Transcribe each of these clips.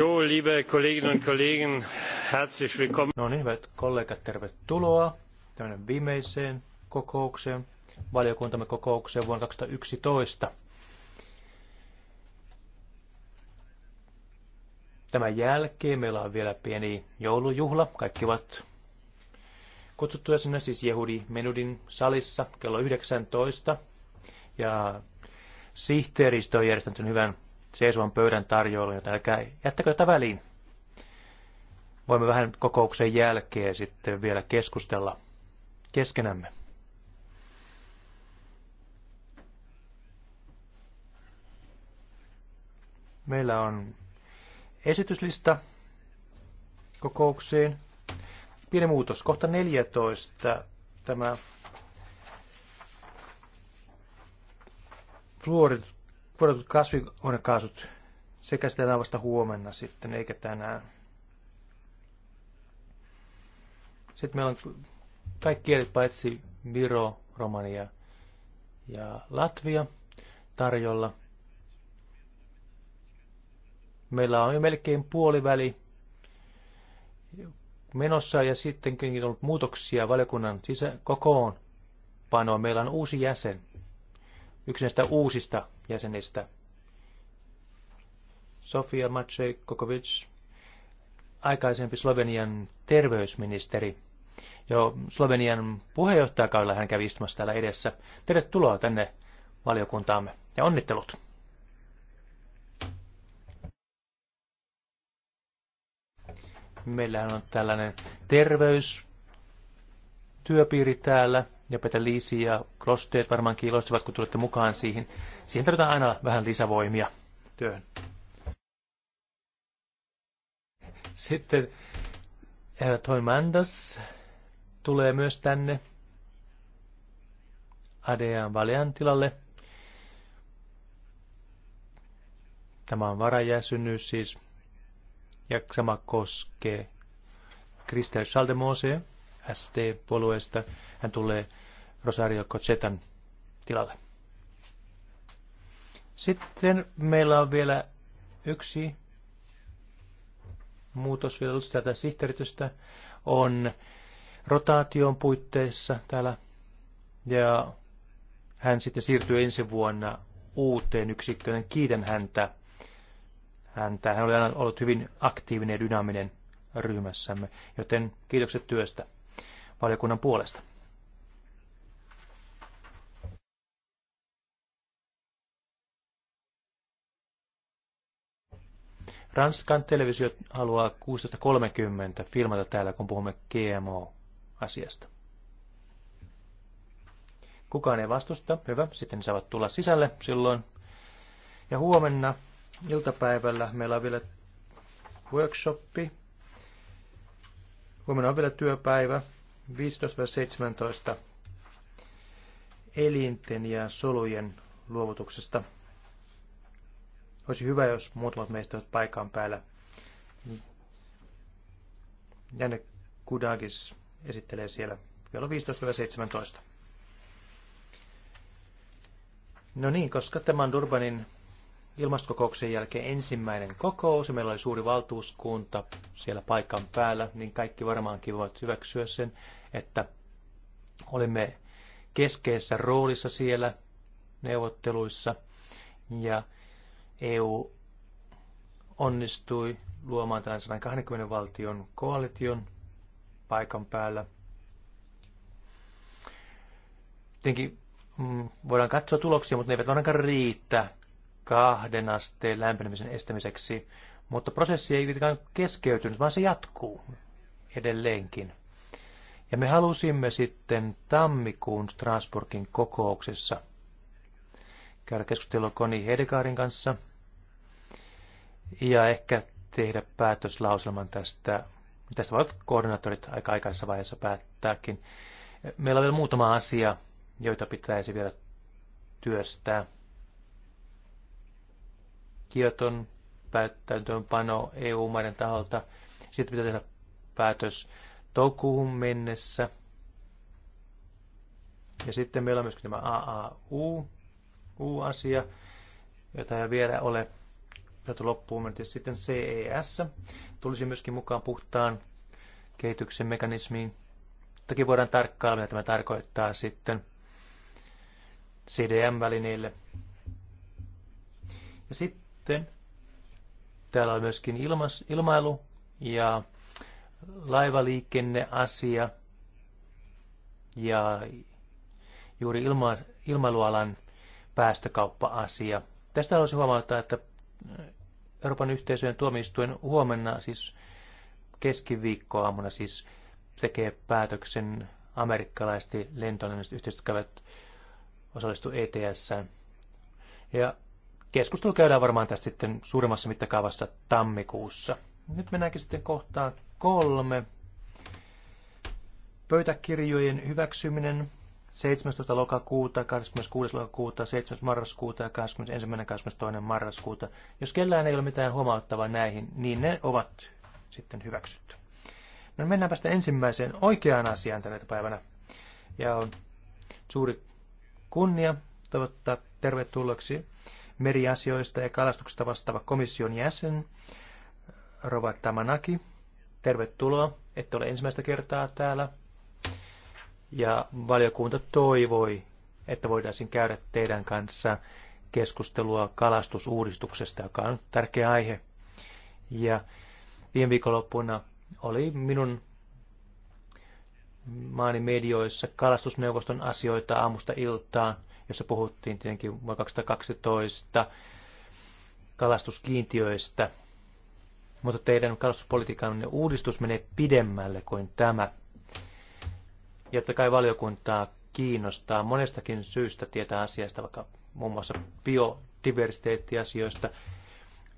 So, liebe Kolleginnen und Kollegen, herzlich willkommen. No niin, hyvät kollegat, tervetuloa tämmöinen viimeiseen kokoukseen, valiokuntamme kokoukseen vuonna 2011. Tämän jälkeen meillä on vielä pieni joulujuhla. Kaikki ovat kutsuttuja sinne siis Jehudi Menudin salissa kello 19. Ja sihteeristö on järjestänyt hyvän seisovan pöydän joten älkää jättäkö tätä väliin. Voimme vähän kokouksen jälkeen sitten vielä keskustella keskenämme. Meillä on esityslista kokouksiin. Pieni muutos. Kohta 14 tämä fluorid Kuoratut kasvihuonekaasut, sekä sitä vasta huomenna sitten, eikä tänään. Sitten meillä on kaikki kielet paitsi Viro, Romania ja Latvia tarjolla. Meillä on jo melkein puoliväli menossa ja sittenkin on ollut muutoksia valiokunnan sisä- kokoon panoa. Meillä on uusi jäsen, yksi näistä uusista jäsenistä. Sofia Macej aikaisempi Slovenian terveysministeri. Jo Slovenian puheenjohtajakaudella hän kävi istumassa täällä edessä. Tervetuloa tänne valiokuntaamme ja onnittelut. Meillähän on tällainen terveystyöpiiri täällä, ja Peter Liisi ja Klosteet varmaan iloistuvat, kun tulette mukaan siihen. Siihen tarvitaan aina vähän lisävoimia työhön. Sitten herra Toimandas tulee myös tänne Adean Valean tilalle. Tämä on varajäsenyys siis. Ja sama koskee Kristel Schaldemose SD-puolueesta. Hän tulee Rosario Cochetan tilalle. Sitten meillä on vielä yksi muutos vielä sieltä sihteeritystä. On rotaation puitteissa täällä. Ja hän sitten siirtyy ensi vuonna uuteen yksikköön. Kiitän häntä. häntä. Hän oli aina ollut hyvin aktiivinen ja dynaaminen ryhmässämme, joten kiitokset työstä valiokunnan puolesta. Ranskan televisio haluaa 16.30 filmata täällä, kun puhumme GMO-asiasta. Kukaan ei vastusta. Hyvä. Sitten ne saavat tulla sisälle silloin. Ja huomenna iltapäivällä meillä on vielä workshoppi. Huomenna on vielä työpäivä 15-17 elinten ja solujen luovutuksesta. Olisi hyvä, jos muutamat meistä olisivat paikan päällä. Janne Kudagis esittelee siellä kello 15-17. No niin, koska tämä on Durbanin ilmastokokouksen jälkeen ensimmäinen kokous ja meillä oli suuri valtuuskunta siellä paikan päällä, niin kaikki varmaankin voivat hyväksyä sen, että olimme keskeisessä roolissa siellä neuvotteluissa ja EU onnistui luomaan tällaisen 120 valtion koalition paikan päällä. Tietenkin mm, voidaan katsoa tuloksia, mutta ne eivät ainakaan riitä kahden asteen lämpenemisen estämiseksi. Mutta prosessi ei kuitenkaan keskeytynyt, vaan se jatkuu edelleenkin. Ja me halusimme sitten tammikuun Strasbourgin kokouksessa käydä keskustelua Koni Hedegaardin kanssa – ja ehkä tehdä päätöslauselman tästä. Tästä voivat koordinaattorit aika aikaisessa vaiheessa päättääkin. Meillä on vielä muutama asia, joita pitäisi vielä työstää. Kioton päättäytönpano EU-maiden taholta. Sitten pitää tehdä päätös toukokuuhun mennessä. Ja sitten meillä on myöskin tämä AAU-asia, jota ei vielä ole saatu loppuun mennessä. Sitten CES tulisi myöskin mukaan puhtaan kehityksen mekanismiin. Toki voidaan tarkkailla, mitä tämä tarkoittaa sitten CDM-välineille. Ja sitten täällä on myöskin ilmas, ilmailu ja laivaliikenneasia ja juuri ilma, ilmailualan päästökauppa-asia. Tästä haluaisin huomauttaa, että Euroopan yhteisöjen tuomioistuin huomenna, siis keskiviikkoaamuna siis, tekee päätöksen amerikkalaisesti lentoneuvostot yhteisöt käyvät osallistu ETS. Ja keskustelu käydään varmaan tästä sitten suuremmassa mittakaavassa tammikuussa. Nyt mennäänkin sitten kohtaan kolme. Pöytäkirjojen hyväksyminen 17. lokakuuta, 26. lokakuuta, 7. marraskuuta ja 21. 22. marraskuuta. Jos kellään ei ole mitään huomauttavaa näihin, niin ne ovat sitten hyväksytty. No mennäänpä sitten ensimmäiseen oikeaan asiaan tänä päivänä. Ja on suuri kunnia toivottaa tervetulleeksi meriasioista ja kalastuksesta vastaava komission jäsen Rova Tamanaki. Tervetuloa, ette ole ensimmäistä kertaa täällä ja valiokunta toivoi, että voitaisiin käydä teidän kanssa keskustelua kalastusuudistuksesta, joka on tärkeä aihe. Ja viime viikonloppuna oli minun maani medioissa kalastusneuvoston asioita aamusta iltaan, jossa puhuttiin tietenkin vuonna 2012 kalastuskiintiöistä. Mutta teidän kalastuspolitiikan uudistus menee pidemmälle kuin tämä. Ja totta kai valiokuntaa kiinnostaa monestakin syystä tietää asiasta, vaikka muun muassa biodiversiteettiasioista,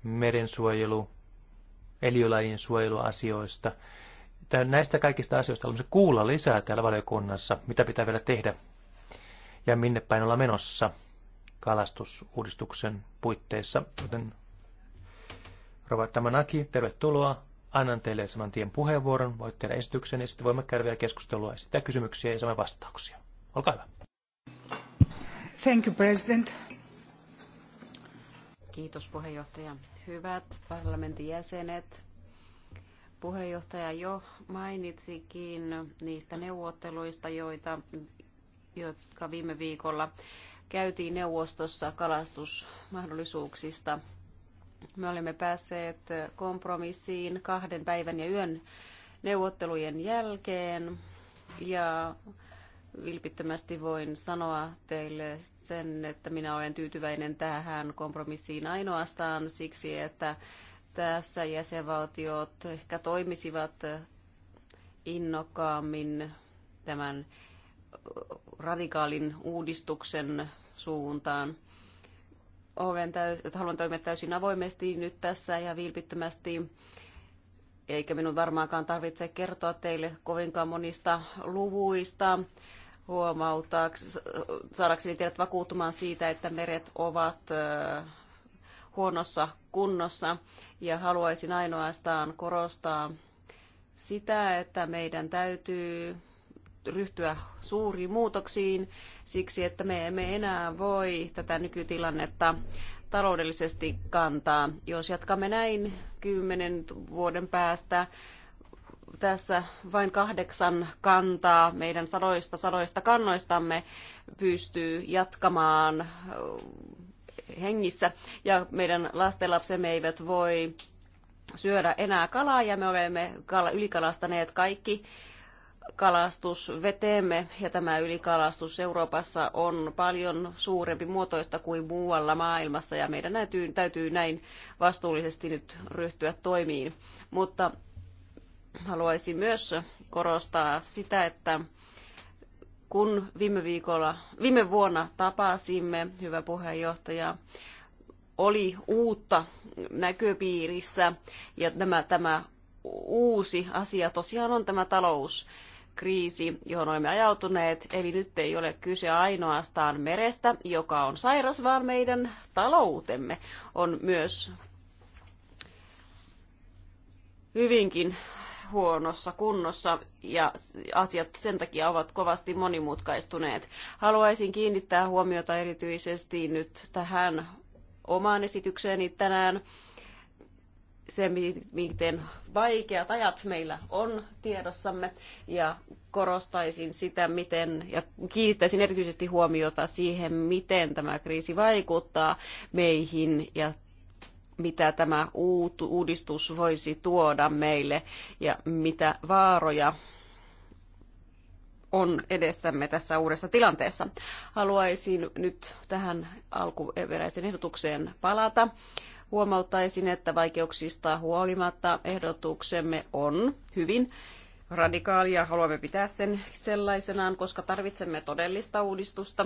merensuojelu, eliölajien suojeluasioista. Näistä kaikista asioista haluaisin kuulla lisää täällä valiokunnassa, mitä pitää vielä tehdä ja minne päin olla menossa kalastusuudistuksen puitteissa. Joten Rova Tamanaki, tervetuloa annan teille saman tien puheenvuoron, voit tehdä esityksen ja sitten voimme käydä vielä keskustelua ja sitä kysymyksiä ja saamme vastauksia. Olkaa hyvä. Thank you, President. Kiitos puheenjohtaja. Hyvät parlamentin jäsenet, puheenjohtaja jo mainitsikin niistä neuvotteluista, joita, jotka viime viikolla käytiin neuvostossa kalastusmahdollisuuksista me olemme päässeet kompromissiin kahden päivän ja yön neuvottelujen jälkeen ja vilpittömästi voin sanoa teille sen, että minä olen tyytyväinen tähän kompromissiin ainoastaan siksi, että tässä jäsenvaltiot ehkä toimisivat innokkaammin tämän radikaalin uudistuksen suuntaan olen täys, haluan toimia täysin avoimesti nyt tässä ja vilpittömästi, eikä minun varmaankaan tarvitse kertoa teille kovinkaan monista luvuista saadakseni teidät vakuuttumaan siitä, että meret ovat huonossa kunnossa. Ja haluaisin ainoastaan korostaa sitä, että meidän täytyy ryhtyä suuriin muutoksiin siksi, että me emme enää voi tätä nykytilannetta taloudellisesti kantaa. Jos jatkamme näin kymmenen vuoden päästä, tässä vain kahdeksan kantaa meidän sadoista sadoista kannoistamme pystyy jatkamaan hengissä ja meidän lastenlapsemme eivät voi syödä enää kalaa ja me olemme ylikalastaneet kaikki Kalastus veteemme ja tämä ylikalastus Euroopassa on paljon suurempi muotoista kuin muualla maailmassa ja meidän täytyy, täytyy näin vastuullisesti nyt ryhtyä toimiin. Mutta haluaisin myös korostaa sitä, että kun viime, viikolla, viime vuonna tapasimme, hyvä puheenjohtaja, oli uutta näköpiirissä ja tämä, tämä uusi asia tosiaan on tämä talous kriisi, johon olemme ajautuneet. Eli nyt ei ole kyse ainoastaan merestä, joka on sairas, vaan meidän taloutemme on myös hyvinkin huonossa kunnossa ja asiat sen takia ovat kovasti monimutkaistuneet. Haluaisin kiinnittää huomiota erityisesti nyt tähän omaan esitykseeni tänään se, miten vaikeat ajat meillä on tiedossamme ja korostaisin sitä, miten ja kiinnittäisin erityisesti huomiota siihen, miten tämä kriisi vaikuttaa meihin ja mitä tämä uudistus voisi tuoda meille ja mitä vaaroja on edessämme tässä uudessa tilanteessa. Haluaisin nyt tähän alkuperäiseen ehdotukseen palata Huomauttaisin, että vaikeuksista huolimatta ehdotuksemme on hyvin radikaalia, haluamme pitää sen sellaisenaan, koska tarvitsemme todellista uudistusta.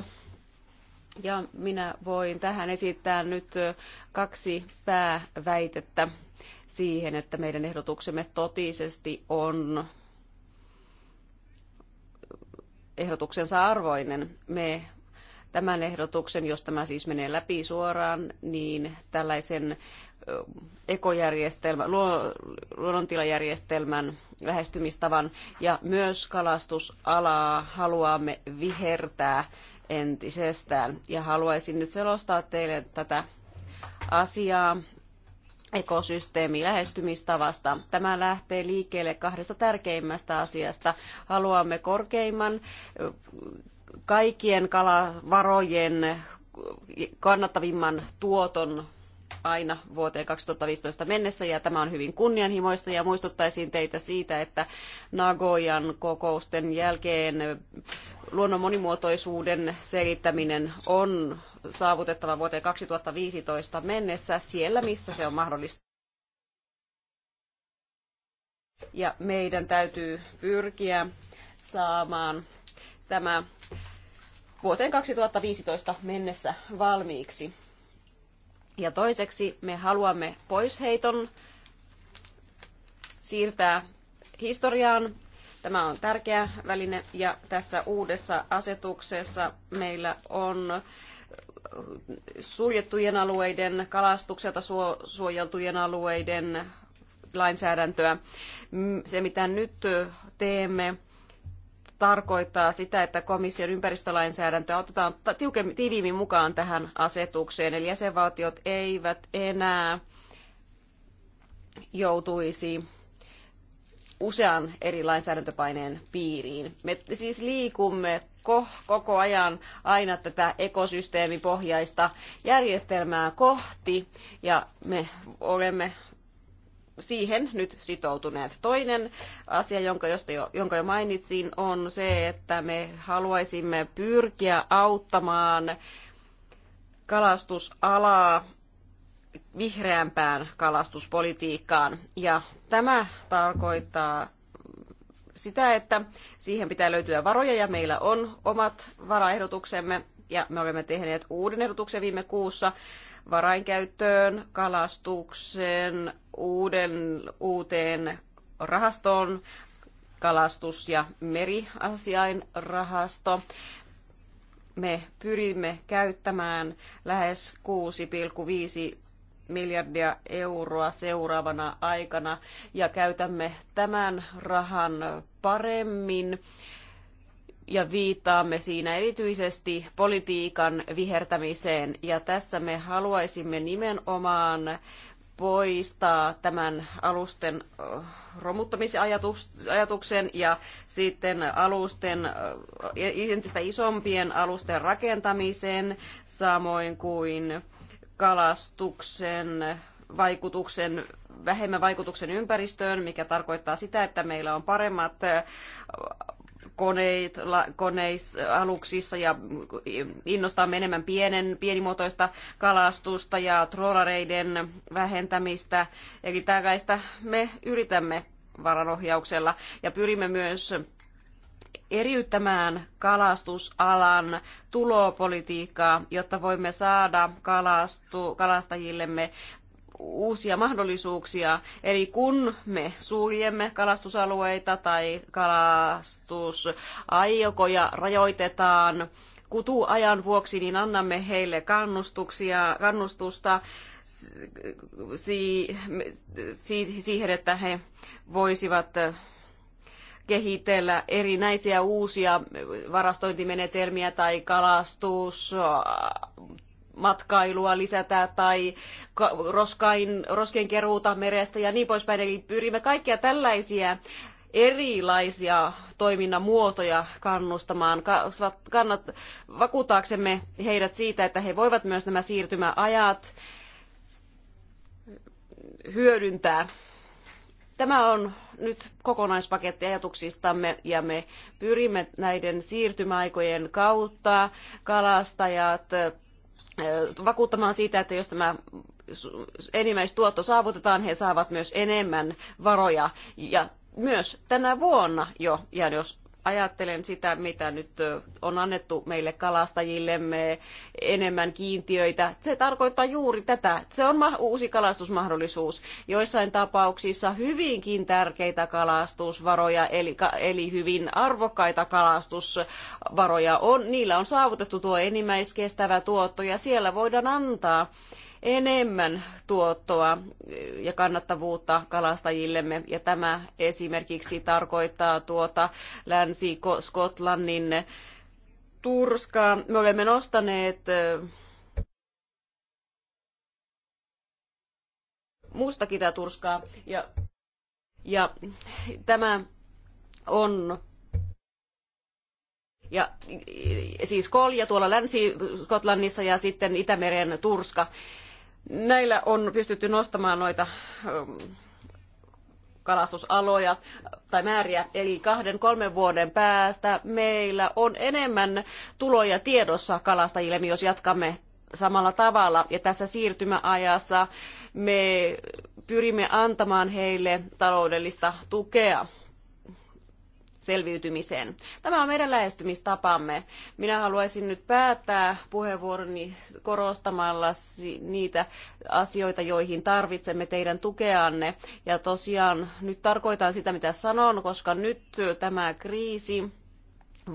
Ja minä voin tähän esittää nyt kaksi pääväitettä siihen, että meidän ehdotuksemme totisesti on ehdotuksensa arvoinen. Me tämän ehdotuksen, jos tämä siis menee läpi suoraan, niin tällaisen ekojärjestelmän, luonnontilajärjestelmän lähestymistavan ja myös kalastusalaa haluamme vihertää entisestään. Ja haluaisin nyt selostaa teille tätä asiaa ekosysteemi lähestymistavasta. Tämä lähtee liikkeelle kahdesta tärkeimmästä asiasta. Haluamme korkeimman kaikkien kalavarojen kannattavimman tuoton aina vuoteen 2015 mennessä, ja tämä on hyvin kunnianhimoista, ja muistuttaisin teitä siitä, että Nagojan kokousten jälkeen luonnon monimuotoisuuden selittäminen on saavutettava vuoteen 2015 mennessä siellä, missä se on mahdollista. Ja meidän täytyy pyrkiä saamaan tämä vuoteen 2015 mennessä valmiiksi. Ja toiseksi me haluamme poisheiton siirtää historiaan. Tämä on tärkeä väline ja tässä uudessa asetuksessa meillä on suljettujen alueiden, kalastukselta suojeltujen alueiden lainsäädäntöä. Mm, se, mitä nyt teemme, tarkoittaa sitä, että komission ympäristölainsäädäntö otetaan tiiviimmin mukaan tähän asetukseen, eli jäsenvaltiot eivät enää joutuisi usean eri lainsäädäntöpaineen piiriin. Me siis liikumme koko ajan aina tätä ekosysteemipohjaista järjestelmää kohti ja me olemme siihen nyt sitoutuneet. Toinen asia, jonka, josta jo, jonka jo mainitsin, on se, että me haluaisimme pyrkiä auttamaan kalastusalaa vihreämpään kalastuspolitiikkaan. Ja tämä tarkoittaa sitä, että siihen pitää löytyä varoja ja meillä on omat varaehdotuksemme ja me olemme tehneet uuden ehdotuksen viime kuussa varainkäyttöön, kalastukseen, uuden, uuteen rahastoon, kalastus- ja meriasiain rahasto. Me pyrimme käyttämään lähes 6,5 miljardia euroa seuraavana aikana ja käytämme tämän rahan paremmin ja viittaamme siinä erityisesti politiikan vihertämiseen. Ja tässä me haluaisimme nimenomaan poistaa tämän alusten äh, romuttamisajatuksen ja sitten alusten, äh, entistä isompien alusten rakentamisen, samoin kuin kalastuksen vaikutuksen, vähemmän vaikutuksen ympäristöön, mikä tarkoittaa sitä, että meillä on paremmat äh, koneit, la, koneis, aluksissa ja innostaa enemmän pienen, pienimuotoista kalastusta ja trollareiden vähentämistä. Eli tällaista me yritämme varanohjauksella ja pyrimme myös eriyttämään kalastusalan tulopolitiikkaa, jotta voimme saada kalastu, kalastajillemme uusia mahdollisuuksia. Eli kun me suljemme kalastusalueita tai kalastusaikoja rajoitetaan kutuajan vuoksi, niin annamme heille kannustuksia, kannustusta si, si, siihen, että he voisivat kehitellä erinäisiä uusia varastointimenetelmiä tai kalastus matkailua lisätä tai roskain, roskien keruuta merestä ja niin poispäin. Eli pyrimme kaikkia tällaisia erilaisia toiminnan muotoja kannustamaan, kannat, vakuuttaaksemme heidät siitä, että he voivat myös nämä siirtymäajat hyödyntää. Tämä on nyt kokonaispaketti ajatuksistamme ja me pyrimme näiden siirtymäaikojen kautta kalastajat vakuuttamaan siitä, että jos tämä enimmäistuotto saavutetaan, he saavat myös enemmän varoja ja myös tänä vuonna jo, ja jos ajattelen sitä, mitä nyt on annettu meille kalastajillemme, enemmän kiintiöitä. Se tarkoittaa juuri tätä. Se on uusi kalastusmahdollisuus. Joissain tapauksissa hyvinkin tärkeitä kalastusvaroja, eli, eli hyvin arvokkaita kalastusvaroja on. Niillä on saavutettu tuo enimmäiskestävä tuotto, ja siellä voidaan antaa enemmän tuottoa ja kannattavuutta kalastajillemme. Ja tämä esimerkiksi tarkoittaa tuota Länsi-Skotlannin turskaa. Me olemme nostaneet turskaa. ja, ja tämä on ja siis kolja tuolla Länsi-Skotlannissa ja sitten Itämeren turska näillä on pystytty nostamaan noita ähm, kalastusaloja tai määriä, eli kahden, kolmen vuoden päästä meillä on enemmän tuloja tiedossa kalastajille, jos jatkamme samalla tavalla. Ja tässä siirtymäajassa me pyrimme antamaan heille taloudellista tukea selviytymiseen. Tämä on meidän lähestymistapamme. Minä haluaisin nyt päättää puheenvuoroni korostamalla niitä asioita, joihin tarvitsemme teidän tukeanne. Ja tosiaan nyt tarkoitan sitä, mitä sanon, koska nyt tämä kriisi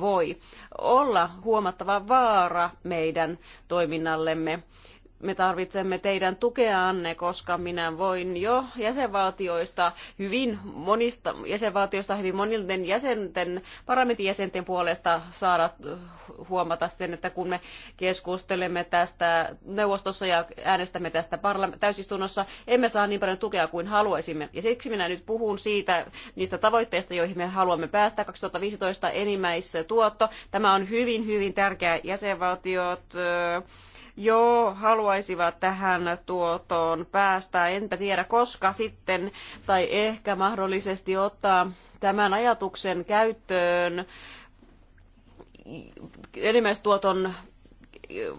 voi olla huomattava vaara meidän toiminnallemme me tarvitsemme teidän tukeanne, koska minä voin jo jäsenvaltioista hyvin monista, jäsenvaltioista hyvin monilten jäsenten, parlamentin jäsenten puolesta saada eh, huomata sen, että kun me keskustelemme tästä neuvostossa ja äänestämme tästä täysistunnossa, emme saa niin paljon tukea kuin haluaisimme. Ja siksi minä nyt puhun siitä niistä tavoitteista, joihin me haluamme päästä. 2015 enimmäistuotto. Tämä on hyvin, hyvin tärkeä jäsenvaltiot. Öö, jo haluaisivat tähän tuotoon päästä. Enpä tiedä koska sitten tai ehkä mahdollisesti ottaa tämän ajatuksen käyttöön enimmäistuoton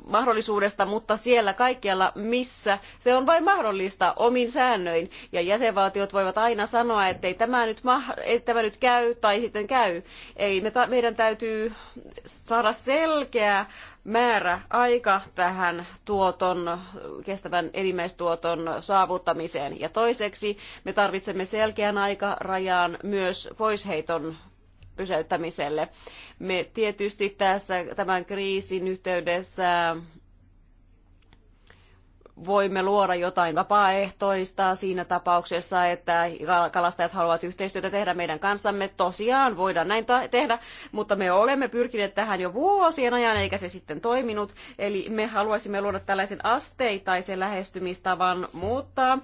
mahdollisuudesta, mutta siellä kaikkialla, missä se on vain mahdollista omin säännöin. Ja jäsenvaltiot voivat aina sanoa, ettei tämä nyt, ma- ei tämä nyt käy tai sitten käy. Ei, me meidän täytyy saada selkeä määrä aika tähän tuoton, kestävän enimmäistuoton saavuttamiseen. Ja toiseksi me tarvitsemme selkeän aikarajan myös poisheiton pysäyttämiselle. Me tietysti tässä tämän kriisin yhteydessä voimme luoda jotain vapaaehtoista siinä tapauksessa, että kalastajat haluavat yhteistyötä tehdä meidän kanssamme. Tosiaan voidaan näin tehdä, mutta me olemme pyrkineet tähän jo vuosien ajan, eikä se sitten toiminut. Eli me haluaisimme luoda tällaisen asteittaisen lähestymistavan, mutta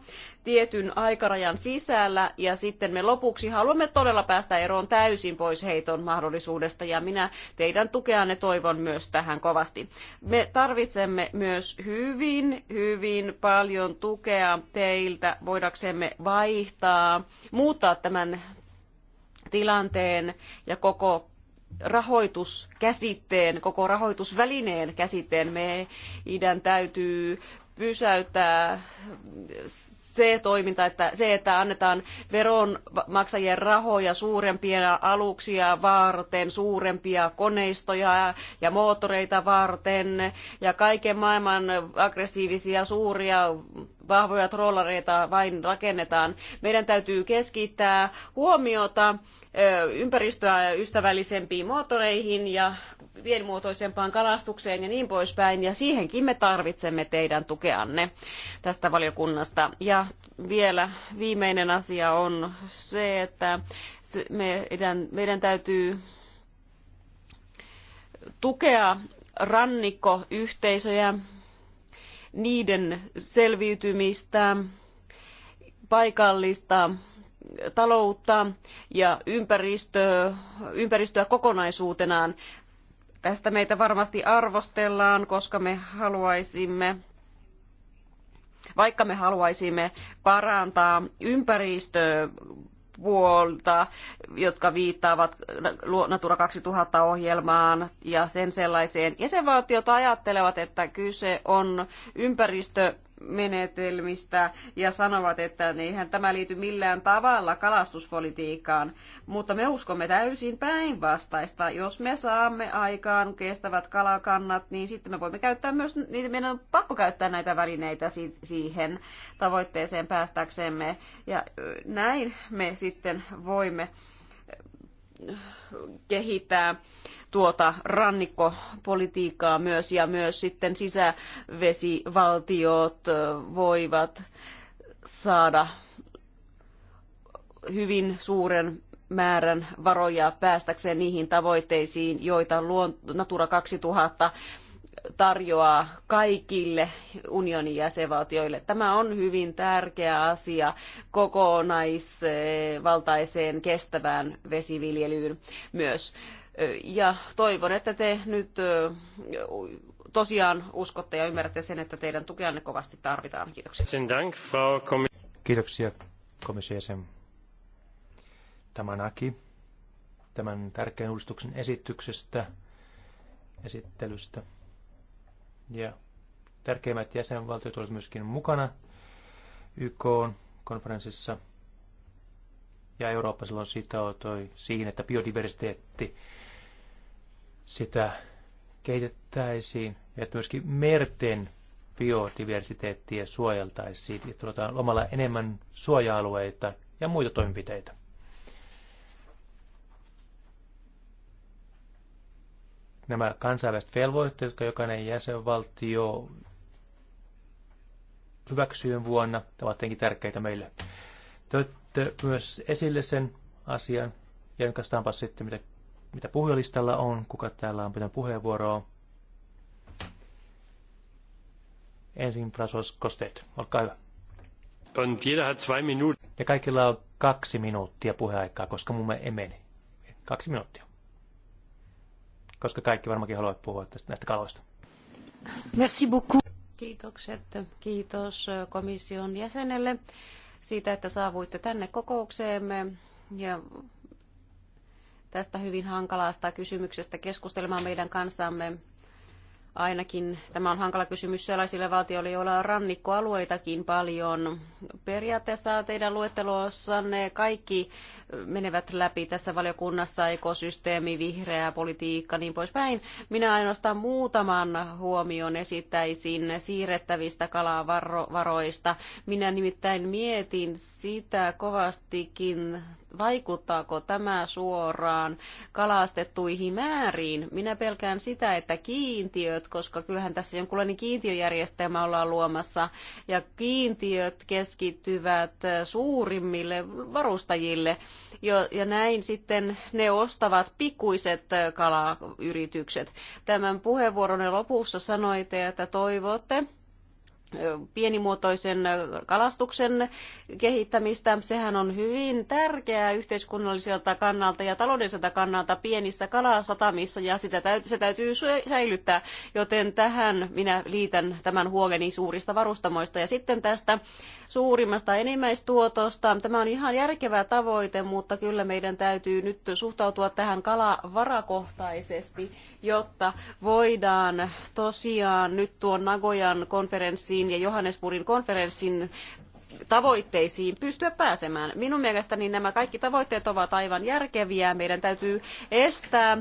tietyn aikarajan sisällä ja sitten me lopuksi haluamme todella päästä eroon täysin pois heiton mahdollisuudesta ja minä teidän tukeanne toivon myös tähän kovasti. Me tarvitsemme myös hyvin, hyvin paljon tukea teiltä voidaksemme vaihtaa, muuttaa tämän tilanteen ja koko rahoituskäsitteen, koko rahoitusvälineen käsitteen meidän täytyy pysäyttää se toiminta, että se, että annetaan veronmaksajien rahoja suurempia aluksia varten, suurempia koneistoja ja moottoreita varten ja kaiken maailman aggressiivisia suuria vahvoja trollareita vain rakennetaan. Meidän täytyy keskittää huomiota ympäristöä ystävällisempiin moottoreihin ja pienimuotoisempaan kalastukseen ja niin poispäin. Ja siihenkin me tarvitsemme teidän tukeanne tästä valiokunnasta. Ja vielä viimeinen asia on se, että meidän, meidän täytyy tukea rannikkoyhteisöjä, niiden selviytymistä, paikallista taloutta ja ympäristö, ympäristöä kokonaisuutenaan. Tästä meitä varmasti arvostellaan, koska me haluaisimme vaikka me haluaisimme parantaa ympäristöpuolta, jotka viittaavat Natura 2000-ohjelmaan ja sen sellaiseen. Jäsenvaltiot ajattelevat, että kyse on ympäristö menetelmistä ja sanovat, että eihän tämä liity millään tavalla kalastuspolitiikkaan. Mutta me uskomme täysin päinvastaista. Jos me saamme aikaan kestävät kalakannat, niin sitten me voimme käyttää myös, niin meidän on pakko käyttää näitä välineitä siihen tavoitteeseen päästäksemme. Ja näin me sitten voimme kehittää tuota rannikkopolitiikkaa myös ja myös sitten sisävesivaltiot voivat saada hyvin suuren määrän varoja päästäkseen niihin tavoitteisiin, joita Natura 2000 tarjoaa kaikille unionin jäsenvaltioille. Tämä on hyvin tärkeä asia kokonaisvaltaiseen kestävään vesiviljelyyn myös. Ja toivon, että te nyt tosiaan uskotte ja ymmärrätte sen, että teidän tukeanne kovasti tarvitaan. Kiitoksia. Kiitoksia komission jäsen Tamanaki tämän tärkeän uudistuksen esityksestä, esittelystä. Ja tärkeimmät jäsenvaltiot olivat myöskin mukana YK-konferenssissa. Ja Eurooppa silloin sitoutui siihen, että biodiversiteetti sitä kehitettäisiin ja että myöskin merten biodiversiteettiä suojeltaisiin, että tuotaan lomalla enemmän suoja-alueita ja muita toimenpiteitä. Nämä kansainväliset velvoitteet, jotka jokainen jäsenvaltio hyväksyy vuonna, ovat tietenkin tärkeitä meille. Te myös esille sen asian, ja jonkastaanpa sitten, mitä mitä puhujalistalla on, kuka täällä on pitänyt puheenvuoroa. Ensin Frasos Kosteet, olkaa hyvä. On jeder hat zwei Minuten. Ja kaikilla on kaksi minuuttia puheaikaa, koska mun ei mene. Kaksi minuuttia. Koska kaikki varmaankin haluavat puhua tästä, näistä kaloista. Merci beaucoup. Kiitokset. Kiitos komission jäsenelle siitä, että saavuitte tänne kokoukseemme ja tästä hyvin hankalasta kysymyksestä keskustelemaan meidän kanssamme. Ainakin tämä on hankala kysymys sellaisille valtioille, joilla on rannikkoalueitakin paljon. Periaatteessa teidän luettelossanne kaikki menevät läpi tässä valiokunnassa, ekosysteemi, vihreä politiikka, niin poispäin. Minä ainoastaan muutaman huomion esittäisin siirrettävistä kalavaroista. Minä nimittäin mietin sitä kovastikin vaikuttaako tämä suoraan kalastettuihin määriin. Minä pelkään sitä, että kiintiöt, koska kyllähän tässä jonkunlainen kiintiöjärjestelmä ollaan luomassa, ja kiintiöt keskittyvät suurimmille varustajille, ja näin sitten ne ostavat pikkuiset kalayritykset. Tämän puheenvuoron lopussa sanoitte, että toivotte, pienimuotoisen kalastuksen kehittämistä. Sehän on hyvin tärkeää yhteiskunnalliselta kannalta ja taloudelliselta kannalta pienissä kalasatamissa ja sitä täytyy, se täytyy säilyttää, joten tähän minä liitän tämän huoleni suurista varustamoista. Ja sitten tästä suurimmasta enimmäistuotosta. Tämä on ihan järkevä tavoite, mutta kyllä meidän täytyy nyt suhtautua tähän kalavarakohtaisesti, jotta voidaan tosiaan nyt tuon Nagojan konferenssiin ja Johannesburgin konferenssin tavoitteisiin pystyä pääsemään. Minun mielestäni nämä kaikki tavoitteet ovat aivan järkeviä. Meidän täytyy estää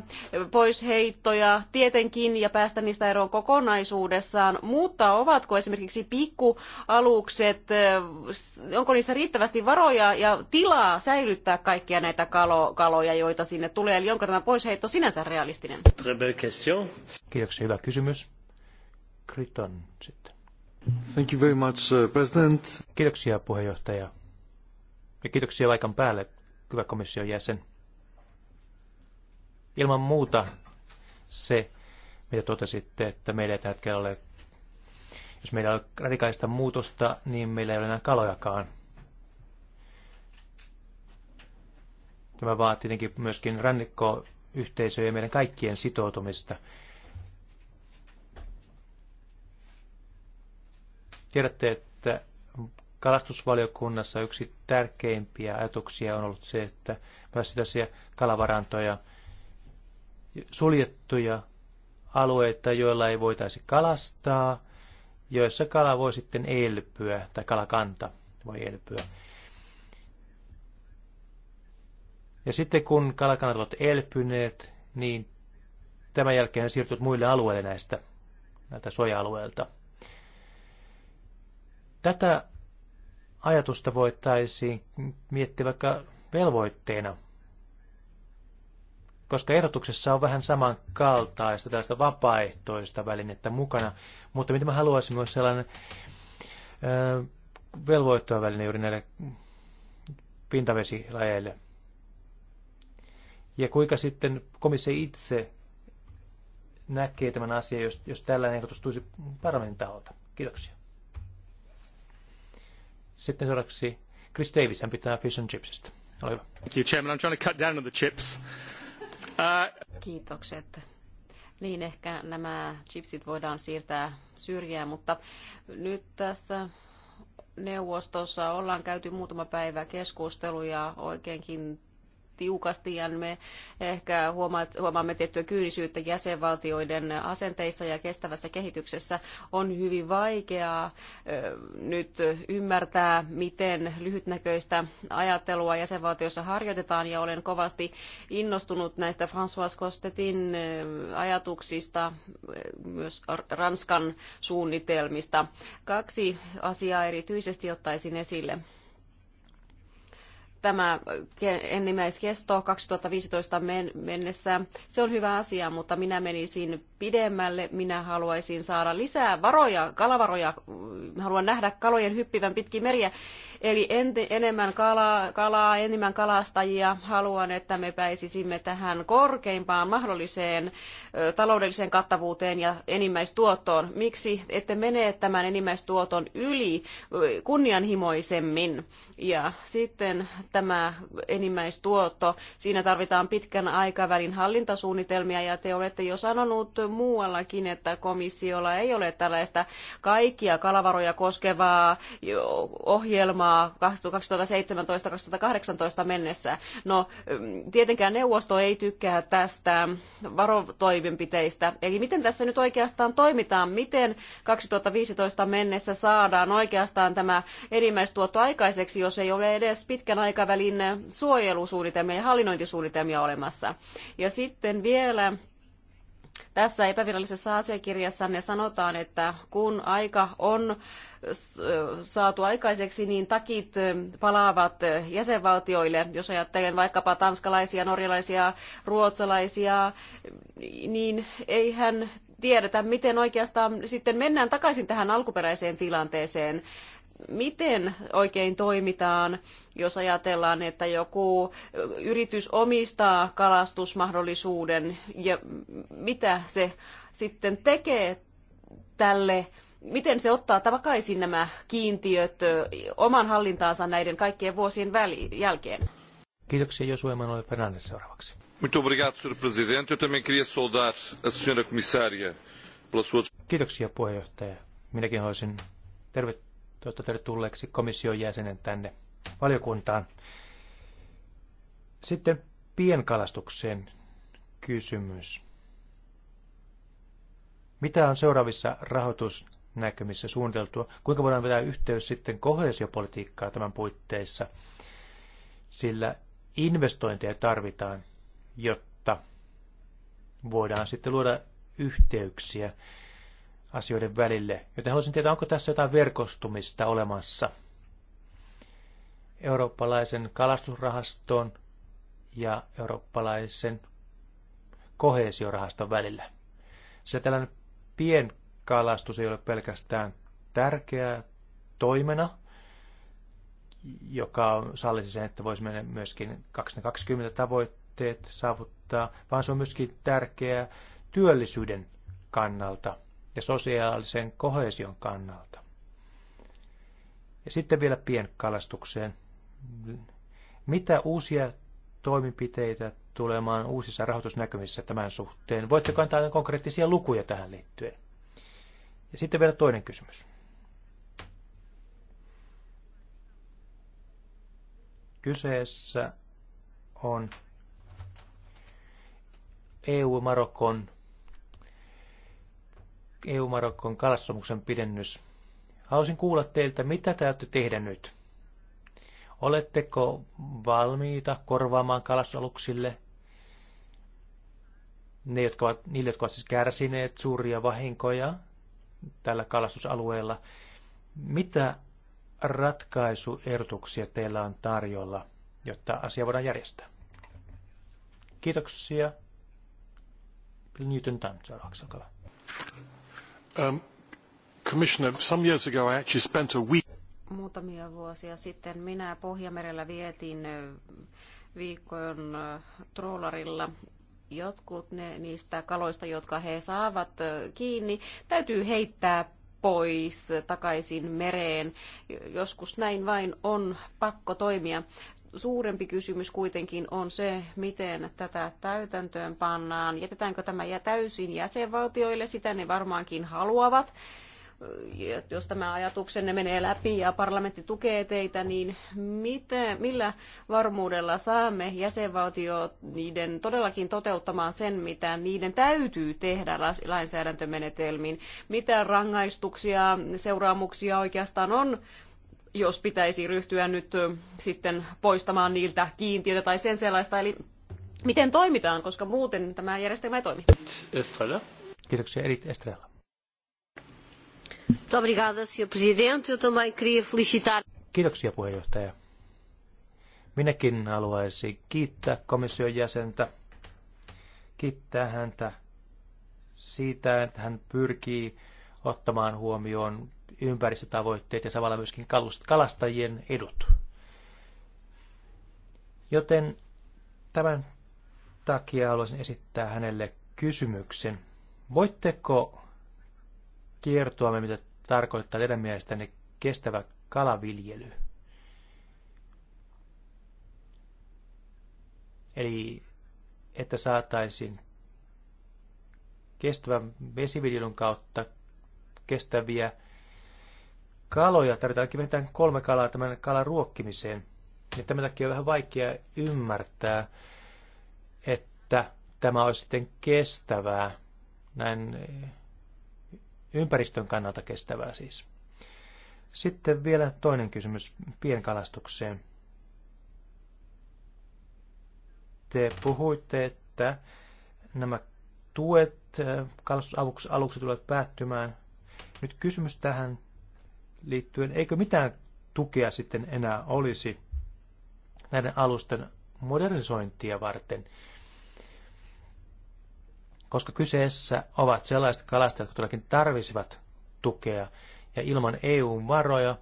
poisheittoja tietenkin ja päästä niistä eroon kokonaisuudessaan, mutta ovatko esimerkiksi pikkualukset, eh, onko niissä riittävästi varoja ja tilaa säilyttää kaikkia näitä kalo, kaloja, joita sinne tulee, eli onko tämä poisheitto sinänsä realistinen? Kiitoksia, hyvä kysymys. Kriton sitten. Thank you very much, uh, President. Kiitoksia puheenjohtaja. Ja kiitoksia vaikan päälle, hyvä komission jäsen. Ilman muuta se, mitä totesitte, että meillä ei hetkellä ole, jos meillä on radikaista muutosta, niin meillä ei ole enää kalojakaan. Tämä vaatii tietenkin myöskin rannikkoyhteisöjen ja meidän kaikkien sitoutumista Tiedätte, että kalastusvaliokunnassa yksi tärkeimpiä ajatuksia on ollut se, että myös tällaisia kalavarantoja, suljettuja alueita, joilla ei voitaisi kalastaa, joissa kala voi sitten elpyä tai kalakanta voi elpyä. Ja sitten kun kalakannat ovat elpyneet, niin tämän jälkeen ne siirtyvät muille alueille näistä, näiltä suoja-alueilta – Tätä ajatusta voitaisiin miettiä vaikka velvoitteena, koska erotuksessa on vähän samankaltaista tällaista vapaaehtoista välinettä mukana, mutta mitä mä haluaisin myös sellainen ö, velvoittava väline juuri näille pintavesilajeille. Ja kuinka sitten komissio itse näkee tämän asian, jos, jos tällainen ehdotus tulisi parlamentin taholta. Kiitoksia. Sitten seuraavaksi Chris Davis, hän pitää fish and chipsistä. Ole hyvä. Thank you, Chairman. I'm trying to cut down on the chips. Uh... Kiitokset. Niin, ehkä nämä chipsit voidaan siirtää syrjään, mutta nyt tässä neuvostossa ollaan käyty muutama päivä keskusteluja oikeinkin tiukasti ja me ehkä huomaamme tiettyä kyynisyyttä jäsenvaltioiden asenteissa ja kestävässä kehityksessä. On hyvin vaikeaa nyt ymmärtää, miten lyhytnäköistä ajattelua jäsenvaltiossa harjoitetaan ja olen kovasti innostunut näistä François Costetin ajatuksista, myös Ranskan suunnitelmista. Kaksi asiaa erityisesti ottaisin esille tämä enimmäiskesto 2015 mennessä. Se on hyvä asia, mutta minä menisin pidemmälle. Minä haluaisin saada lisää varoja, kalavaroja. Haluan nähdä kalojen hyppivän pitkin meriä. Eli enemmän kalaa, kalaa, enemmän kalastajia. Haluan, että me pääsisimme tähän korkeimpaan mahdolliseen ö, taloudelliseen kattavuuteen ja enimmäistuottoon. Miksi ette mene tämän enimmäistuoton yli kunnianhimoisemmin? Ja sitten tämä enimmäistuotto. Siinä tarvitaan pitkän aikavälin hallintasuunnitelmia ja te olette jo sanonut muuallakin, että komissiolla ei ole tällaista kaikkia kalavaroja koskevaa ohjelmaa 2017-2018 mennessä. No, tietenkään neuvosto ei tykkää tästä varotoimenpiteistä. Eli miten tässä nyt oikeastaan toimitaan? Miten 2015 mennessä saadaan oikeastaan tämä enimmäistuotto aikaiseksi, jos ei ole edes pitkän aikaa aikavälin suojelusuunnitelmia ja hallinnointisuunnitelmia olemassa. Ja sitten vielä tässä epävirallisessa ne sanotaan, että kun aika on saatu aikaiseksi, niin takit palaavat jäsenvaltioille. Jos ajattelen vaikkapa tanskalaisia, norjalaisia, ruotsalaisia, niin eihän tiedetä, miten oikeastaan sitten mennään takaisin tähän alkuperäiseen tilanteeseen miten oikein toimitaan, jos ajatellaan, että joku yritys omistaa kalastusmahdollisuuden ja mitä se sitten tekee tälle miten se ottaa takaisin nämä kiintiöt oman hallintaansa näiden kaikkien vuosien väli- jälkeen? Kiitoksia Josu Emanuel Fernandes seuraavaksi. Muito obrigado, senhor presidente. Eu também queria saudar a senhora comissária pela sua... Kiitoksia puheenjohtaja. Minäkin haluaisin tervetuloa. Jotta tervetulleeksi komission jäsenen tänne valiokuntaan. Sitten pienkalastuksen kysymys. Mitä on seuraavissa rahoitusnäkymissä suunniteltua? Kuinka voidaan vetää yhteys sitten kohesiopolitiikkaa tämän puitteissa? Sillä investointeja tarvitaan, jotta voidaan sitten luoda yhteyksiä asioiden välille. Joten haluaisin tietää, onko tässä jotain verkostumista olemassa eurooppalaisen kalastusrahaston ja eurooppalaisen kohesiorahaston välillä. Se tällainen pienkalastus ei ole pelkästään tärkeää toimena, joka sallisi sen, että voisi mennä myöskin 2020 tavoitteet saavuttaa, vaan se on myöskin tärkeää työllisyyden kannalta – ja sosiaalisen kohesion kannalta. Ja sitten vielä pienkalastukseen. Mitä uusia toimenpiteitä tulemaan uusissa rahoitusnäkymissä tämän suhteen? Voitteko antaa konkreettisia lukuja tähän liittyen? Ja sitten vielä toinen kysymys. Kyseessä on EU-Marokon EU-Marokkon kalassomuksen pidennys. Haluaisin kuulla teiltä, mitä täytyy te tehdä nyt? Oletteko valmiita korvaamaan kalasaluksille ne, jotka ovat, niille, jotka ovat siis kärsineet suuria vahinkoja tällä kalastusalueella? Mitä ratkaisuehdotuksia teillä on tarjolla, jotta asia voidaan järjestää? Kiitoksia. Newton Dunn seuraavaksi, olkaa Muutamia vuosia sitten minä Pohjamerellä vietin viikon troolarilla jotkut ne, niistä kaloista, jotka he saavat kiinni, täytyy heittää pois takaisin mereen. Joskus näin vain on pakko toimia suurempi kysymys kuitenkin on se, miten tätä täytäntöön pannaan. Jätetäänkö tämä täysin jäsenvaltioille, sitä ne varmaankin haluavat. Jos tämä ajatuksenne menee läpi ja parlamentti tukee teitä, niin miten, millä varmuudella saamme jäsenvaltiot niiden todellakin toteuttamaan sen, mitä niiden täytyy tehdä lainsäädäntömenetelmin? Mitä rangaistuksia, seuraamuksia oikeastaan on jos pitäisi ryhtyä nyt sitten poistamaan niiltä kiintiötä tai sen sellaista. Eli miten toimitaan, koska muuten tämä järjestelmä ei toimi. Estrella. Kiitoksia, Erit Estrella. Kiitoksia, puheenjohtaja. Minäkin haluaisin kiittää komission jäsentä, kiittää häntä siitä, että hän pyrkii ottamaan huomioon ympäristötavoitteet ja samalla myöskin kalastajien edut. Joten tämän takia haluaisin esittää hänelle kysymyksen. Voitteko kertoa mitä tarkoittaa teidän mielestänne kestävä kalaviljely? Eli että saataisiin kestävän vesiviljelyn kautta kestäviä kaloja tarvitaankin vähintään kolme kalaa tämän kalan ruokkimiseen. Ja tämän takia on vähän vaikea ymmärtää, että tämä olisi sitten kestävää, näin eh, ympäristön kannalta kestävää siis. Sitten vielä toinen kysymys pienkalastukseen. Te puhuitte, että nämä tuet eh, aluksi tulevat päättymään. Nyt kysymys tähän liittyen, eikö mitään tukea sitten enää olisi näiden alusten modernisointia varten, koska kyseessä ovat sellaiset kalastajat, jotka todellakin tarvisivat tukea, ja ilman EUn varoja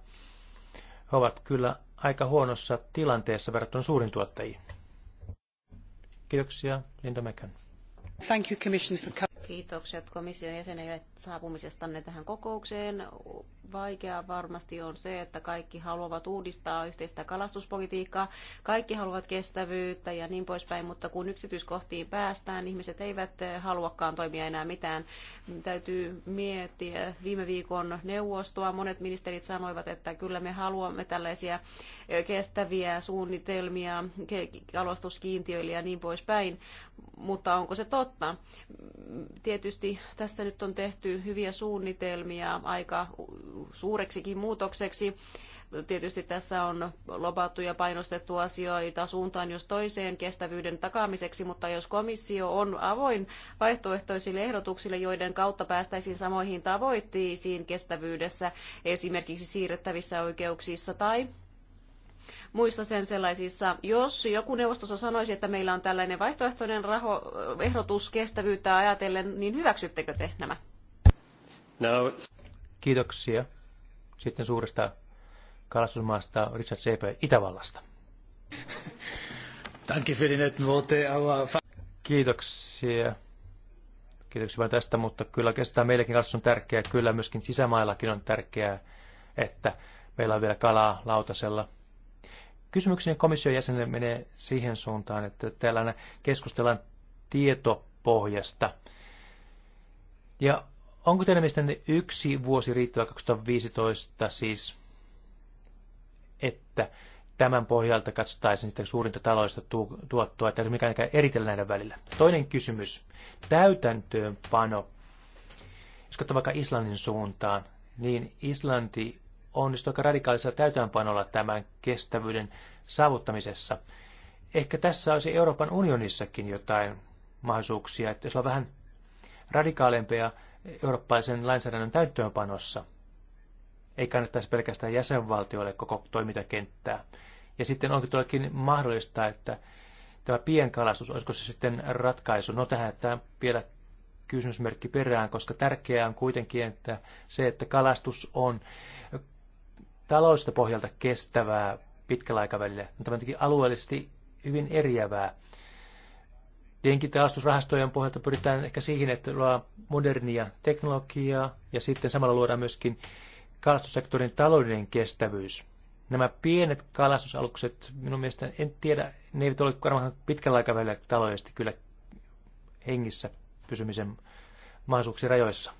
he ovat kyllä aika huonossa tilanteessa verrattuna suurin tuottajiin. Kiitoksia, Linda Mekan. Thank you, Commission, for Kiitokset komission jäsenille saapumisestanne tähän kokoukseen. Vaikea varmasti on se, että kaikki haluavat uudistaa yhteistä kalastuspolitiikkaa, kaikki haluavat kestävyyttä ja niin poispäin, mutta kun yksityiskohtiin päästään, ihmiset eivät eh, haluakaan toimia enää mitään. Täytyy miettiä viime viikon neuvostoa. Monet ministerit sanoivat, että kyllä me haluamme tällaisia eh, kestäviä suunnitelmia, kalastuskiintiöille ja niin poispäin, mutta onko se totta? Tietysti tässä nyt on tehty hyviä suunnitelmia aika suureksikin muutokseksi. Tietysti tässä on lobattu ja painostettu asioita suuntaan jos toiseen kestävyyden takaamiseksi, mutta jos komissio on avoin vaihtoehtoisille ehdotuksille, joiden kautta päästäisiin samoihin tavoitteisiin kestävyydessä, esimerkiksi siirrettävissä oikeuksissa tai muissa sen sellaisissa. Jos joku neuvostossa sanoisi, että meillä on tällainen vaihtoehtoinen raho- ehdotus kestävyyttä ajatellen, niin hyväksyttekö te nämä? No. Kiitoksia sitten suuresta kalastusmaasta Richard C.P. Itävallasta. Danke für die netten Worte, aber... Kiitoksia. Kiitoksia vain tästä, mutta kyllä kestää meillekin kalastus on tärkeää. Kyllä myöskin sisämaillakin on tärkeää, että meillä on vielä kalaa lautasella. Kysymykseni komission jäsenelle menee siihen suuntaan, että täällä keskustellaan tietopohjasta. Ja Onko teidän mielestänne yksi vuosi riittävä 2015 siis, että tämän pohjalta katsottaisiin sitten suurinta taloudellista tuottoa, että mikä eritellä näiden välillä. Toinen kysymys, täytäntöönpano. Jos katsotaan vaikka Islannin suuntaan, niin Islanti onnistui aika radikaalisella täytäntöönpanolla tämän kestävyyden saavuttamisessa. Ehkä tässä olisi Euroopan unionissakin jotain mahdollisuuksia, että jos on vähän radikaalempia eurooppalaisen lainsäädännön täyttöönpanossa. Ei kannattaisi pelkästään jäsenvaltioille koko toimintakenttää. Ja sitten onkin todellakin mahdollista, että tämä pienkalastus, olisiko se sitten ratkaisu? No tähän tämä vielä kysymysmerkki perään, koska tärkeää on kuitenkin että se, että kalastus on taloudesta pohjalta kestävää pitkällä aikavälillä, mutta alueellisesti hyvin eriävää. Jenkintarastusrahastojen pohjalta pyritään ehkä siihen, että luodaan modernia teknologiaa ja sitten samalla luodaan myöskin kalastussektorin taloudellinen kestävyys. Nämä pienet kalastusalukset, minun mielestäni, en tiedä, ne eivät ole varmaan pitkällä aikavälillä taloudellisesti kyllä hengissä pysymisen mahdollisuuksien rajoissa.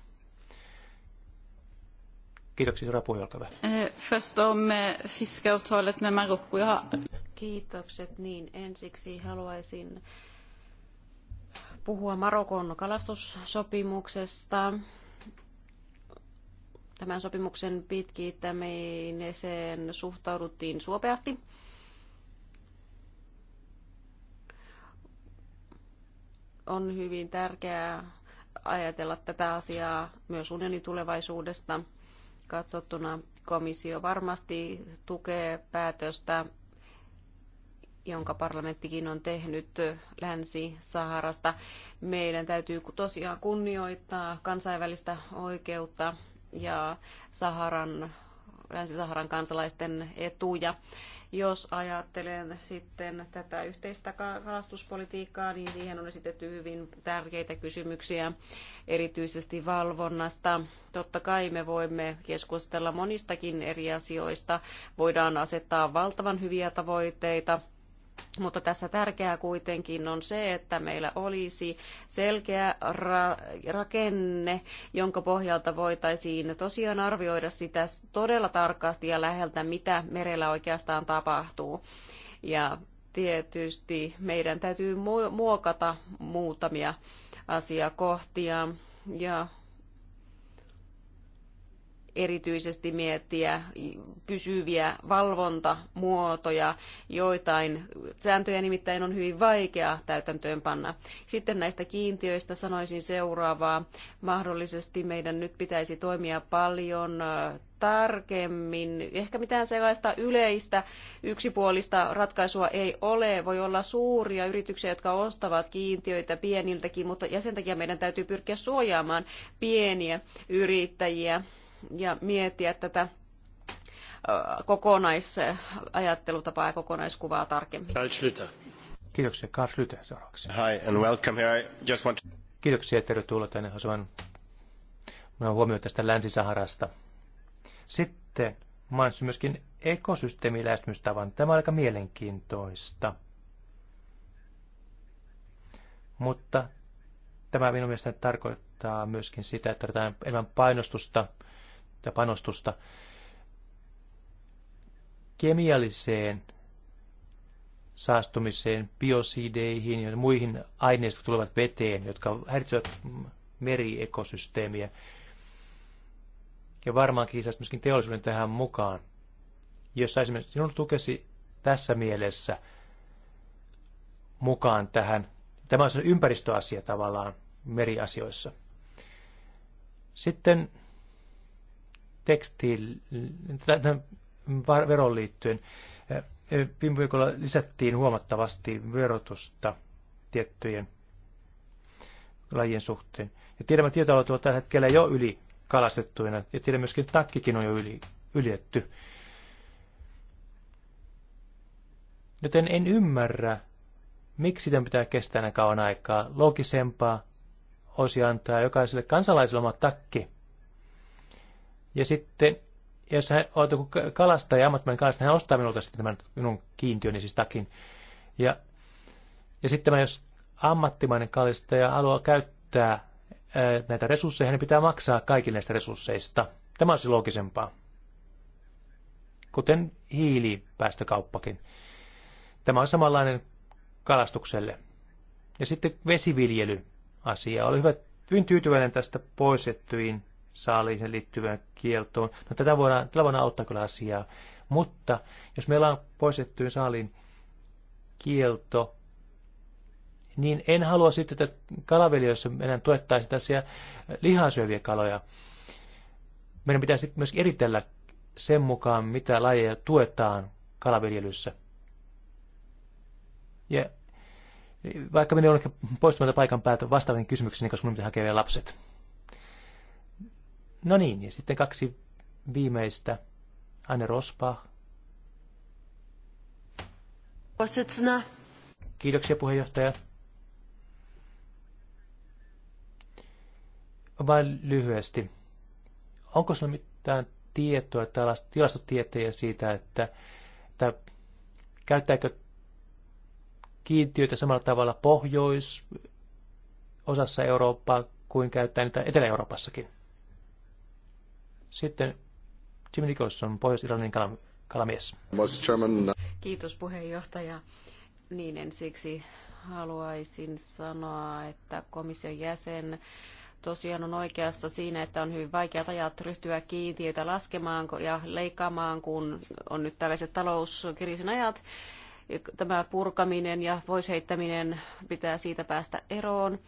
Kiitoksia, seuraava puhuja, olkaa hyvä. Eh, först om eh, fiskeavtalet med Marokko. Kiitokset, niin ensiksi haluaisin puhua Marokon kalastussopimuksesta. Tämän sopimuksen pitkittämiseen suhtauduttiin suopeasti. On hyvin tärkeää ajatella tätä asiaa myös unionin tulevaisuudesta katsottuna. Komissio varmasti tukee päätöstä jonka parlamenttikin on tehnyt Länsi-Saharasta. Meidän täytyy tosiaan kunnioittaa kansainvälistä oikeutta ja Saharan, Länsi-Saharan kansalaisten etuja. Jos ajattelen sitten tätä yhteistä kalastuspolitiikkaa, niin siihen on esitetty hyvin tärkeitä kysymyksiä, erityisesti valvonnasta. Totta kai me voimme keskustella monistakin eri asioista. Voidaan asettaa valtavan hyviä tavoitteita mutta tässä tärkeää kuitenkin on se, että meillä olisi selkeä ra- rakenne, jonka pohjalta voitaisiin tosiaan arvioida sitä todella tarkasti ja läheltä, mitä merellä oikeastaan tapahtuu. Ja tietysti meidän täytyy muokata muutamia asiakohtia ja erityisesti miettiä pysyviä valvontamuotoja. Joitain sääntöjä nimittäin on hyvin vaikea täytäntöönpanna. Sitten näistä kiintiöistä sanoisin seuraavaa. Mahdollisesti meidän nyt pitäisi toimia paljon tarkemmin. Ehkä mitään sellaista yleistä yksipuolista ratkaisua ei ole. Voi olla suuria yrityksiä, jotka ostavat kiintiöitä pieniltäkin, mutta ja sen takia meidän täytyy pyrkiä suojaamaan pieniä yrittäjiä ja miettiä tätä kokonaisajattelutapaa ja kokonaiskuvaa tarkemmin. Kiitoksia. Karl Schlüter seuraavaksi. Hi and welcome here. I just want to... Kiitoksia ja tervetuloa tänne Hosuan. Minä huomioon tästä Länsi-Saharasta. Sitten mainitsin myöskin ekosysteemilähestymistavan. Tämä on aika mielenkiintoista. Mutta tämä minun mielestäni tarkoittaa myöskin sitä, että tarvitaan enemmän painostusta – ja panostusta kemialliseen saastumiseen, biosideihin ja muihin aineistoihin, tulevat veteen, jotka häiritsevät meriekosysteemiä. Ja varmaan kiisaisi myöskin teollisuuden tähän mukaan. Jos saisimme sinun tukesi tässä mielessä mukaan tähän, tämä on ympäristöasia tavallaan meriasioissa. Sitten tekstiin, veroon liittyen. Eh, eh, viime viikolla lisättiin huomattavasti verotusta tiettyjen lajien suhteen. Ja tiedämme, että tietoalat ovat tällä hetkellä jo yli kalastettuina. Ja tiedämme myöskin, että takkikin on jo yli, yljetty. Joten en ymmärrä, miksi sitä pitää kestää näin kauan aikaa. Loogisempaa olisi antaa jokaiselle kansalaiselle oma takki. Ja sitten, jos hän on kalastaja, ammattimainen kalastaja, hän ostaa minulta sitten tämän minun kiintiöni, siis takin. Ja, ja sitten mä, jos ammattimainen kalastaja haluaa käyttää ää, näitä resursseja, hänen pitää maksaa kaikille näistä resursseista. Tämä on siis loogisempaa. Kuten hiilipäästökauppakin. Tämä on samanlainen kalastukselle. Ja sitten vesiviljely asia. Oli hyvä, hyvin tyytyväinen tästä poisettuihin saaliin liittyvään kieltoon. No tätä voidaan, tällä voidaan auttaa kyllä asiaa. Mutta jos meillä on poistettuin saaliin kielto, niin en halua sitten, että kalaviljoissa meidän tuettaisiin tällaisia lihansyöviä kaloja. Meidän pitäisi myös eritellä sen mukaan, mitä lajeja tuetaan kalaviljelyssä. Ja vaikka minä olen poistumatta paikan päältä vastaavien kysymyksiin, koska minun pitää hakea vielä lapset. No niin, ja sitten kaksi viimeistä. Anne Rosbach. Kiitoksia puheenjohtaja. Vain lyhyesti. Onko sinulla mitään tietoa, tällaista tilastotietoja siitä, että, että käyttääkö kiintiöitä samalla tavalla pohjoisosassa Eurooppaa kuin käyttää niitä Etelä-Euroopassakin? Sitten Jim Nicholson, Pohjois-Irlannin kalam- kalamies. Uh, Kiitos puheenjohtaja. Niin ensiksi haluaisin sanoa, että komission jäsen tosiaan on oikeassa siinä, että on hyvin vaikea ajat ryhtyä kiintiöitä laskemaan ja leikkaamaan, kun on nyt tällaiset talouskriisin ajat. Tämä purkaminen ja pois heittäminen pitää siitä päästä eroon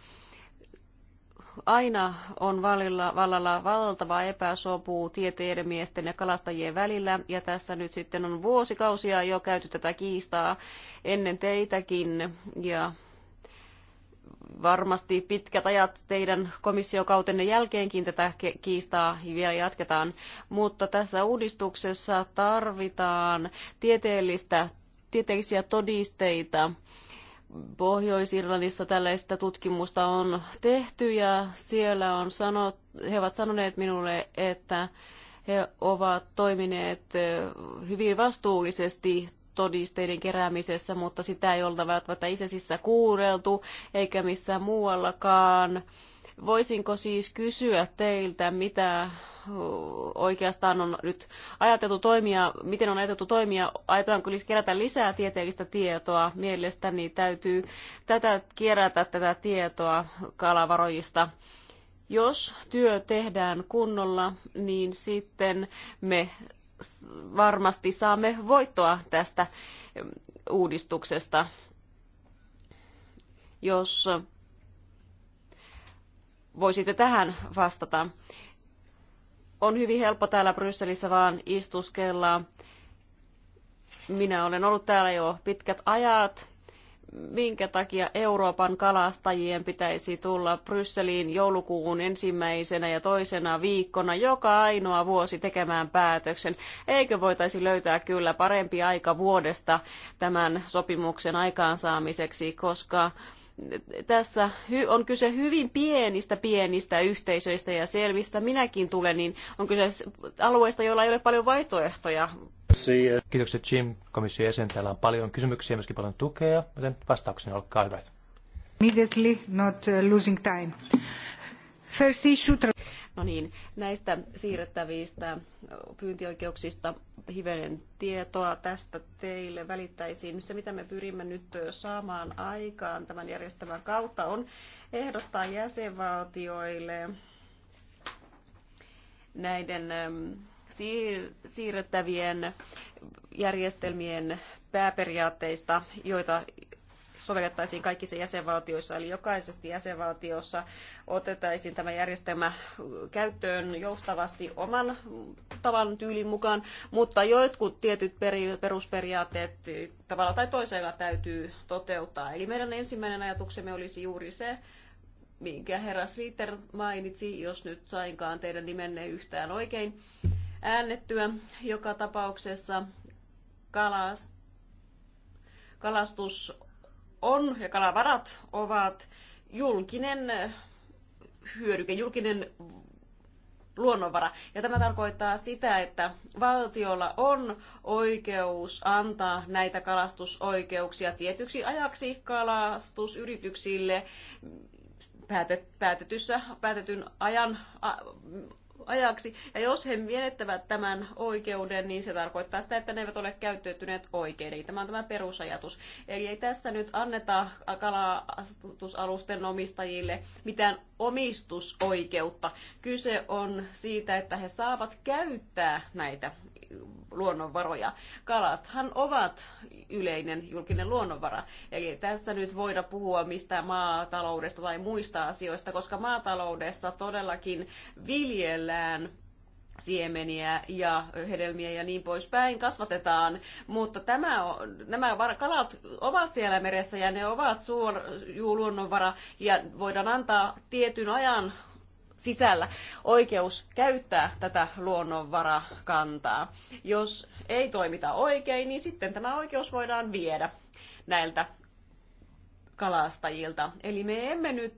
aina on valilla, vallalla valtava epäsopu tieteidemiesten ja kalastajien välillä, ja tässä nyt sitten on vuosikausia jo käyty tätä kiistaa ennen teitäkin, ja varmasti pitkät ajat teidän komissiokautenne jälkeenkin tätä kiistaa vielä jatketaan, mutta tässä uudistuksessa tarvitaan tieteellistä, tieteellisiä todisteita, Pohjois-Irlannissa tällaista tutkimusta on tehty ja siellä on sanot, he ovat sanoneet minulle, että he ovat toimineet hyvin vastuullisesti todisteiden keräämisessä, mutta sitä ei olta välttämättä isäsissä kuureltu eikä missään muuallakaan. Voisinko siis kysyä teiltä, mitä oikeastaan on nyt ajateltu toimia, miten on ajateltu toimia, ajatellaanko kerätä lisää tieteellistä tietoa. Mielestäni täytyy tätä kerätä tätä tietoa kalavaroista jos työ tehdään kunnolla, niin sitten me varmasti saamme voittoa tästä mm, uudistuksesta. Jos voisitte tähän vastata on hyvin helppo täällä Brysselissä vaan istuskella. Minä olen ollut täällä jo pitkät ajat. Minkä takia Euroopan kalastajien pitäisi tulla Brysseliin joulukuun ensimmäisenä ja toisena viikkona joka ainoa vuosi tekemään päätöksen? Eikö voitaisi löytää kyllä parempi aika vuodesta tämän sopimuksen aikaansaamiseksi, koska tässä on kyse hyvin pienistä pienistä yhteisöistä ja se, mistä minäkin tulen, niin on kyse alueista, joilla ei ole paljon vaihtoehtoja. Kiitoksia Jim, komission jäsen. Täällä on paljon kysymyksiä ja myöskin paljon tukea, joten vastaukseni olkaa hyvät. Immediately, not uh, losing time. No niin, näistä siirrettävistä pyyntioikeuksista hivenen tietoa tästä teille välittäisin. Se, mitä me pyrimme nyt saamaan aikaan tämän järjestelmän kautta, on ehdottaa jäsenvaltioille näiden ähm, siirrettävien järjestelmien pääperiaatteista, joita sovellettaisiin kaikissa jäsenvaltioissa, eli jokaisessa jäsenvaltiossa otettaisiin tämä järjestelmä käyttöön joustavasti oman tavan tyylin mukaan, mutta jotkut tietyt perusperiaatteet tavalla tai toisella täytyy toteuttaa. Eli meidän ensimmäinen ajatuksemme olisi juuri se, minkä herra Sliter mainitsi, jos nyt sainkaan teidän nimenne yhtään oikein äännettyä. Joka tapauksessa kalas, kalastus on ja kalavarat ovat julkinen hyödyke, julkinen luonnonvara. Ja tämä tarkoittaa sitä, että valtiolla on oikeus antaa näitä kalastusoikeuksia tietyksi ajaksi kalastusyrityksille päätetyssä, päätetyn ajan ajaksi. Ja jos he menettävät tämän oikeuden, niin se tarkoittaa sitä, että ne eivät ole käyttäytyneet oikein. Eli tämä on tämä perusajatus. Eli ei tässä nyt anneta kalastusalusten omistajille mitään omistusoikeutta. Kyse on siitä, että he saavat käyttää näitä luonnonvaroja. Kalathan ovat yleinen julkinen luonnonvara. Eli tässä nyt voida puhua mistään maataloudesta tai muista asioista, koska maataloudessa todellakin viljellään siemeniä ja hedelmiä ja niin poispäin kasvatetaan, mutta tämä, nämä kalat ovat siellä meressä ja ne ovat suor, luonnonvara ja voidaan antaa tietyn ajan sisällä oikeus käyttää tätä luonnonvarakantaa. Jos ei toimita oikein, niin sitten tämä oikeus voidaan viedä näiltä kalastajilta. Eli me emme nyt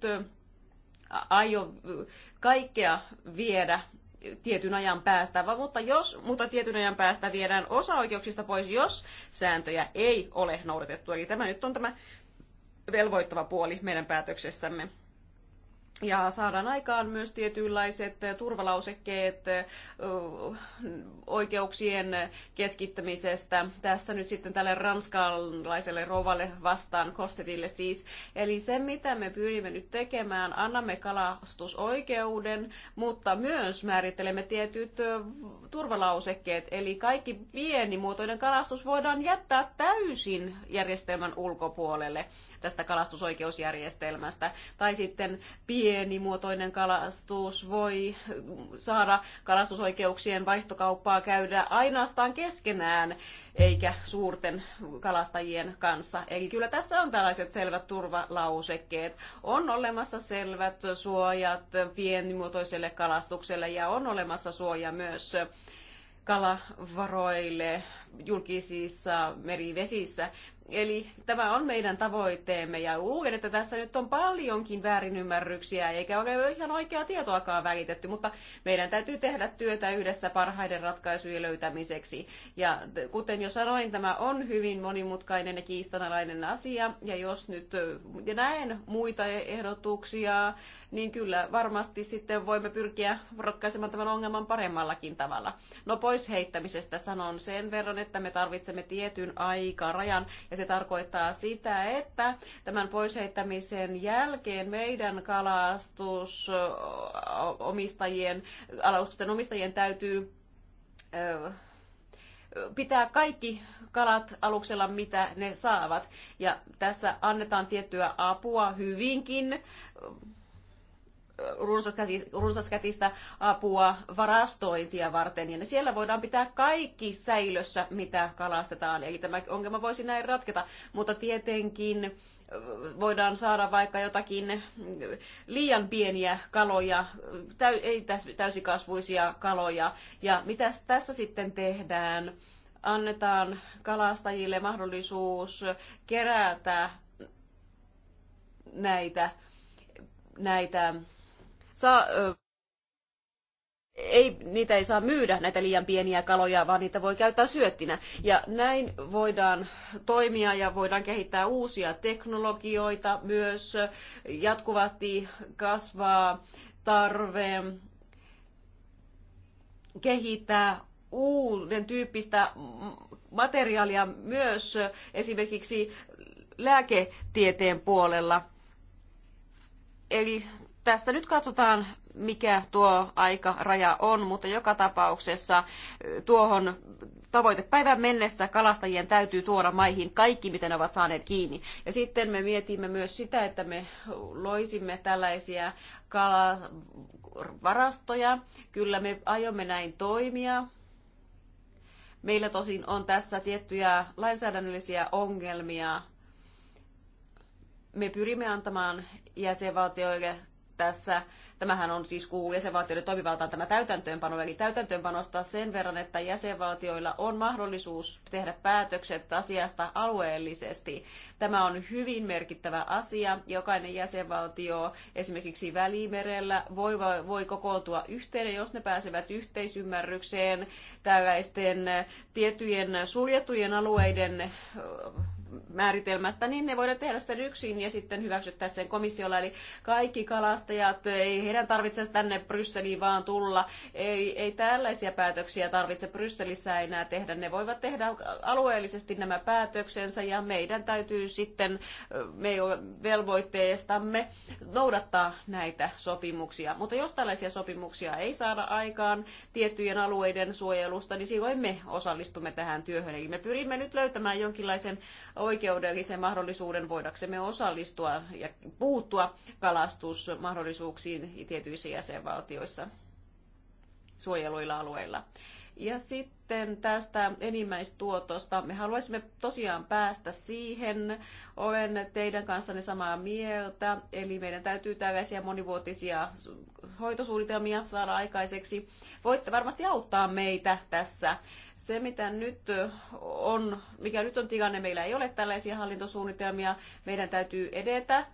aio kaikkea viedä tietyn ajan päästä, vaan mutta, jos, mutta tietyn ajan päästä viedään osa oikeuksista pois, jos sääntöjä ei ole noudatettu. Eli tämä nyt on tämä velvoittava puoli meidän päätöksessämme ja saadaan aikaan myös tietynlaiset eh, turvalausekkeet eh, oikeuksien keskittämisestä. Tässä nyt sitten tälle ranskalaiselle rouvalle vastaan Kostetille siis. Eli se, mitä me pyrimme nyt tekemään, annamme kalastusoikeuden, mutta myös määrittelemme tietyt turvalausekkeet. Eli kaikki pienimuotoinen kalastus voidaan jättää täysin järjestelmän ulkopuolelle tästä kalastusoikeusjärjestelmästä. Tai sitten pienimuotoinen kalastus voi saada kalastusoikeuksien vaihtokauppaa käydä ainoastaan keskenään, eikä suurten kalastajien kanssa. Eli kyllä tässä on tällaiset selvät turvalausekkeet. On olemassa selvät suojat pienimuotoiselle kalastukselle ja on olemassa suoja myös kalavaroille julkisissa merivesissä. Eli tämä on meidän tavoitteemme ja luulen, että tässä nyt on paljonkin väärinymmärryksiä eikä ole ihan oikeaa tietoakaan välitetty, mutta meidän täytyy tehdä työtä yhdessä parhaiden ratkaisujen löytämiseksi. Ja kuten jo sanoin, tämä on hyvin monimutkainen ja kiistanalainen asia ja jos nyt ja näen muita ehdotuksia, niin kyllä varmasti sitten voimme pyrkiä ratkaisemaan tämän ongelman paremmallakin tavalla. No pois heittämisestä sanon sen verran, että me tarvitsemme tietyn aikarajan ja se se tarkoittaa sitä, että tämän poisheittämisen jälkeen meidän kalastusomistajien, alauksen omistajien täytyy pitää kaikki kalat aluksella, mitä ne saavat. Ja tässä annetaan tiettyä apua hyvinkin runsaskätistä apua varastointia varten, ja siellä voidaan pitää kaikki säilössä, mitä kalastetaan. Eli tämä ongelma voisi näin ratketa, mutta tietenkin voidaan saada vaikka jotakin liian pieniä kaloja, täy, ei täysikasvuisia kaloja. Ja mitä tässä sitten tehdään? Annetaan kalastajille mahdollisuus kerätä näitä, näitä saa, ei, niitä ei saa myydä, näitä liian pieniä kaloja, vaan niitä voi käyttää syöttinä. Ja näin voidaan toimia ja voidaan kehittää uusia teknologioita myös. Jatkuvasti kasvaa tarve kehittää uuden tyyppistä materiaalia myös esimerkiksi lääketieteen puolella. Eli tästä nyt katsotaan, mikä tuo aika raja on, mutta joka tapauksessa tuohon tavoitepäivän mennessä kalastajien täytyy tuoda maihin kaikki, miten ne ovat saaneet kiinni. Ja sitten me mietimme myös sitä, että me loisimme tällaisia kalavarastoja. Kyllä me aiomme näin toimia. Meillä tosin on tässä tiettyjä lainsäädännöllisiä ongelmia. Me pyrimme antamaan jäsenvaltioille tässä, tämähän on siis kuuluu jäsenvaltioiden toimivaltaan tämä täytäntöönpano, eli täytäntöönpanosta sen verran, että jäsenvaltioilla on mahdollisuus tehdä päätökset asiasta alueellisesti. Tämä on hyvin merkittävä asia. Jokainen jäsenvaltio esimerkiksi Välimerellä voi, voi kokoontua yhteen, jos ne pääsevät yhteisymmärrykseen tällaisten tiettyjen suljettujen alueiden määritelmästä, niin ne voidaan tehdä sen yksin ja sitten hyväksyttää sen komissiolla. Eli kaikki kalastajat, ei heidän tarvitse tänne Brysseliin vaan tulla. Ei, ei tällaisia päätöksiä tarvitse Brysselissä enää tehdä. Ne voivat tehdä alueellisesti nämä päätöksensä ja meidän täytyy sitten me velvoitteestamme noudattaa näitä sopimuksia. Mutta jos tällaisia sopimuksia ei saada aikaan tiettyjen alueiden suojelusta, niin silloin me osallistumme tähän työhön. Eli me pyrimme nyt löytämään jonkinlaisen oikeudellisen mahdollisuuden voidaksemme osallistua ja puuttua kalastusmahdollisuuksiin tietyissä jäsenvaltioissa suojeluilla alueilla. Ja sitten tästä enimmäistuotosta. Me haluaisimme tosiaan päästä siihen. Olen teidän kanssanne samaa mieltä. Eli meidän täytyy tällaisia monivuotisia hoitosuunnitelmia saada aikaiseksi. Voitte varmasti auttaa meitä tässä. Se, mitä nyt on, mikä nyt on tilanne, meillä ei ole tällaisia hallintosuunnitelmia. Meidän täytyy edetä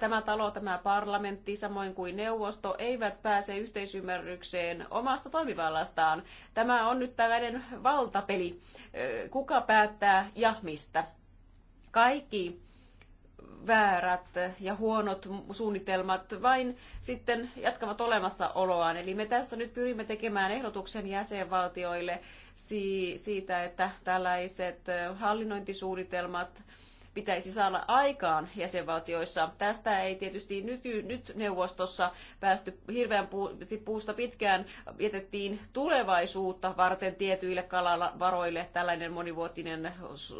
tämä talo, tämä parlamentti, samoin kuin neuvosto, eivät pääse yhteisymmärrykseen omasta toimivallastaan. Tämä on nyt tällainen valtapeli. Kuka päättää ja mistä? Kaikki väärät ja huonot suunnitelmat vain sitten jatkavat olemassaoloaan. Eli me tässä nyt pyrimme tekemään ehdotuksen jäsenvaltioille siitä, että tällaiset hallinnointisuunnitelmat pitäisi saada aikaan jäsenvaltioissa. Tästä ei tietysti nyt, nyt neuvostossa päästy hirveän puusta pitkään. Vietettiin tulevaisuutta varten tietyille kalavaroille tällainen monivuotinen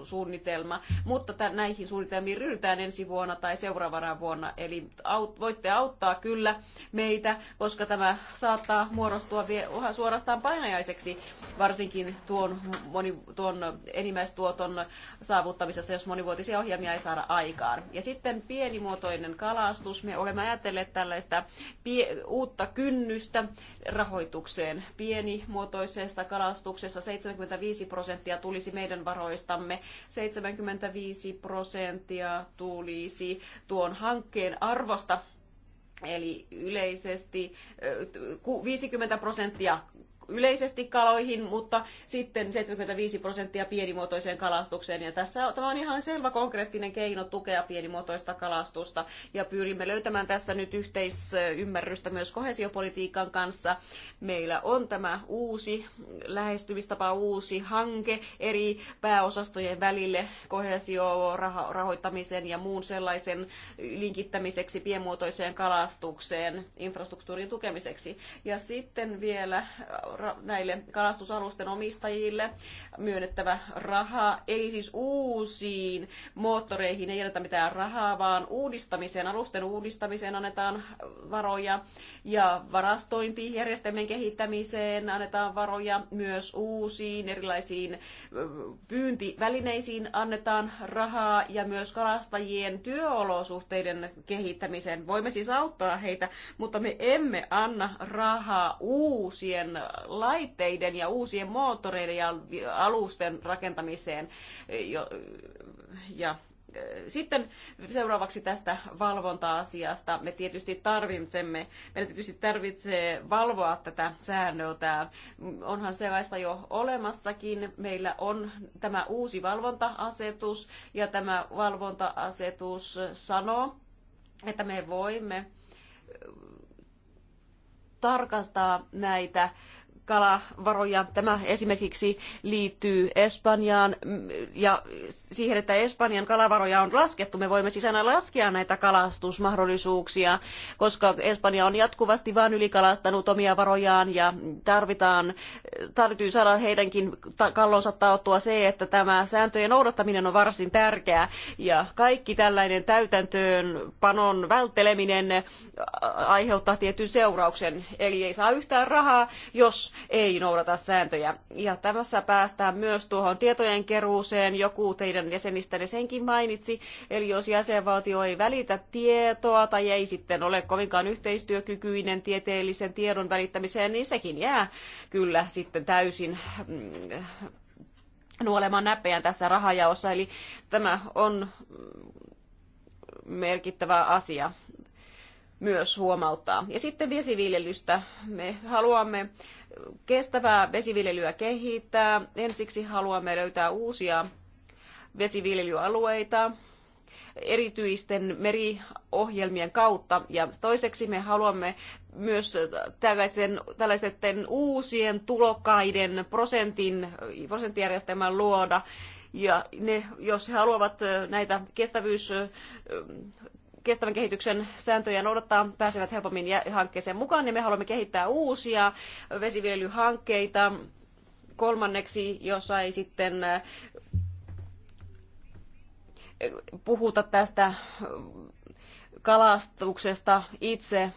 suunnitelma, mutta tämän, näihin suunnitelmiin ryhdytään ensi vuonna tai seuraavana vuonna. Eli aut, voitte auttaa kyllä meitä, koska tämä saattaa muodostua suorastaan painajaiseksi, varsinkin tuon, moni, tuon enimmäistuoton saavuttamisessa, jos monivuotisia ohjelmia ei saada aikaan. Ja sitten pienimuotoinen kalastus. Me olemme ajatelleet tällaista uutta kynnystä rahoitukseen. Pienimuotoisessa kalastuksessa 75 prosenttia tulisi meidän varoistamme. 75 prosenttia tulisi tuon hankkeen arvosta Eli yleisesti 50 prosenttia yleisesti kaloihin, mutta sitten 75 prosenttia pienimuotoiseen kalastukseen. Ja tässä tämä on ihan selvä konkreettinen keino tukea pienimuotoista kalastusta. Ja pyrimme löytämään tässä nyt yhteisymmärrystä myös kohesiopolitiikan kanssa. Meillä on tämä uusi lähestymistapa, uusi hanke eri pääosastojen välille kohesiorahoittamisen ja muun sellaisen linkittämiseksi pienmuotoiseen kalastukseen infrastruktuurin tukemiseksi. Ja sitten vielä näille kalastusalusten omistajille myönnettävä raha, ei siis uusiin moottoreihin ei anneta mitään rahaa, vaan uudistamiseen, alusten uudistamiseen annetaan varoja ja varastointijärjestelmien kehittämiseen annetaan varoja, myös uusiin erilaisiin pyyntivälineisiin annetaan rahaa ja myös kalastajien työolosuhteiden kehittämiseen. Voimme siis auttaa heitä, mutta me emme anna rahaa uusien laitteiden ja uusien moottoreiden ja alusten rakentamiseen. Ja sitten seuraavaksi tästä valvonta-asiasta. Me tietysti tarvitsemme, meidän tietysti tarvitsee valvoa tätä säännöltä. Onhan sellaista jo olemassakin. Meillä on tämä uusi valvonta-asetus ja tämä valvonta-asetus sanoo, että me voimme tarkastaa näitä kalavaroja. Tämä esimerkiksi liittyy Espanjaan mm, ja siihen, että Espanjan kalavaroja on laskettu. Me voimme siis aina laskea näitä kalastusmahdollisuuksia, koska Espanja on jatkuvasti vain ylikalastanut omia varojaan ja tarvitaan, täytyy saada heidänkin kallonsa taottua se, että tämä sääntöjen noudattaminen on varsin tärkeää ja kaikki tällainen täytäntöön panon vältteleminen aiheuttaa tietyn seurauksen. Eli ei saa yhtään rahaa, jos ei noudata sääntöjä. Ja tämässä päästään myös tuohon tietojen keruuseen. Joku teidän jäsenistäni senkin mainitsi. Eli jos jäsenvaltio ei välitä tietoa tai ei sitten ole kovinkaan yhteistyökykyinen tieteellisen tiedon välittämiseen, niin sekin jää kyllä sitten täysin mm, nuolemaan näppejään tässä rahajaossa. Eli tämä on merkittävä asia myös huomauttaa. Ja sitten vesiviljelystä. Me haluamme kestävää vesiviljelyä kehittää. Ensiksi haluamme löytää uusia vesiviljelyalueita erityisten meriohjelmien kautta. Ja toiseksi me haluamme myös tällaisen, tällaisten uusien tulokkaiden prosentin, prosenttijärjestelmän luoda. Ja ne, jos he haluavat näitä kestävyys kestävän kehityksen sääntöjä noudattaa, pääsevät helpommin hankkeeseen mukaan, niin me haluamme kehittää uusia vesiviljelyhankkeita. Kolmanneksi, jos ei sitten puhuta tästä kalastuksesta itse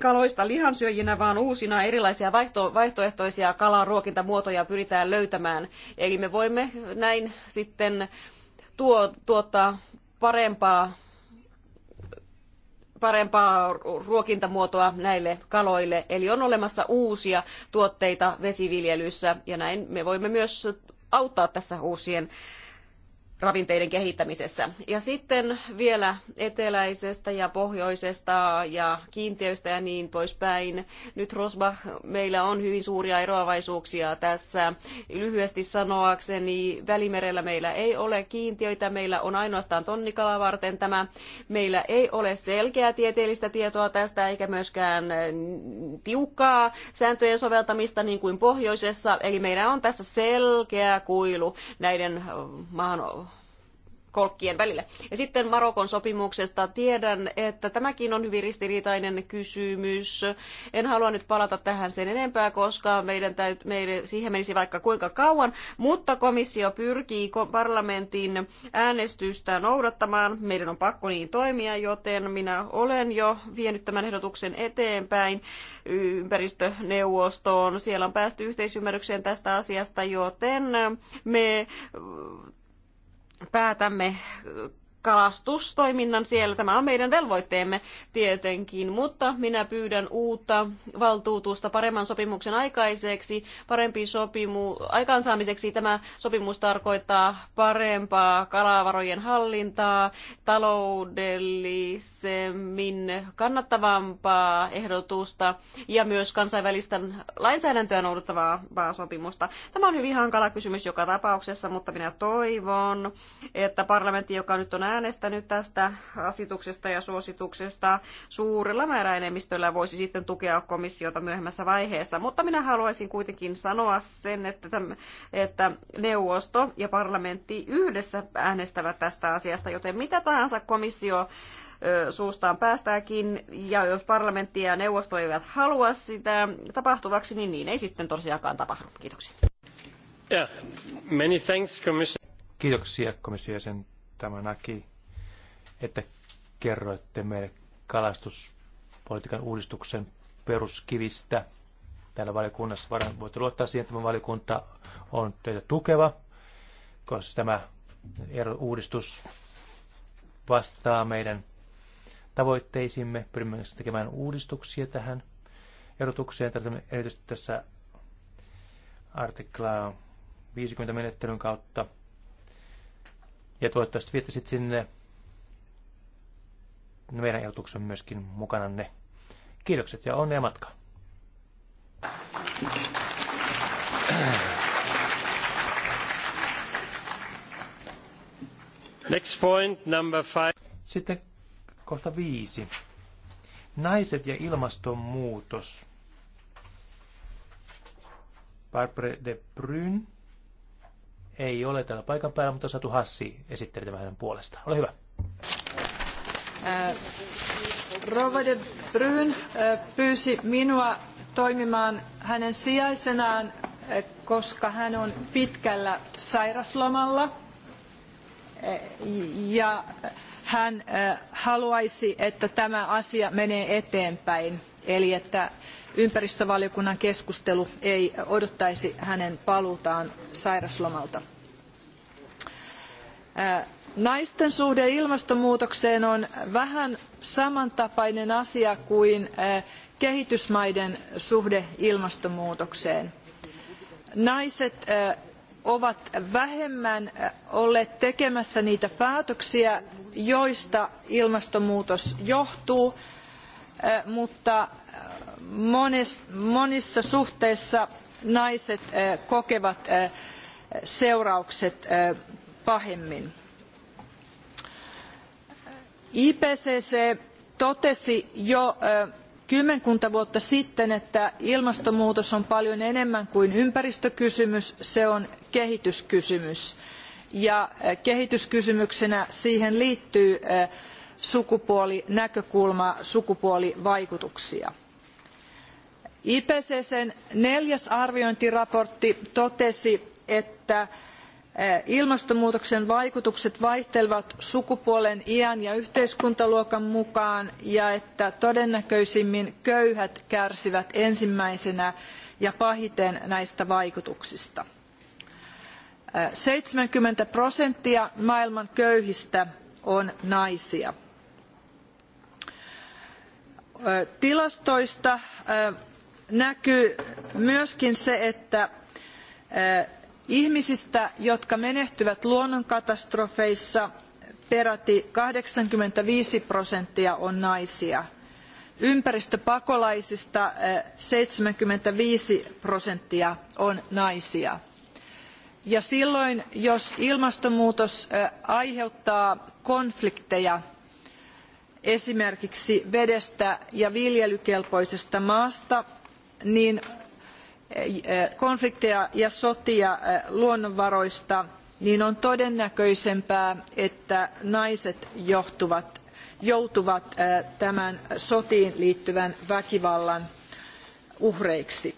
kaloista lihansyöjinä, vaan uusina erilaisia vaihto, vaihtoehtoisia kalaruokintamuotoja pyritään löytämään. Eli me voimme näin sitten tuo, tuottaa parempaa parempaa ruokintamuotoa näille kaloille. Eli on olemassa uusia tuotteita vesiviljelyssä ja näin me voimme myös auttaa tässä uusien ravinteiden kehittämisessä. Ja sitten vielä eteläisestä ja pohjoisesta ja kiintiöistä ja niin poispäin. Nyt Rosba, meillä on hyvin suuria eroavaisuuksia tässä. Lyhyesti sanoakseni, Välimerellä meillä ei ole kiintiöitä, meillä on ainoastaan tonnikalaa varten tämä. Meillä ei ole selkeää tieteellistä tietoa tästä eikä myöskään tiukkaa sääntöjen soveltamista niin kuin pohjoisessa. Eli meillä on tässä selkeä kuilu näiden maan kolkkien välillä. Ja sitten Marokon sopimuksesta tiedän, että tämäkin on hyvin ristiriitainen kysymys. En halua nyt palata tähän sen enempää, koska meidän täyt, meidän, siihen menisi vaikka kuinka kauan, mutta komissio pyrkii parlamentin äänestystä noudattamaan. Meidän on pakko niin toimia, joten minä olen jo vienyt tämän ehdotuksen eteenpäin ympäristöneuvostoon. Siellä on päästy yhteisymmärrykseen tästä asiasta, joten me päätämme kalastustoiminnan siellä. Tämä on meidän velvoitteemme tietenkin, mutta minä pyydän uutta valtuutusta paremman sopimuksen aikaiseksi, parempi sopimu, aikaansaamiseksi. Tämä sopimus tarkoittaa parempaa kalavarojen hallintaa, taloudellisemmin kannattavampaa ehdotusta ja myös kansainvälistä lainsäädäntöä noudattavaa sopimusta. Tämä on hyvin hankala kysymys joka tapauksessa, mutta minä toivon, että parlamentti, joka nyt on äänestänyt tästä asetuksesta ja suosituksesta suurella määräenemmistöllä voisi sitten tukea komissiota myöhemmässä vaiheessa. Mutta minä haluaisin kuitenkin sanoa sen, että, täm, että neuvosto ja parlamentti yhdessä äänestävät tästä asiasta, joten mitä tahansa komissio suustaan päästäänkin, ja jos parlamentti ja neuvosto eivät halua sitä tapahtuvaksi, niin niin ei sitten tosiaankaan tapahdu. Kiitoksia. Yeah. Many thanks, Kiitoksia komission jäsen Tämä näki, että kerroitte meille kalastuspolitiikan uudistuksen peruskivistä täällä valiokunnassa. Varmaan voitte luottaa siihen, että tämä valiokunta on teitä tukeva, koska tämä uudistus vastaa meidän tavoitteisimme. Pyrimme tekemään uudistuksia tähän erotukseen. Tätä erityisesti tässä artiklaa 50 menettelyn kautta – ja toivottavasti viette sitten sinne meidän ehdotuksen myöskin mukana ne. Kiitokset ja onnea matkaan. Next point, number five. Sitten kohta viisi. Naiset ja ilmastonmuutos. Barbara de Brun ei ole täällä paikan päällä, mutta Satu Hassi esitteli tämän hänen puolestaan. Ole hyvä. Äh, Rova de Bryn äh, pyysi minua toimimaan hänen sijaisenaan, äh, koska hän on pitkällä sairaslomalla. Ja hän haluaisi, että tämä asia menee eteenpäin, eli että ympäristövaliokunnan keskustelu ei odottaisi hänen paluutaan sairaslomalta. Naisten suhde ilmastonmuutokseen on vähän samantapainen asia kuin kehitysmaiden suhde ilmastonmuutokseen. Naiset ovat vähemmän olleet tekemässä niitä päätöksiä, joista ilmastonmuutos johtuu, mutta monissa suhteissa naiset eh, kokevat eh, seuraukset eh, pahemmin. IPCC totesi jo kymmenkunta vuotta sitten, että ilmastonmuutos on paljon enemmän kuin ympäristökysymys, se on kehityskysymys. Ja kehityskysymyksenä siihen liittyy sukupuolinäkökulma, sukupuolivaikutuksia IPCCn neljäs arviointiraportti totesi, että ilmastonmuutoksen vaikutukset vaihtelevat sukupuolen, iän ja yhteiskuntaluokan mukaan ja että todennäköisimmin köyhät kärsivät ensimmäisenä ja pahiten näistä vaikutuksista. 70 prosenttia maailman köyhistä on naisia. Tilastoista näkyy myöskin se, että ihmisistä, jotka menehtyvät luonnonkatastrofeissa, peräti 85 prosenttia on naisia. Ympäristöpakolaisista 75 prosenttia on naisia. Ja silloin, jos ilmastonmuutos aiheuttaa konflikteja esimerkiksi vedestä ja viljelykelpoisesta maasta niin eh, eh, konflikteja ja sotia eh, luonnonvaroista, niin on todennäköisempää, että naiset johtuvat, joutuvat tämän sotiin liittyvän väkivallan uhreiksi.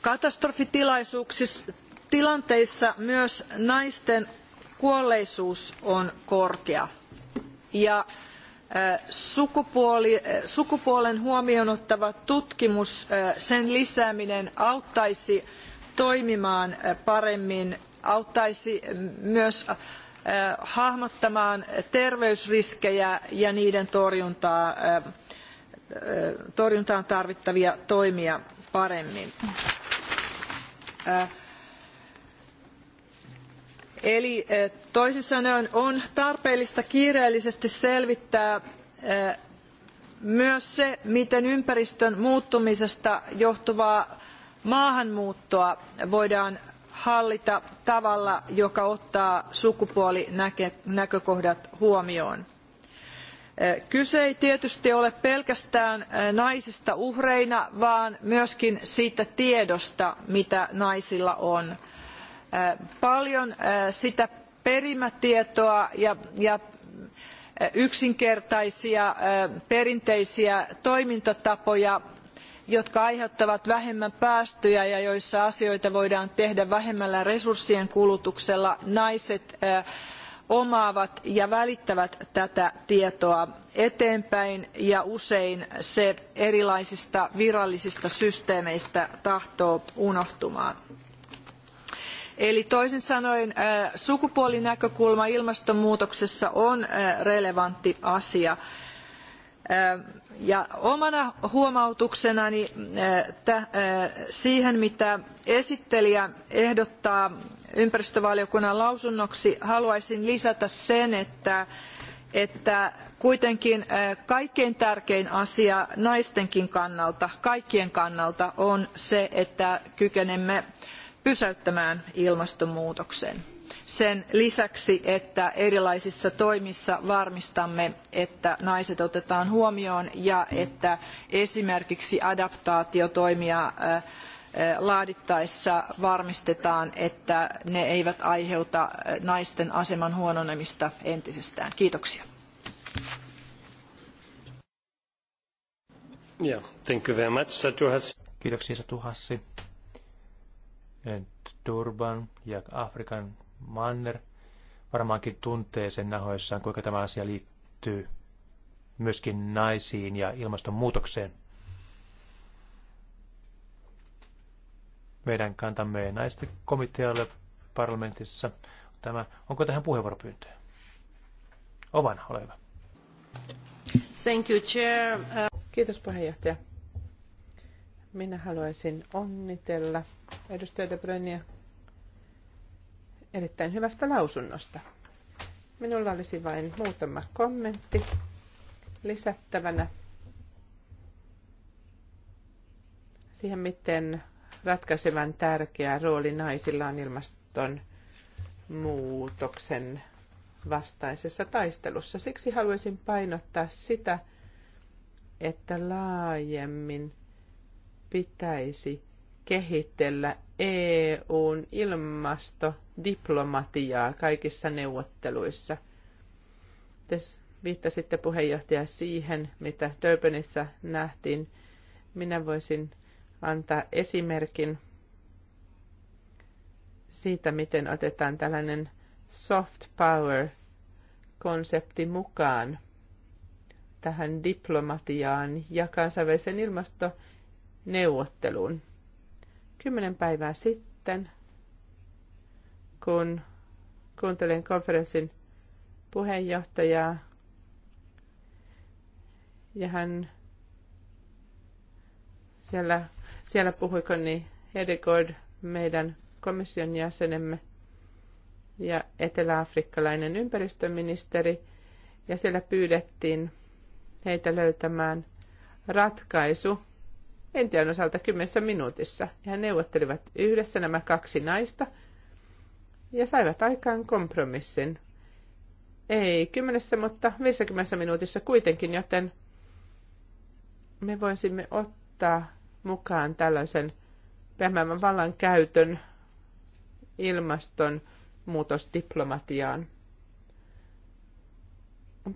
Katastrofitilanteissa myös naisten kuolleisuus on korkea. Ja sukupuolen huomioon ottava tutkimus, sen lisääminen auttaisi toimimaan paremmin, auttaisi myös hahmottamaan terveysriskejä ja niiden torjuntaan tarvittavia toimia paremmin. Eli eh, toisin sanoen on tarpeellista kiireellisesti selvittää eh, myös se, miten ympäristön muuttumisesta johtuvaa maahanmuuttoa voidaan hallita tavalla, joka ottaa sukupuolinäkökohdat huomioon. Eh, kyse ei tietysti ole pelkästään naisista uhreina, vaan myöskin siitä tiedosta, mitä naisilla on paljon sitä perimätietoa ja, yksinkertaisia perinteisiä toimintatapoja jotka aiheuttavat vähemmän päästöjä ja joissa asioita voidaan tehdä vähemmällä resurssien kulutuksella naiset omaavat ja välittävät tätä tietoa eteenpäin ja usein se erilaisista virallisista systeemeistä tahtoo unohtua. Eli toisin sanoen sukupuolinäkökulma ilmastonmuutoksessa on relevantti asia. Ja omana huomautuksenani siihen, mitä esittelijä ehdottaa ympäristövaliokunnan lausunnoksi, haluaisin lisätä sen, että, että kuitenkin kaikkein tärkein asia naistenkin kannalta, kaikkien kannalta, on se, että kykenemme pysäyttämään ilmastonmuutoksen sen lisäksi että erilaisissa toimissa varmistamme että naiset otetaan huomioon ja että esimerkiksi adaptaatiotoimia laadittaessa varmistetaan että ne eivät aiheuta naisten aseman huononemista entisestään. Kiitoksia. thank you very much, Kiitoksia Satu Hassi. Turban ja Afrikan manner varmaankin tuntee sen nahoissaan, kuinka tämä asia liittyy myöskin naisiin ja ilmastonmuutokseen. Meidän kantamme naisten komitealle parlamentissa. Tämä, onko tähän puheenvuoropyyntöä? Ovan, ole hyvä. Thank you, chair. Kiitos puheenjohtaja. Minä haluaisin onnitella edustaja De Brenia, erittäin hyvästä lausunnosta. Minulla olisi vain muutama kommentti lisättävänä siihen, miten ratkaisevan tärkeä rooli naisilla on ilmaston muutoksen vastaisessa taistelussa. Siksi haluaisin painottaa sitä, että laajemmin pitäisi kehitellä EUn ilmastodiplomatiaa kaikissa neuvotteluissa. Te viittasitte puheenjohtaja siihen, mitä Durbanissa nähtiin. Minä voisin antaa esimerkin siitä, miten otetaan tällainen soft power konsepti mukaan tähän diplomatiaan ja kansainväliseen ilmastoneuvotteluun. Kymmenen päivää sitten, kun kuuntelin konferenssin puheenjohtajaa, ja hän siellä, siellä puhui Conny niin Hedegord, meidän komission jäsenemme, ja eteläafrikkalainen ympäristöministeri, ja siellä pyydettiin heitä löytämään ratkaisu Intian osalta kymmenessä minuutissa. Ja he neuvottelivat yhdessä nämä kaksi naista ja saivat aikaan kompromissin. Ei kymmenessä, mutta 50 minuutissa kuitenkin, joten me voisimme ottaa mukaan tällaisen pehmeämmän vallan käytön ilmastonmuutosdiplomatiaan.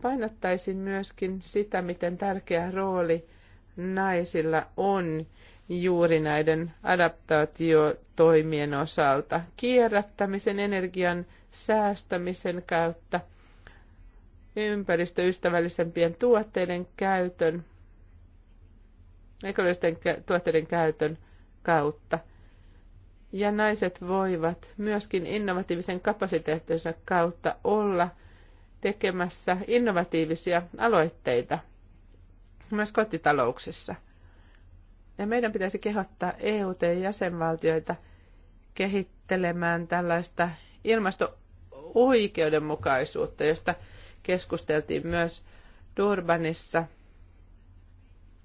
Painottaisin myöskin sitä, miten tärkeä rooli – naisilla on juuri näiden adaptaatiotoimien osalta kierrättämisen, energian säästämisen kautta, ympäristöystävällisempien tuotteiden käytön, ekologisten tuotteiden käytön kautta. Ja naiset voivat myöskin innovatiivisen kapasiteettinsa kautta olla tekemässä innovatiivisia aloitteita – myös kotitalouksissa. Ja meidän pitäisi kehottaa EU-jäsenvaltioita kehittelemään tällaista ilmasto-oikeudenmukaisuutta, josta keskusteltiin myös Durbanissa.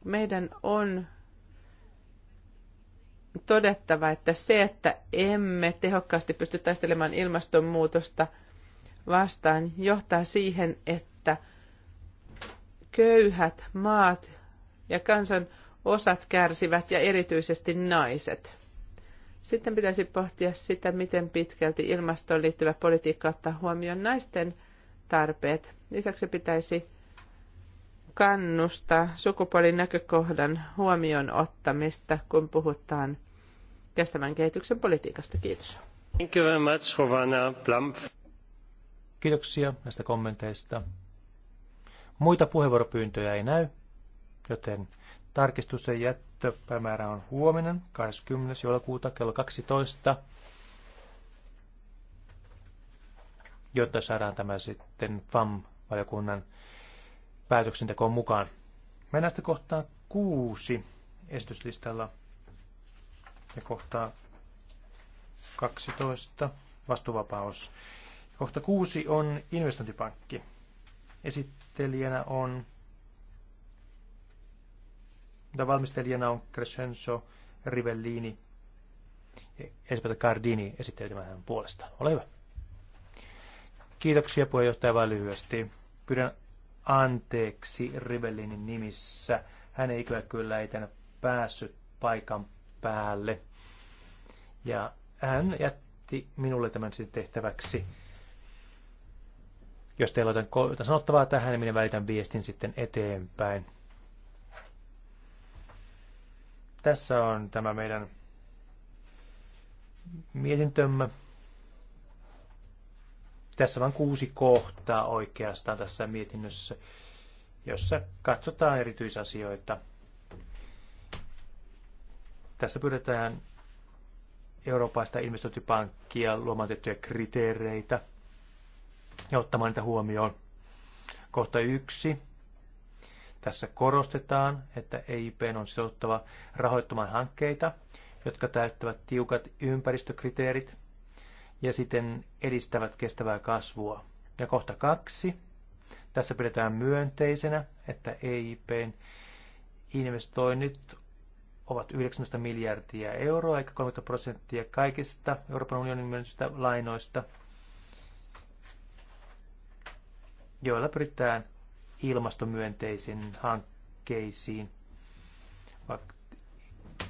Meidän on todettava, että se, että emme tehokkaasti pysty taistelemaan ilmastonmuutosta vastaan, johtaa siihen, että – Köyhät maat ja kansan osat kärsivät ja erityisesti naiset. Sitten pitäisi pohtia sitä, miten pitkälti ilmastoon liittyvä politiikka ottaa huomioon naisten tarpeet. Lisäksi pitäisi kannustaa sukupuolin näkökohdan huomioon ottamista, kun puhutaan kestävän kehityksen politiikasta. Kiitos. Thank you very much, Kiitoksia näistä kommenteista. Muita puheenvuoropyyntöjä ei näy, joten tarkistusten jättöpäämäärä on huomenna 20. joulukuuta kello 12, jotta saadaan tämä sitten FAM-valiokunnan päätöksentekoon mukaan. Mennään sitten kohtaan kuusi esityslistalla ja kohtaa 12 vastuvapaus. Kohta kuusi on investointipankki. Esittelijänä on, tai valmistelijana on Crescenzo Rivellini. Ensimmäistä Cardini esittelemään hänen puolestaan. Ole hyvä. Kiitoksia puheenjohtaja vain lyhyesti. Pyydän anteeksi Rivellinin nimissä. Hän ei kyllä kyllä ei tänne päässyt paikan päälle. Ja hän jätti minulle tämän sitten tehtäväksi jos teillä on jotain sanottavaa tähän, niin minä välitän viestin sitten eteenpäin. Tässä on tämä meidän mietintömme. Tässä on kuusi kohtaa oikeastaan tässä mietinnössä, jossa katsotaan erityisasioita. Tässä pyydetään Euroopasta investointipankkia luomaan tiettyjä kriteereitä – ja ottamaan niitä huomioon. Kohta yksi. Tässä korostetaan, että EIP on sitouttava rahoittamaan hankkeita, jotka täyttävät tiukat ympäristökriteerit ja siten edistävät kestävää kasvua. Ja kohta kaksi. Tässä pidetään myönteisenä, että EIPn investoinnit ovat 19 miljardia euroa, eikä 30 prosenttia kaikista Euroopan unionin myönnetyistä lainoista – joilla pyritään ilmastomyönteisiin hankkeisiin, vaikka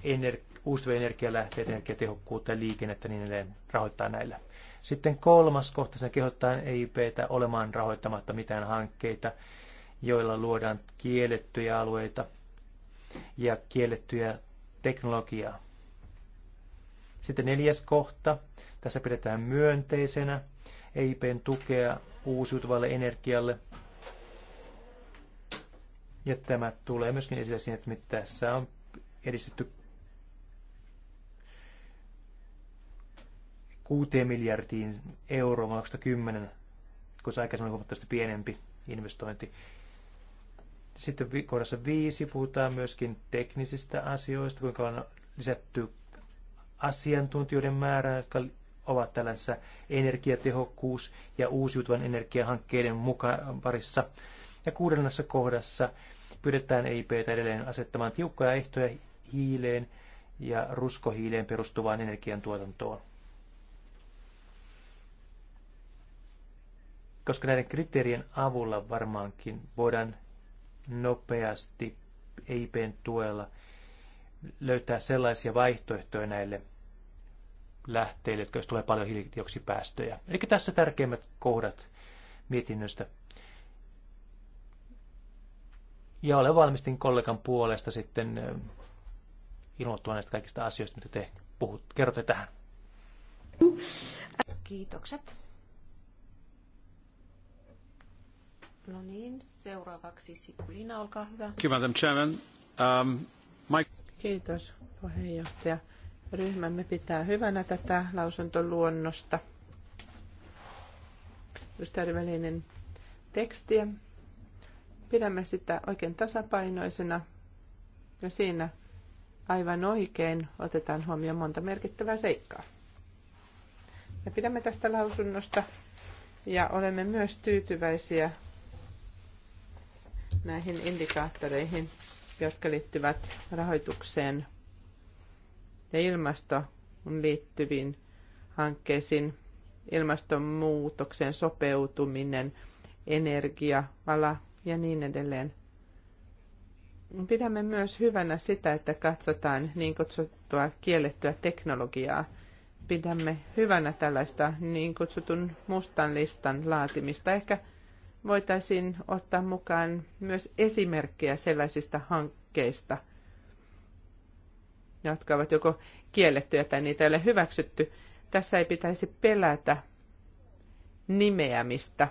ener- uusiutuvia energialähteitä, energiatehokkuutta ja liikennettä niin edelleen rahoittaa näillä. Sitten kolmas kohta, sen kehottaen EIPtä olemaan rahoittamatta mitään hankkeita, joilla luodaan kiellettyjä alueita ja kiellettyjä teknologiaa. Sitten neljäs kohta, tässä pidetään myönteisenä, EIPn tukea uusiutuvalle energialle. Ja tämä tulee myöskin esille siinä, että tässä on edistetty 6 miljardiin euroa vuonna 2010, kun se aikaisemmin huomattavasti pienempi investointi. Sitten kohdassa viisi puhutaan myöskin teknisistä asioista, kuinka on lisätty asiantuntijoiden määrää, jotka ovat tällaisessa energiatehokkuus- ja uusiutuvan energiahankkeiden mukaan parissa. Ja kuudennassa kohdassa pyydetään EIPtä edelleen asettamaan tiukkoja ehtoja hiileen ja ruskohiileen perustuvaan energiantuotantoon. Koska näiden kriteerien avulla varmaankin voidaan nopeasti EIPn tuella löytää sellaisia vaihtoehtoja näille lähteille, jotka tulee paljon hiilidioksipäästöjä. Eli tässä tärkeimmät kohdat mietinnöstä. Ja olen valmistin kollegan puolesta sitten ilmoittua näistä kaikista asioista, mitä te puhut, kerrotte tähän. Kiitokset. No niin, seuraavaksi Sikulina, olkaa hyvä. Kiitos, Madam Chairman. Um, Kiitos, puheenjohtaja. Ryhmämme pitää hyvänä tätä lausuntoluonnosta. Ystävällinen tekstiä. Pidämme sitä oikein tasapainoisena ja siinä aivan oikein otetaan huomioon monta merkittävää seikkaa. Me pidämme tästä lausunnosta ja olemme myös tyytyväisiä näihin indikaattoreihin, jotka liittyvät rahoitukseen ja ilmastoon liittyviin hankkeisiin, ilmastonmuutokseen sopeutuminen, energia-ala ja niin edelleen. Pidämme myös hyvänä sitä, että katsotaan niin kutsuttua kiellettyä teknologiaa. Pidämme hyvänä tällaista niin kutsutun mustan listan laatimista. Ehkä voitaisiin ottaa mukaan myös esimerkkejä sellaisista hankkeista – jotka ovat joko kiellettyjä tai niitä ei ole hyväksytty. Tässä ei pitäisi pelätä nimeämistä,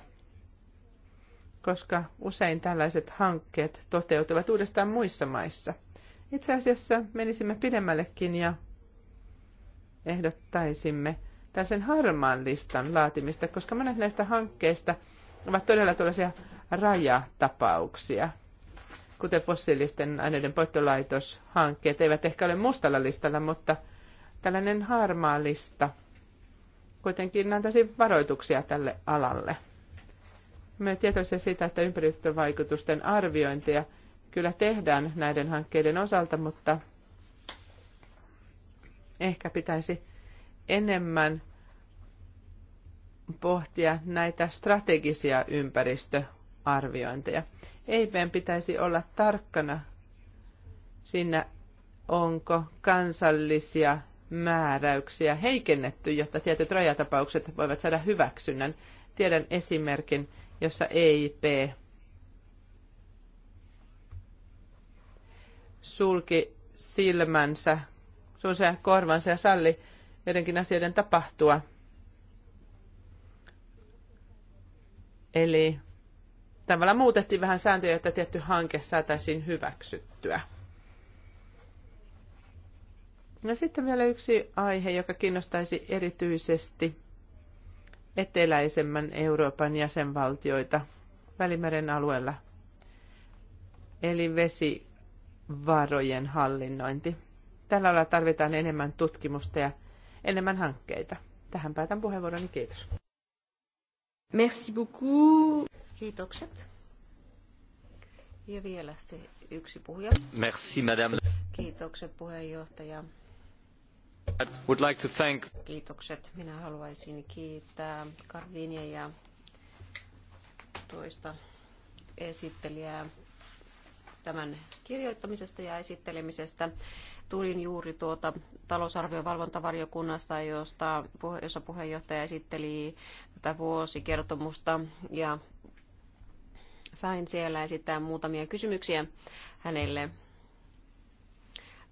koska usein tällaiset hankkeet toteutuvat uudestaan muissa maissa. Itse asiassa menisimme pidemmällekin ja ehdottaisimme tällaisen harmaan listan laatimista, koska monet näistä hankkeista ovat todella tällaisia rajatapauksia – kuten fossiilisten aineiden poittolaitoshankkeet, eivät ehkä ole mustalla listalla, mutta tällainen harmaa lista kuitenkin antaisi varoituksia tälle alalle. Me tietoisia siitä, että ympäristövaikutusten arviointia kyllä tehdään näiden hankkeiden osalta, mutta ehkä pitäisi enemmän pohtia näitä strategisia ympäristö- arviointeja. EIPn pitäisi olla tarkkana siinä, onko kansallisia määräyksiä heikennetty, jotta tietyt rajatapaukset voivat saada hyväksynnän. Tiedän esimerkin, jossa EIP sulki silmänsä, suunsa korvansa ja salli joidenkin asioiden tapahtua. Eli tavallaan muutettiin vähän sääntöjä, että tietty hanke saataisiin hyväksyttyä. Ja sitten vielä yksi aihe, joka kiinnostaisi erityisesti eteläisemmän Euroopan jäsenvaltioita Välimeren alueella, eli vesivarojen hallinnointi. Tällä alalla tarvitaan enemmän tutkimusta ja enemmän hankkeita. Tähän päätän puheenvuoroni. Kiitos. Merci beaucoup. Kiitokset. Ja vielä se yksi puhuja. Merci, madame. Kiitokset puheenjohtaja. I would like to thank... Kiitokset. Minä haluaisin kiittää Kardinia ja toista esittelijää tämän kirjoittamisesta ja esittelemisestä. Tulin juuri tuota talousarviovalvontavaliokunnasta, josta, jossa puheenjohtaja esitteli tätä vuosikertomusta ja sain siellä esittää muutamia kysymyksiä hänelle.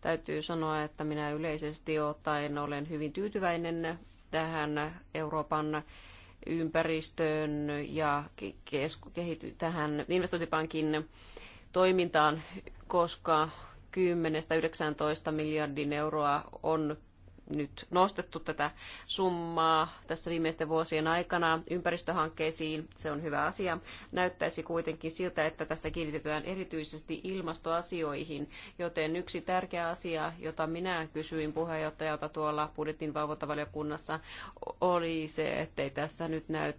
Täytyy sanoa, että minä yleisesti ottaen olen hyvin tyytyväinen tähän Euroopan ympäristöön ja tähän investointipankin toimintaan, koska 10-19 miljardin euroa on nyt nostettu tätä summaa tässä viimeisten vuosien aikana ympäristöhankkeisiin. Se on hyvä asia. Näyttäisi kuitenkin siltä, että tässä kiinnitetään erityisesti ilmastoasioihin, joten yksi tärkeä asia, jota minä kysyin puheenjohtajalta tuolla budjetin valvontavaliokunnassa, oli se, ettei tässä nyt näyt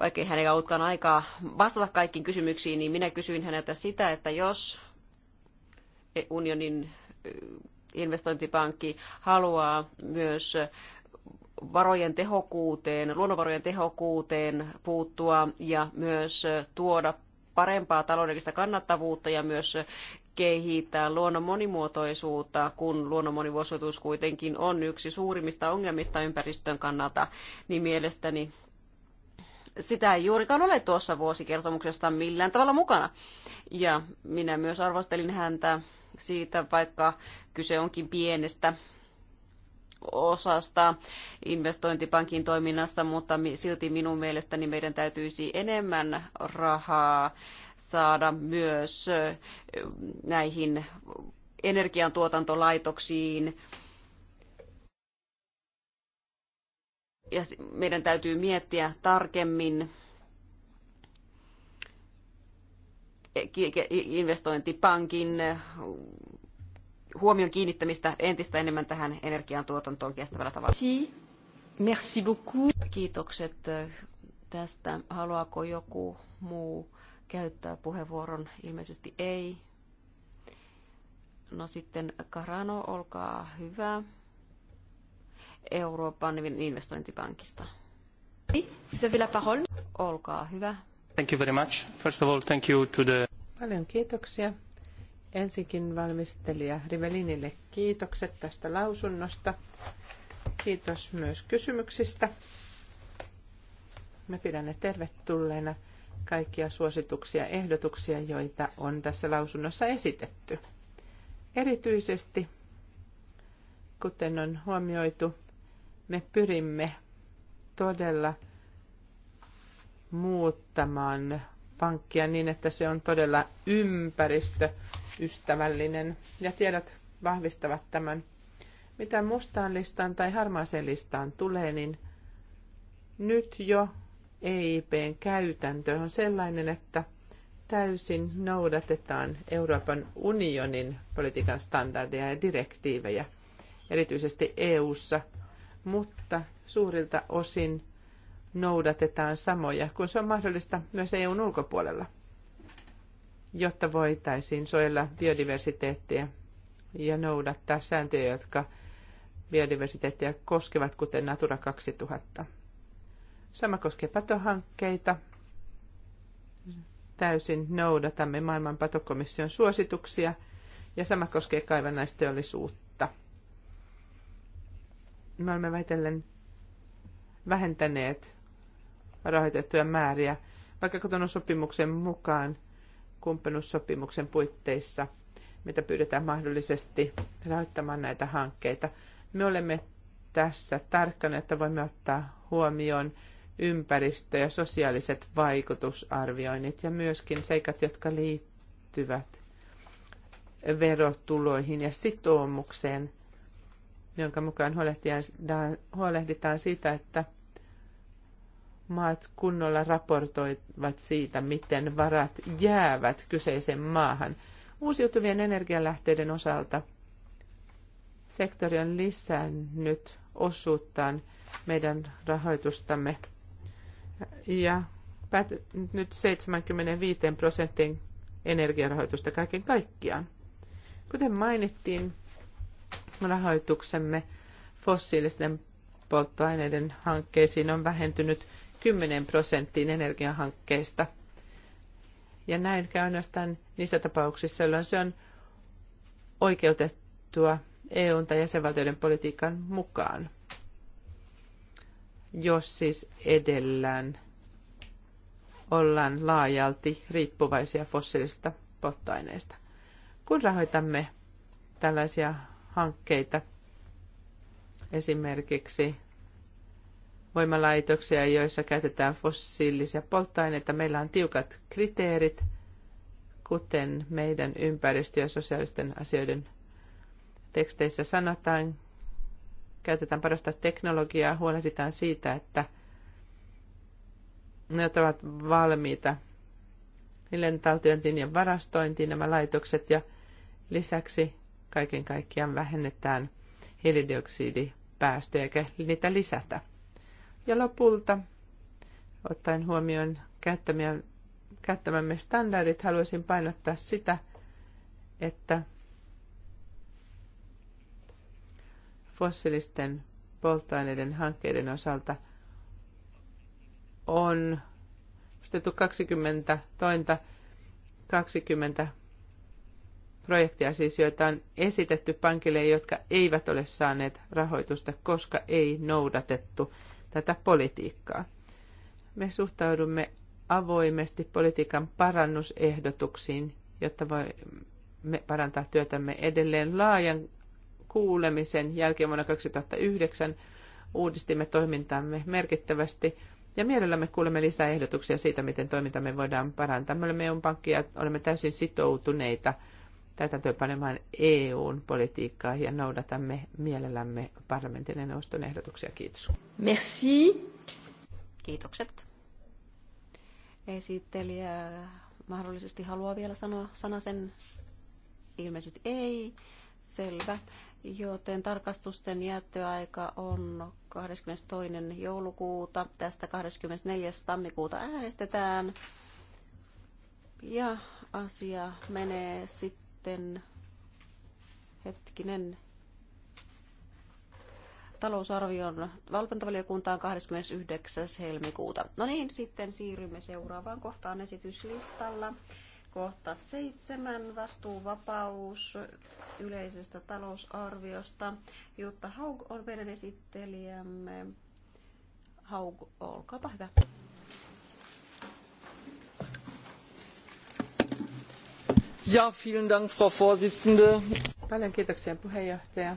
vaikkei hänellä ollutkaan aikaa vastata kaikkiin kysymyksiin, niin minä kysyin häneltä sitä, että jos unionin eh, investointipankki haluaa myös varojen tehokkuuteen, luonnonvarojen tehokkuuteen puuttua ja myös tuoda parempaa taloudellista kannattavuutta ja myös kehittää luonnon monimuotoisuutta, kun luonnon monimuotoisuus kuitenkin on yksi suurimmista ongelmista ympäristön kannalta, niin mielestäni sitä ei juurikaan ole tuossa vuosikertomuksesta millään tavalla mukana. Ja minä myös arvostelin häntä siitä, vaikka kyse onkin pienestä osasta investointipankin toiminnassa, mutta silti minun mielestäni meidän täytyisi enemmän rahaa saada myös näihin energiantuotantolaitoksiin ja meidän täytyy miettiä tarkemmin e, investointipankin e, huomion kiinnittämistä entistä enemmän tähän energiantuotantoon kestävällä tavalla. Merci beaucoup. Kiitokset e, tästä. Haluaako joku muu käyttää puheenvuoron? Ilmeisesti ei. No sitten Karano, olkaa hyvä. Euroopan investointipankista. Olkaa hyvä. Thank you very much. First of all, thank you to the... Paljon kiitoksia. Ensikin valmistelija Rivelinille kiitokset tästä lausunnosta. Kiitos myös kysymyksistä. Me pidämme tervetulleena kaikkia suosituksia ja ehdotuksia, joita on tässä lausunnossa esitetty. Erityisesti, kuten on huomioitu, me pyrimme todella muuttamaan pankkia niin, että se on todella ympäristöystävällinen. Ja tiedot vahvistavat tämän. Mitä mustaan listaan tai harmaaseen listaan tulee, niin nyt jo EIPn käytäntö on sellainen, että täysin noudatetaan Euroopan unionin politiikan standardeja ja direktiivejä, erityisesti EU:ssa mutta suurilta osin noudatetaan samoja, kun se on mahdollista myös EUn ulkopuolella, jotta voitaisiin suojella biodiversiteettiä ja noudattaa sääntöjä, jotka biodiversiteettiä koskevat, kuten Natura 2000. Sama koskee patohankkeita. Täysin noudatamme maailman patokomission suosituksia ja sama koskee kaivannaisteollisuutta me olemme vähitellen vähentäneet rahoitettuja määriä, vaikka kotona sopimuksen mukaan kumppanuussopimuksen puitteissa, mitä pyydetään mahdollisesti rahoittamaan näitä hankkeita. Me olemme tässä tarkkana, että voimme ottaa huomioon ympäristö- ja sosiaaliset vaikutusarvioinnit ja myöskin seikat, jotka liittyvät verotuloihin ja sitoumukseen – jonka mukaan huolehditaan siitä, että maat kunnolla raportoivat siitä, miten varat jäävät kyseiseen maahan. Uusiutuvien energialähteiden osalta sektori on lisännyt osuuttaan meidän rahoitustamme ja nyt 75 prosentin energiarahoitusta kaiken kaikkiaan. Kuten mainittiin, rahoituksemme fossiilisten polttoaineiden hankkeisiin on vähentynyt 10 prosenttiin energiahankkeista. Ja näin käy ainoastaan niissä tapauksissa, jolloin se on oikeutettua EUn tai jäsenvaltioiden politiikan mukaan. Jos siis edellään ollaan laajalti riippuvaisia fossiilisista polttoaineista. Kun rahoitamme tällaisia hankkeita, esimerkiksi voimalaitoksia, joissa käytetään fossiilisia polttoaineita. Meillä on tiukat kriteerit, kuten meidän ympäristö- ja sosiaalisten asioiden teksteissä sanotaan. Käytetään parasta teknologiaa, huolehditaan siitä, että ne ovat valmiita hiilen ja varastointiin nämä laitokset ja lisäksi kaiken kaikkiaan vähennetään hiilidioksidipäästöjä eikä niitä lisätä. Ja lopulta, ottaen huomioon käyttämämme standardit, haluaisin painottaa sitä, että fossiilisten polttoaineiden hankkeiden osalta on 20 tointa 20 projekteja siis, joita on esitetty pankille, jotka eivät ole saaneet rahoitusta, koska ei noudatettu tätä politiikkaa. Me suhtaudumme avoimesti politiikan parannusehdotuksiin, jotta voimme parantaa työtämme edelleen laajan kuulemisen jälkeen vuonna 2009 uudistimme toimintamme merkittävästi ja mielellämme kuulemme lisää ehdotuksia siitä, miten toimintamme voidaan parantaa. Me olemme EU-pankki ja olemme täysin sitoutuneita – täytäntöön panemaan eu politiikkaa ja noudatamme mielellämme parlamentin ja neuvoston ehdotuksia. Kiitos. Merci. Kiitokset. Esittelijä mahdollisesti haluaa vielä sanoa sanasen. Ilmeisesti ei. Selvä. Joten tarkastusten jättöaika on 22. joulukuuta. Tästä 24. tammikuuta äänestetään. Ja asia menee sitten sitten hetkinen talousarvion valvontavaliokuntaan 29. helmikuuta. No niin, sitten siirrymme seuraavaan kohtaan esityslistalla. Kohta seitsemän, vastuuvapaus yleisestä talousarviosta. Jutta Haug on meidän esittelijämme. Haug, olkaapa hyvä. Ja, vielen Dank, Frau Vorsitzende. Paljon kiitoksia puheenjohtaja.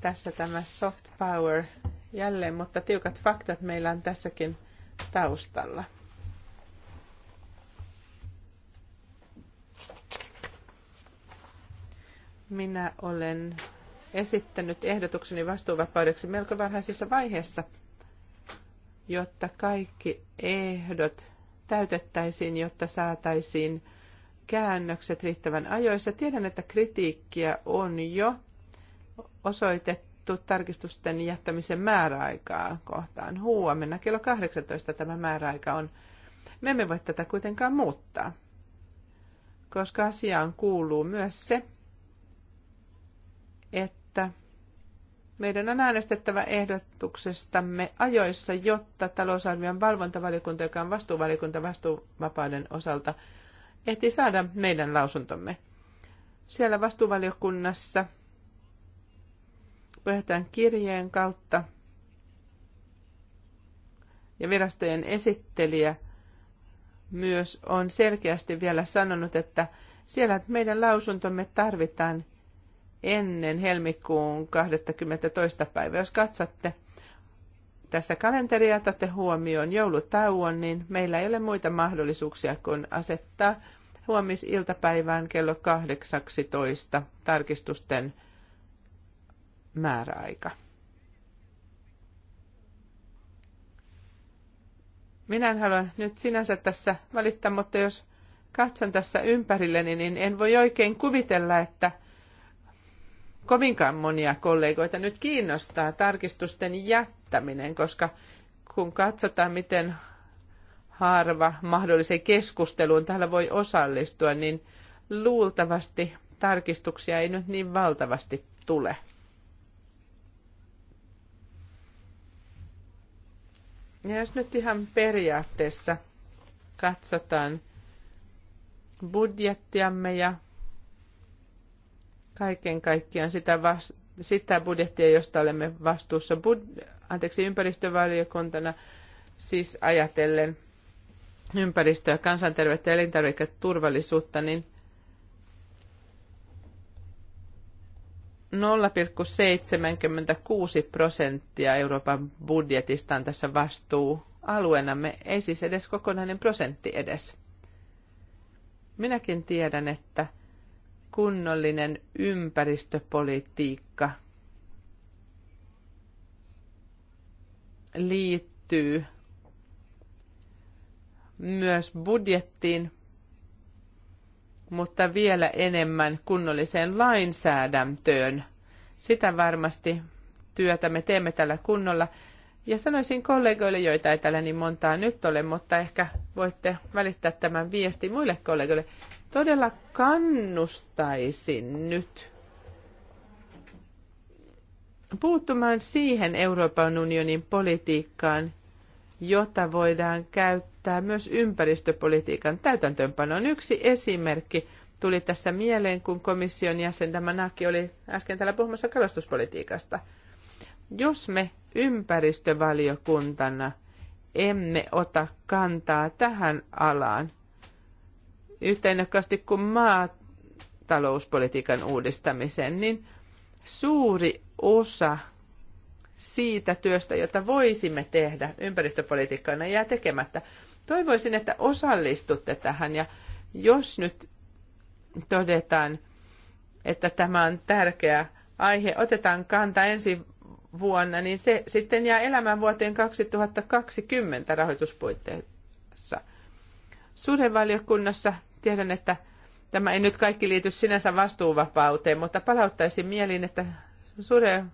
Tässä tämä soft power jälleen, mutta tiukat faktat meillä on tässäkin taustalla. Minä olen esittänyt ehdotukseni vastuuvapaudeksi melko varhaisessa vaiheessa, jotta kaikki ehdot täytettäisiin, jotta saataisiin käännökset riittävän ajoissa. Tiedän, että kritiikkiä on jo osoitettu tarkistusten jättämisen määräaikaa kohtaan. Huomenna kello 18 tämä määräaika on. Me emme voi tätä kuitenkaan muuttaa, koska asiaan kuuluu myös se, että meidän on äänestettävä ehdotuksestamme ajoissa, jotta talousarvion valvontavaliokunta, joka on vastuuvaliokunta vastuuvapauden osalta, ehti saada meidän lausuntomme. Siellä vastuuvaliokunnassa puheenjohtajan kirjeen kautta ja virastojen esittelijä myös on selkeästi vielä sanonut, että siellä meidän lausuntomme tarvitaan ennen helmikuun 22. päivää. Jos katsotte tässä kalenteria, otatte huomioon joulutauon, niin meillä ei ole muita mahdollisuuksia kuin asettaa huomisiltapäivään kello 18 tarkistusten määräaika. Minä en halua nyt sinänsä tässä valittaa, mutta jos katson tässä ympärilleni, niin en voi oikein kuvitella, että – kovinkaan monia kollegoita nyt kiinnostaa tarkistusten jättäminen, koska kun katsotaan, miten harva mahdolliseen keskusteluun täällä voi osallistua, niin luultavasti tarkistuksia ei nyt niin valtavasti tule. Ja jos nyt ihan periaatteessa katsotaan budjettiamme ja kaiken kaikkiaan sitä, vas- sitä budjettia, josta olemme vastuussa bud- anteeksi, ympäristövaliokuntana, siis ajatellen ympäristöä, kansanterveyttä ja elintarviketurvallisuutta, niin 0,76 prosenttia Euroopan budjetista on tässä vastuu alueenamme, ei siis edes kokonainen prosentti edes. Minäkin tiedän, että kunnollinen ympäristöpolitiikka liittyy myös budjettiin, mutta vielä enemmän kunnolliseen lainsäädäntöön. Sitä varmasti työtä me teemme tällä kunnolla. Ja sanoisin kollegoille, joita ei täällä niin montaa nyt ole, mutta ehkä voitte välittää tämän viesti muille kollegoille. Todella kannustaisin nyt puuttumaan siihen Euroopan unionin politiikkaan, jota voidaan käyttää myös ympäristöpolitiikan täytäntöönpanoon. Yksi esimerkki tuli tässä mieleen, kun komission jäsen Naki oli äsken täällä puhumassa kalastuspolitiikasta. Jos me ympäristövaliokuntana emme ota kantaa tähän alaan, yhtä innokkaasti kuin maatalouspolitiikan uudistamisen, niin suuri osa siitä työstä, jota voisimme tehdä ympäristöpolitiikkaana, jää tekemättä. Toivoisin, että osallistutte tähän ja jos nyt todetaan, että tämä on tärkeä aihe, otetaan kanta ensi vuonna, niin se sitten jää elämään vuoteen 2020 rahoituspuitteissa. Suuren valiokunnassa Tiedän, että tämä ei nyt kaikki liity sinänsä vastuuvapauteen, mutta palauttaisin mieliin, että suuren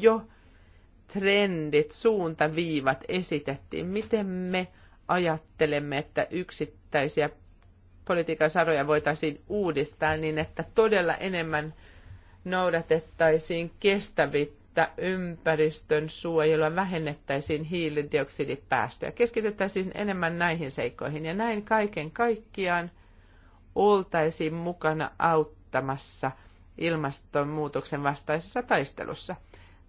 jo trendit, suuntaviivat esitettiin. Miten me ajattelemme, että yksittäisiä politiikan saroja voitaisiin uudistaa niin, että todella enemmän noudatettaisiin kestävyyttä että ympäristön suojelua vähennettäisiin hiilidioksidipäästöjä. Keskityttäisiin enemmän näihin seikkoihin ja näin kaiken kaikkiaan oltaisiin mukana auttamassa ilmastonmuutoksen vastaisessa taistelussa.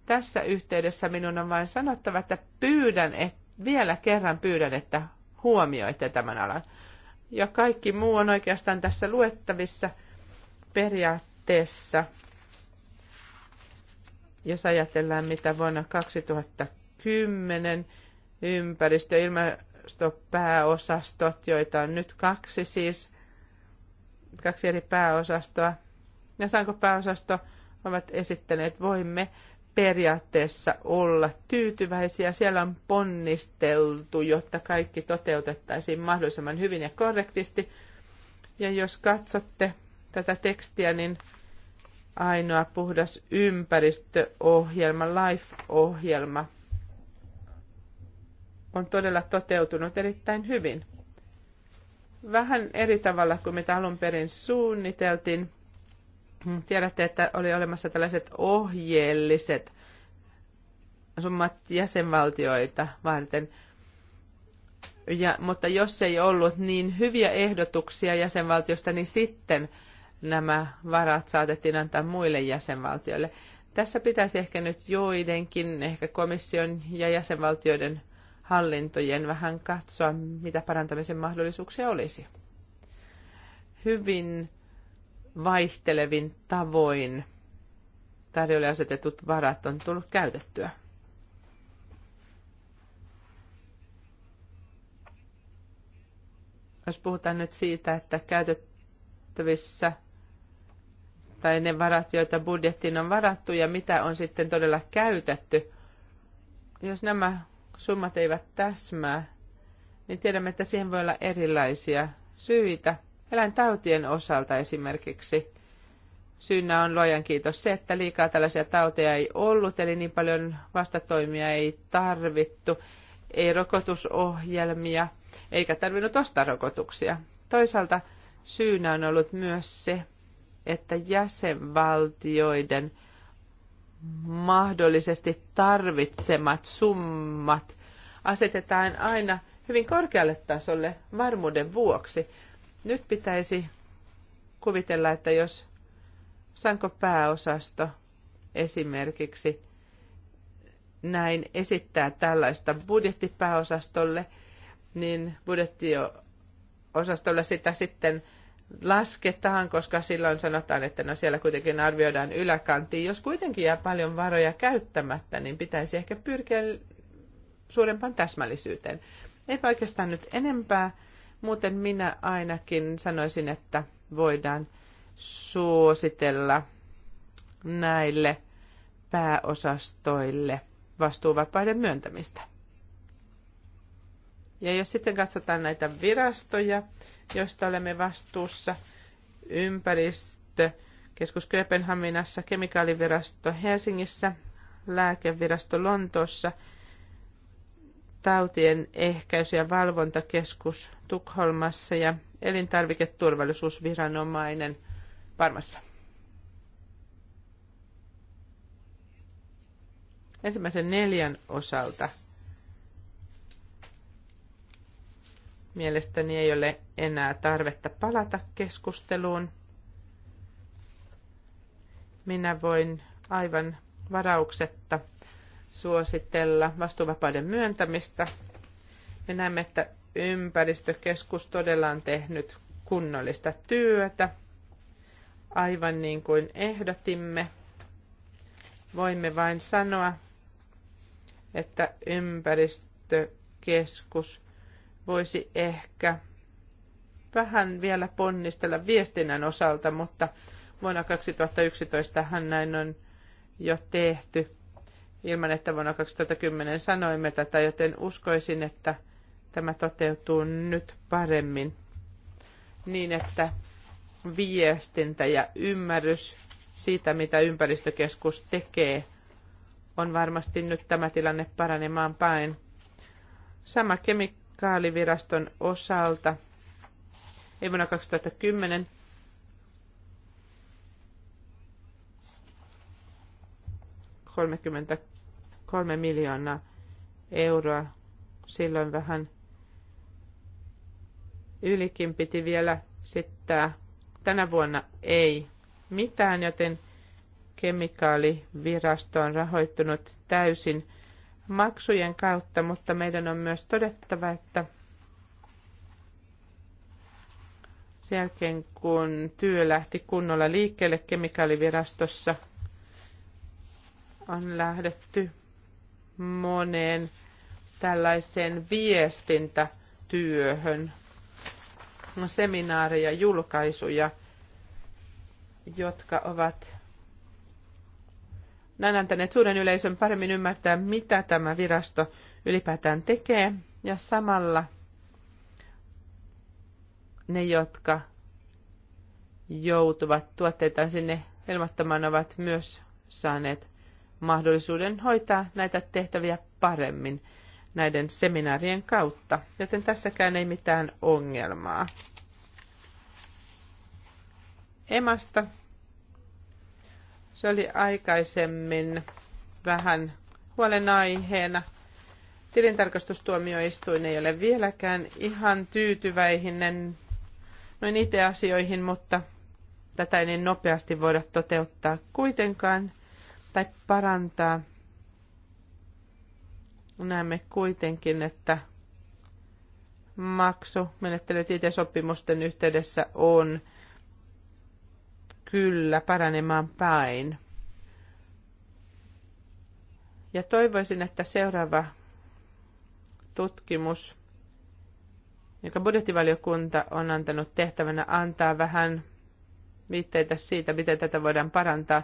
Tässä yhteydessä minun on vain sanottava, että pyydän, et, vielä kerran pyydän, että huomioitte tämän alan. Ja kaikki muu on oikeastaan tässä luettavissa periaatteessa jos ajatellaan, mitä vuonna 2010 ympäristö- ja ilmastopääosastot, joita on nyt kaksi siis, kaksi eri pääosastoa, ja saanko pääosasto ovat esittäneet, voimme periaatteessa olla tyytyväisiä. Siellä on ponnisteltu, jotta kaikki toteutettaisiin mahdollisimman hyvin ja korrektisti. Ja jos katsotte tätä tekstiä, niin ainoa puhdas ympäristöohjelma, LIFE-ohjelma, on todella toteutunut erittäin hyvin. Vähän eri tavalla kuin mitä alun perin suunniteltiin. Tiedätte, että oli olemassa tällaiset ohjeelliset summat jäsenvaltioita varten. Ja, mutta jos ei ollut niin hyviä ehdotuksia jäsenvaltiosta, niin sitten – nämä varat saatettiin antaa muille jäsenvaltioille. Tässä pitäisi ehkä nyt joidenkin, ehkä komission ja jäsenvaltioiden hallintojen vähän katsoa, mitä parantamisen mahdollisuuksia olisi. Hyvin vaihtelevin tavoin tarjolle asetetut varat on tullut käytettyä. Jos puhutaan nyt siitä, että käytettävissä – tai ne varat, joita budjettiin on varattu ja mitä on sitten todella käytetty. Jos nämä summat eivät täsmää, niin tiedämme, että siihen voi olla erilaisia syitä. Eläintautien osalta esimerkiksi syynä on luojan kiitos se, että liikaa tällaisia tauteja ei ollut, eli niin paljon vastatoimia ei tarvittu, ei rokotusohjelmia, eikä tarvinnut ostaa rokotuksia. Toisaalta syynä on ollut myös se, että jäsenvaltioiden mahdollisesti tarvitsemat summat asetetaan aina hyvin korkealle tasolle varmuuden vuoksi. Nyt pitäisi kuvitella, että jos Sanko pääosasto esimerkiksi näin esittää tällaista budjettipääosastolle, niin budjettiosastolla sitä sitten – lasketaan, koska silloin sanotaan, että no siellä kuitenkin arvioidaan yläkantiin. Jos kuitenkin jää paljon varoja käyttämättä, niin pitäisi ehkä pyrkiä suurempaan täsmällisyyteen. Ei oikeastaan nyt enempää, muuten minä ainakin sanoisin, että voidaan suositella näille pääosastoille vastuuvapaiden myöntämistä. Ja jos sitten katsotaan näitä virastoja, joista olemme vastuussa, ympäristö, keskus Kööpenhaminassa, kemikaalivirasto Helsingissä, lääkevirasto Lontoossa, tautien ehkäisy- ja valvontakeskus Tukholmassa ja elintarviketurvallisuusviranomainen Parmassa. Ensimmäisen neljän osalta – Mielestäni ei ole enää tarvetta palata keskusteluun. Minä voin aivan varauksetta suositella vastuuvapauden myöntämistä. Me näemme, että ympäristökeskus todella on tehnyt kunnollista työtä, aivan niin kuin ehdotimme. Voimme vain sanoa, että ympäristökeskus voisi ehkä vähän vielä ponnistella viestinnän osalta, mutta vuonna 2011 hän näin on jo tehty ilman, että vuonna 2010 sanoimme tätä, joten uskoisin, että tämä toteutuu nyt paremmin niin, että viestintä ja ymmärrys siitä, mitä ympäristökeskus tekee, on varmasti nyt tämä tilanne paranemaan päin. Sama kemik- kemikaaliviraston osalta. Ei vuonna 2010 kolme miljoonaa euroa. Silloin vähän ylikin piti vielä sitten tänä vuonna ei mitään, joten kemikaalivirasto on rahoittunut täysin maksujen kautta, mutta meidän on myös todettava, että sen jälkeen kun työ lähti kunnolla liikkeelle kemikaalivirastossa, on lähdetty moneen tällaiseen viestintätyöhön, seminaareja, julkaisuja, jotka ovat näin antaneet suuren yleisön paremmin ymmärtää, mitä tämä virasto ylipäätään tekee, ja samalla ne, jotka joutuvat tuotteitaan sinne helmattamaan, ovat myös saaneet mahdollisuuden hoitaa näitä tehtäviä paremmin näiden seminaarien kautta, joten tässäkään ei mitään ongelmaa. Emasta se oli aikaisemmin vähän huolenaiheena. Tilintarkastustuomioistuin ei ole vieläkään ihan tyytyväinen noin itse asioihin, mutta tätä ei niin nopeasti voida toteuttaa kuitenkaan tai parantaa. Näemme kuitenkin, että maksu menettelyt IT-sopimusten yhteydessä on kyllä paranemaan päin. Ja toivoisin, että seuraava tutkimus, jonka budjettivaliokunta on antanut tehtävänä, antaa vähän viitteitä siitä, miten tätä voidaan parantaa.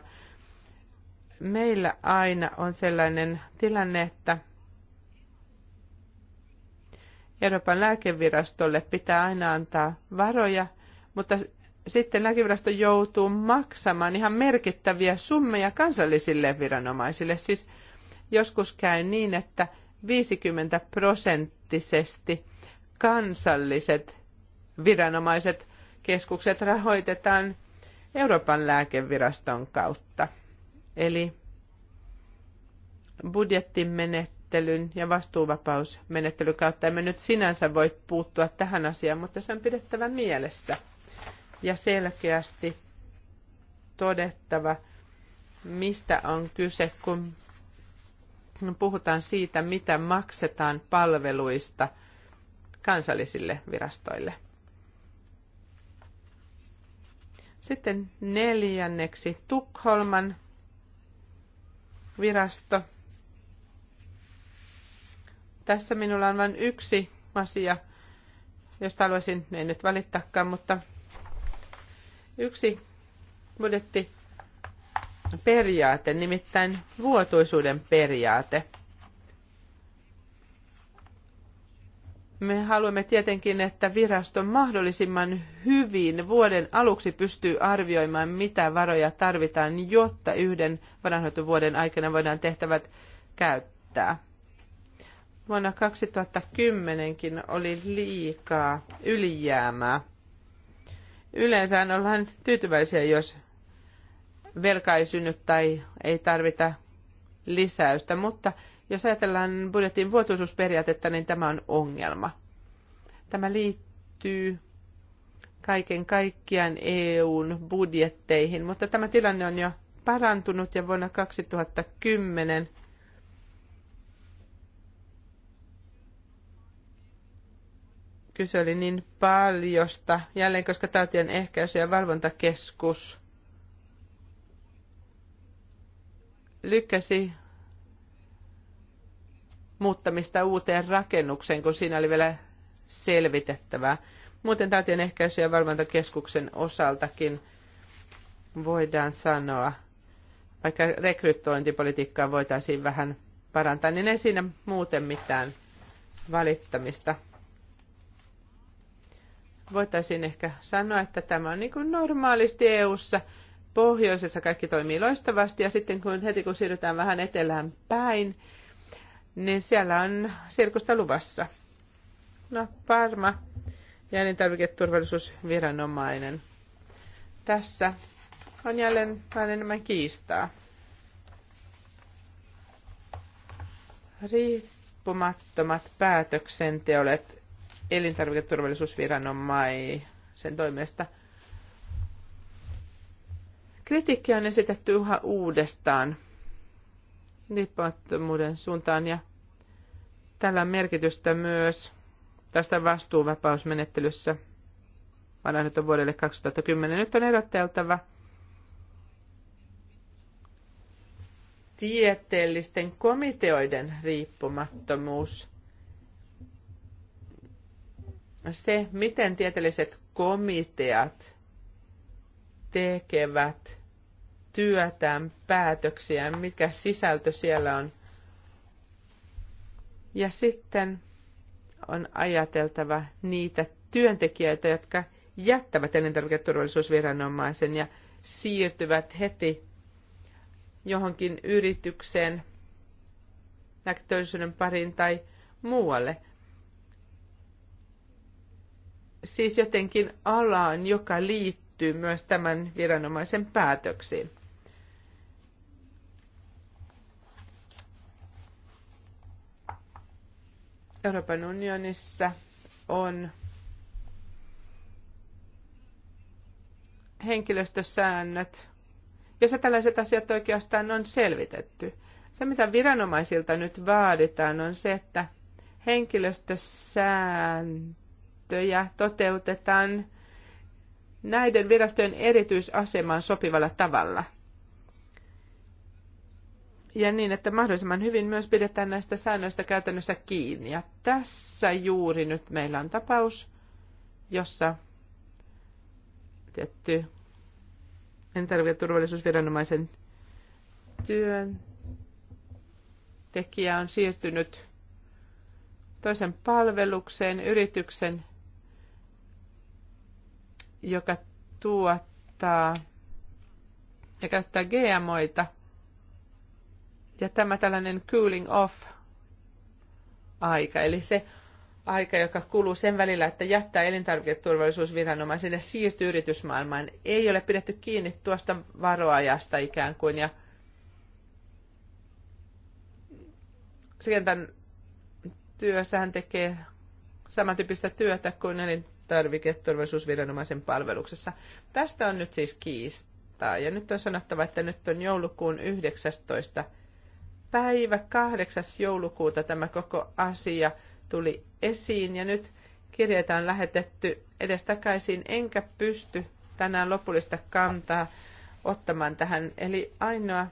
Meillä aina on sellainen tilanne, että Euroopan lääkevirastolle pitää aina antaa varoja, mutta sitten lääkivirasto joutuu maksamaan ihan merkittäviä summeja kansallisille viranomaisille. Siis joskus käy niin, että 50 prosenttisesti kansalliset viranomaiset, keskukset rahoitetaan Euroopan lääkeviraston kautta. Eli budjettimenettelyn ja vastuuvapausmenettelyn kautta emme nyt sinänsä voi puuttua tähän asiaan, mutta se on pidettävä mielessä ja selkeästi todettava, mistä on kyse, kun puhutaan siitä, mitä maksetaan palveluista kansallisille virastoille. Sitten neljänneksi Tukholman virasto. Tässä minulla on vain yksi asia, josta haluaisin, ei nyt valittakaan, mutta Yksi budjetti periaate, nimittäin vuotuisuuden periaate. Me haluamme tietenkin, että virasto mahdollisimman hyvin vuoden aluksi pystyy arvioimaan, mitä varoja tarvitaan, jotta yhden varanhoitovuoden aikana voidaan tehtävät käyttää. Vuonna 2010kin oli liikaa ylijäämää Yleensä ollaan tyytyväisiä, jos velka ei synny tai ei tarvita lisäystä, mutta jos ajatellaan budjetin vuotuisuusperiaatetta, niin tämä on ongelma. Tämä liittyy kaiken kaikkiaan EUn budjetteihin, mutta tämä tilanne on jo parantunut ja vuonna 2010 kyseli niin paljosta, jälleen koska tautien ehkäisy- ja valvontakeskus lykkäsi muuttamista uuteen rakennukseen, kun siinä oli vielä selvitettävää. Muuten tautien ehkäisy- ja valvontakeskuksen osaltakin voidaan sanoa, vaikka rekrytointipolitiikkaa voitaisiin vähän parantaa, niin ei siinä muuten mitään valittamista voitaisiin ehkä sanoa, että tämä on niin kuin normaalisti EU-ssa. Pohjoisessa kaikki toimii loistavasti ja sitten kun heti kun siirrytään vähän etelään päin, niin siellä on sirkusta luvassa. No, Parma ja elintarviketurvallisuusviranomainen. Tässä on jälleen vähän enemmän kiistaa. Riippumattomat päätöksenteolet elintarviketurvallisuusviranomaisen toimesta. Kritiikki on esitetty yhä uudestaan riippumattomuuden suuntaan ja tällä on merkitystä myös tästä vastuuvapausmenettelyssä varannut on vuodelle 2010. Nyt on erotteltava tieteellisten komiteoiden riippumattomuus se, miten tieteelliset komiteat tekevät työtään, päätöksiä, mitkä sisältö siellä on. Ja sitten on ajateltava niitä työntekijöitä, jotka jättävät elintarviketurvallisuusviranomaisen ja siirtyvät heti johonkin yritykseen, lääketeollisuuden pariin tai muualle siis jotenkin alaan, joka liittyy myös tämän viranomaisen päätöksiin. Euroopan unionissa on henkilöstösäännöt, jossa tällaiset asiat oikeastaan on selvitetty. Se, mitä viranomaisilta nyt vaaditaan, on se, että henkilöstösääntö sääntöjä toteutetaan näiden virastojen erityisasemaan sopivalla tavalla. Ja niin, että mahdollisimman hyvin myös pidetään näistä säännöistä käytännössä kiinni. Ja tässä juuri nyt meillä on tapaus, jossa tietty turvallisuusviranomaisen työn tekijä on siirtynyt toisen palvelukseen, yrityksen joka tuottaa ja käyttää GMOita. Ja tämä tällainen cooling off aika, eli se aika, joka kuluu sen välillä, että jättää ja siirtyy yritysmaailmaan, ei ole pidetty kiinni tuosta varoajasta ikään kuin. Ja Sikentan työssähän tekee samantyyppistä työtä kuin elin tarviketurvallisuusviranomaisen palveluksessa. Tästä on nyt siis kiistaa. Ja nyt on sanottava, että nyt on joulukuun 19. päivä, 8. joulukuuta tämä koko asia tuli esiin. Ja nyt kirjeitä on lähetetty edestakaisin, enkä pysty tänään lopullista kantaa ottamaan tähän. Eli ainoa,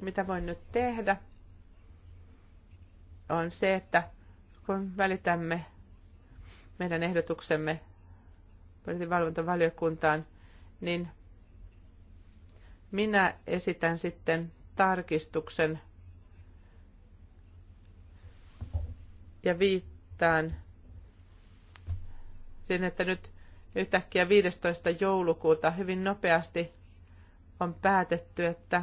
mitä voin nyt tehdä, on se, että kun välitämme meidän ehdotuksemme valvontavaliokuntaan, niin minä esitän sitten tarkistuksen ja viittaan sen, että nyt yhtäkkiä 15. joulukuuta hyvin nopeasti on päätetty, että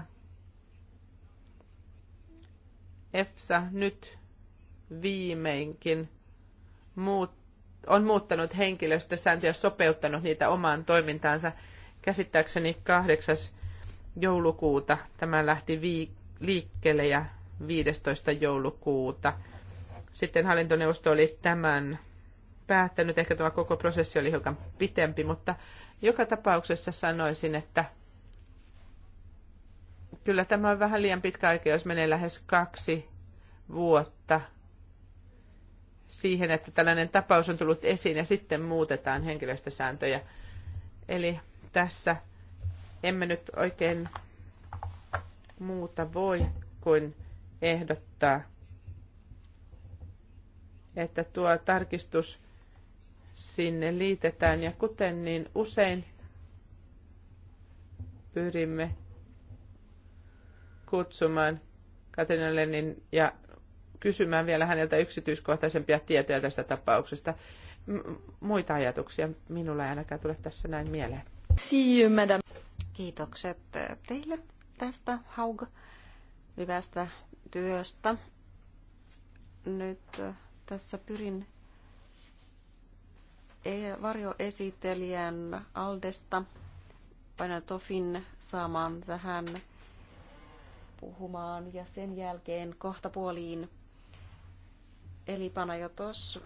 EFSA nyt viimeinkin muuttaa on muuttanut henkilöstösääntöjä, sopeuttanut niitä omaan toimintaansa. Käsittääkseni 8. joulukuuta tämä lähti viik- liikkeelle ja 15. joulukuuta. Sitten hallintoneuvosto oli tämän päättänyt. Ehkä tämä koko prosessi oli hiukan pitempi, mutta joka tapauksessa sanoisin, että kyllä tämä on vähän liian pitkä aika, jos menee lähes kaksi vuotta – siihen, että tällainen tapaus on tullut esiin ja sitten muutetaan henkilöstösääntöjä. Eli tässä emme nyt oikein muuta voi kuin ehdottaa, että tuo tarkistus sinne liitetään. Ja kuten niin usein pyrimme kutsumaan Katrina Lenin ja kysymään vielä häneltä yksityiskohtaisempia tietoja tästä tapauksesta. muita ajatuksia minulla ei ainakaan tule tässä näin mieleen. See, madam. Kiitokset teille tästä Haug hyvästä työstä. Nyt tässä pyrin e- varjoesittelijän Aldesta Paina Tofin saamaan tähän puhumaan ja sen jälkeen kohta puoliin Eli Panajotos,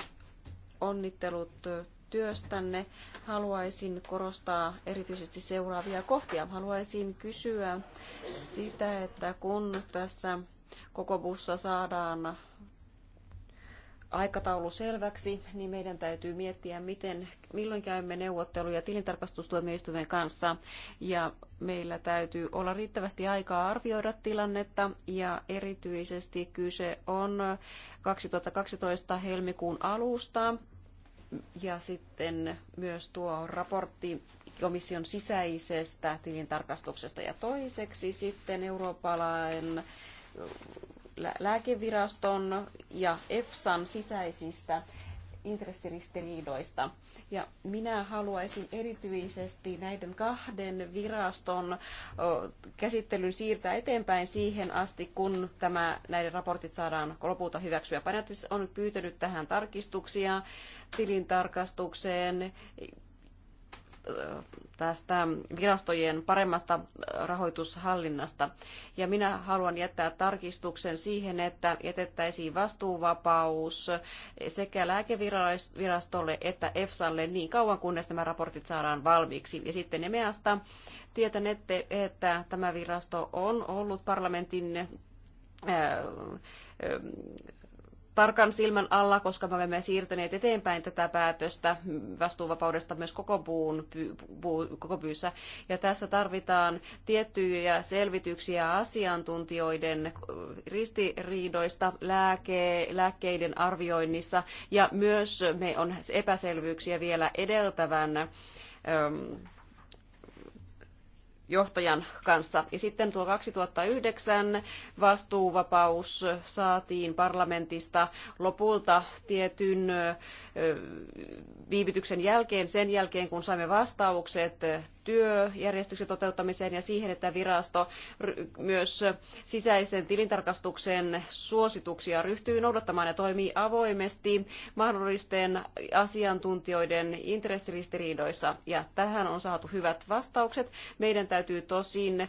onnittelut työstänne. Haluaisin korostaa erityisesti seuraavia kohtia. Haluaisin kysyä sitä, että kun tässä koko bussa saadaan aikataulu selväksi, niin meidän täytyy miettiä, miten, milloin käymme neuvotteluja tilintarkastustuomioistuimen kanssa. Ja meillä täytyy olla riittävästi aikaa arvioida tilannetta ja erityisesti kyse on 2012 helmikuun alusta ja sitten myös tuo raportti komission sisäisestä tilintarkastuksesta ja toiseksi sitten eurooppalainen lääkeviraston ja EFSAn sisäisistä intressiristiriidoista. Ja minä haluaisin erityisesti näiden kahden viraston käsittelyn siirtää eteenpäin siihen asti, kun tämä, näiden raportit saadaan lopulta hyväksyä. Painatis on pyytänyt tähän tarkistuksia tilintarkastukseen tästä virastojen paremmasta rahoitushallinnasta. Ja minä haluan jättää tarkistuksen siihen, että jätettäisiin vastuuvapaus sekä lääkevirastolle että EFSAlle niin kauan, kunnes nämä raportit saadaan valmiiksi. Ja sitten EMEAsta tietänette, että tämä virasto on ollut parlamentin tarkan silmän alla, koska me olemme siirtäneet eteenpäin tätä päätöstä vastuuvapaudesta myös koko, puun, puu, koko pyyssä. Ja tässä tarvitaan tiettyjä selvityksiä asiantuntijoiden ristiriidoista lääke, lääkkeiden arvioinnissa ja myös me on epäselvyyksiä vielä edeltävän johtajan kanssa. Ja sitten tuo 2009 vastuuvapaus saatiin parlamentista lopulta tietyn viivytyksen jälkeen, sen jälkeen kun saimme vastaukset työjärjestyksen toteuttamiseen ja siihen, että virasto myös sisäisen tilintarkastuksen suosituksia ryhtyy noudattamaan ja toimii avoimesti mahdollisten asiantuntijoiden intressiristiriidoissa. Ja tähän on saatu hyvät vastaukset. Meidän täytyy täytyy tosin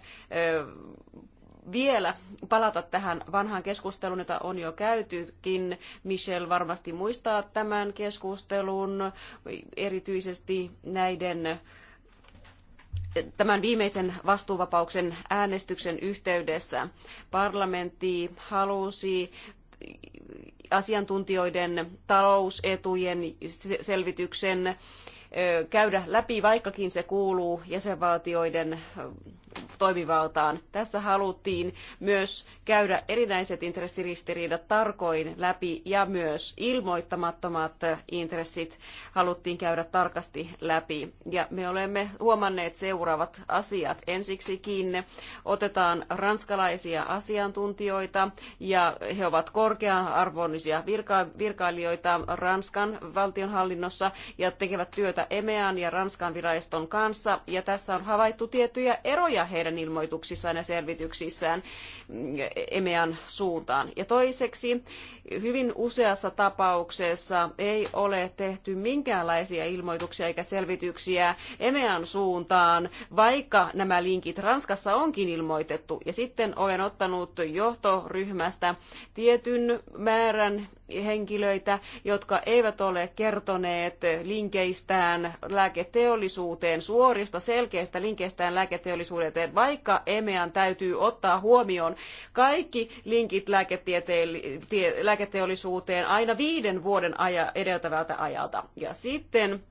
vielä palata tähän vanhaan keskusteluun, jota on jo käytykin. Michel varmasti muistaa tämän keskustelun, erityisesti näiden tämän viimeisen vastuuvapauksen äänestyksen yhteydessä. Parlamentti halusi asiantuntijoiden talousetujen selvityksen käydä läpi, vaikkakin se kuuluu jäsenvaltioiden toimivaltaan. Tässä haluttiin myös käydä erinäiset intressiristiriidat tarkoin läpi ja myös ilmoittamattomat intressit haluttiin käydä tarkasti läpi. Ja me olemme huomanneet seuraavat asiat. Ensiksikin otetaan ranskalaisia asiantuntijoita ja he ovat korkea-arvoisia virka- virkailijoita Ranskan valtionhallinnossa ja tekevät työtä EMEAN ja Ranskan viraston kanssa. Ja tässä on havaittu tiettyjä eroja rajoja heidän ilmoituksissaan ja selvityksissään EMEAn suuntaan. Ja toiseksi, hyvin useassa tapauksessa ei ole tehty minkäänlaisia ilmoituksia eikä selvityksiä EMEAn suuntaan, vaikka nämä linkit Ranskassa onkin ilmoitettu. Ja sitten olen ottanut johtoryhmästä tietyn määrän henkilöitä, jotka eivät ole kertoneet linkeistään lääketeollisuuteen, suorista selkeistä linkeistään lääketeollisuuteen terveyteen, vaikka EMEAn täytyy ottaa huomioon kaikki linkit lääketeollisuuteen aina viiden vuoden aja, edeltävältä ajalta. Ja sitten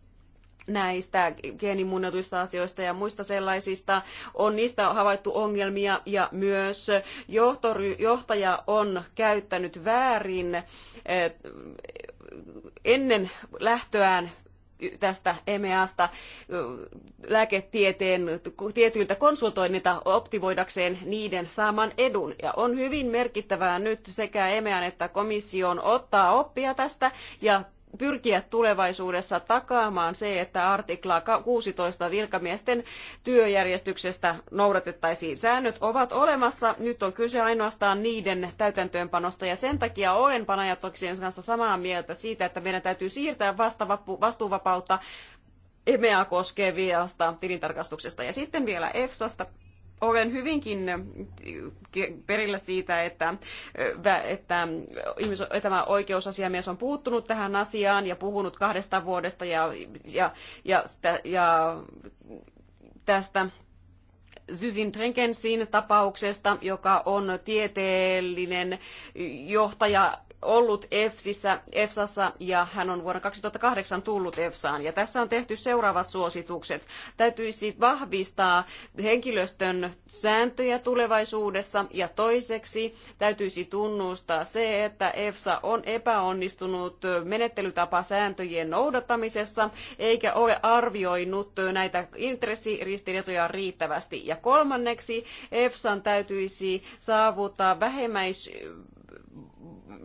näistä geenimuunneltuista asioista ja muista sellaisista. On niistä havaittu ongelmia ja myös johtory, johtaja on käyttänyt väärin eh, ennen lähtöään tästä EMEAsta lääketieteen tietyiltä konsultoinnilta optimoidakseen niiden saaman edun. Ja on hyvin merkittävää nyt sekä EMEAn että komission ottaa oppia tästä ja pyrkiä tulevaisuudessa takaamaan se, että artikla 16 virkamiesten työjärjestyksestä noudatettaisiin. Säännöt ovat olemassa, nyt on kyse ainoastaan niiden täytäntöönpanosta ja sen takia olen panajatoksien kanssa samaa mieltä siitä, että meidän täytyy siirtää vastuuvapautta EMEA koskevasta tilintarkastuksesta ja sitten vielä EFSAsta olen hyvinkin eh, perillä siitä, että, eh, että, ihmis, tämä oikeusasiamies on puuttunut tähän asiaan ja puhunut kahdesta vuodesta ja, ja, ja, ja tästä Zyzin Trenkensin tapauksesta, joka on tieteellinen johtaja ollut EFSissä, EFSassa ja hän on vuonna 2008 tullut EFSaan. Ja tässä on tehty seuraavat suositukset. Täytyisi vahvistaa henkilöstön sääntöjä tulevaisuudessa ja toiseksi täytyisi tunnustaa se, että EFSA on epäonnistunut menettelytapasääntöjen noudattamisessa eikä ole arvioinut näitä intressiristiriitoja riittävästi. Ja kolmanneksi EFSAn täytyisi saavuttaa vähemmäis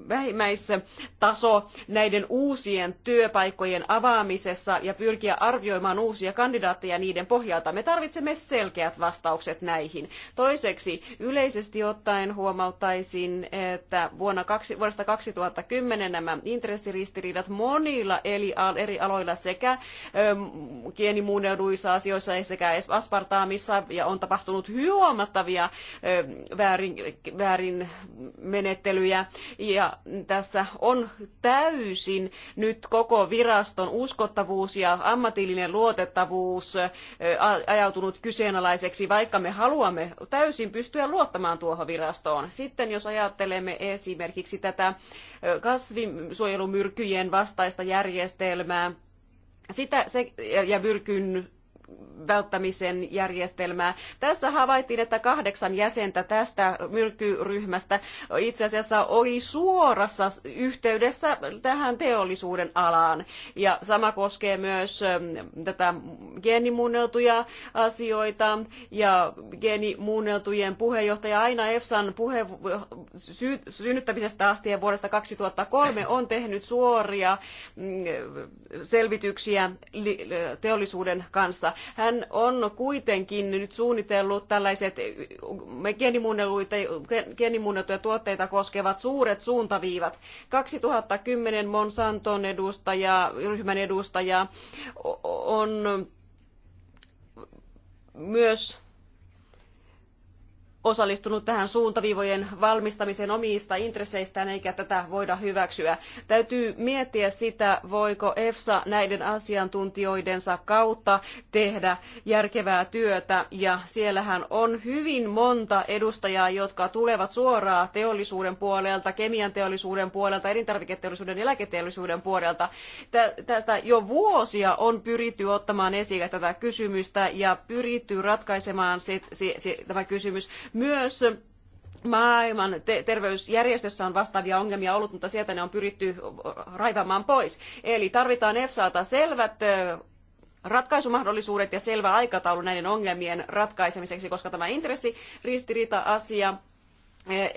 vähimmäistaso näiden uusien työpaikkojen avaamisessa ja pyrkiä arvioimaan uusia kandidaatteja niiden pohjalta. Me tarvitsemme selkeät vastaukset näihin. Toiseksi yleisesti ottaen huomauttaisin, että vuonna kaksi, vuodesta 2010 nämä intressiristiriidat monilla eri aloilla sekä geenimuunnelluissa asioissa sekä aspartaamissa ja on tapahtunut huomattavia väärin, väärin menettelyjä takia tässä on täysin nyt koko viraston uskottavuus ja ammatillinen luotettavuus ajautunut kyseenalaiseksi, vaikka me haluamme täysin pystyä luottamaan tuohon virastoon. Sitten jos ajattelemme esimerkiksi tätä kasvinsuojelumyrkyjen vastaista järjestelmää, sitä se, ja myrkyn välttämisen järjestelmää. Tässä havaittiin, että kahdeksan jäsentä tästä myrkyryhmästä itse asiassa oli suorassa yhteydessä tähän teollisuuden alaan. Ja sama koskee myös ähm, tätä geenimuunneltuja asioita ja geenimuunneltujen puheenjohtaja aina EFSAn puhe, synnyttämisestä asti ja vuodesta 2003 on tehnyt suoria mm, selvityksiä teollisuuden kanssa. Hän on kuitenkin nyt suunnitellut tällaiset geenimuunneltuja tuotteita koskevat suuret suuntaviivat. 2010 Monsanton edustaja, ryhmän edustaja on myös osallistunut tähän suuntaviivojen valmistamiseen omista intresseistään, eikä tätä voida hyväksyä. Täytyy miettiä sitä, voiko EFSA näiden asiantuntijoidensa kautta tehdä järkevää työtä, ja siellähän on hyvin monta edustajaa, jotka tulevat suoraan teollisuuden puolelta, kemian teollisuuden puolelta, elintarviketeollisuuden ja lääketeollisuuden puolelta. Tästä jo vuosia on pyritty ottamaan esille tätä kysymystä ja pyritty ratkaisemaan tämä kysymys myös maailman terveysjärjestössä on vastaavia ongelmia ollut, mutta sieltä ne on pyritty raivaamaan pois. Eli tarvitaan EFSAlta selvät ratkaisumahdollisuudet ja selvä aikataulu näiden ongelmien ratkaisemiseksi, koska tämä intressiristiriita-asia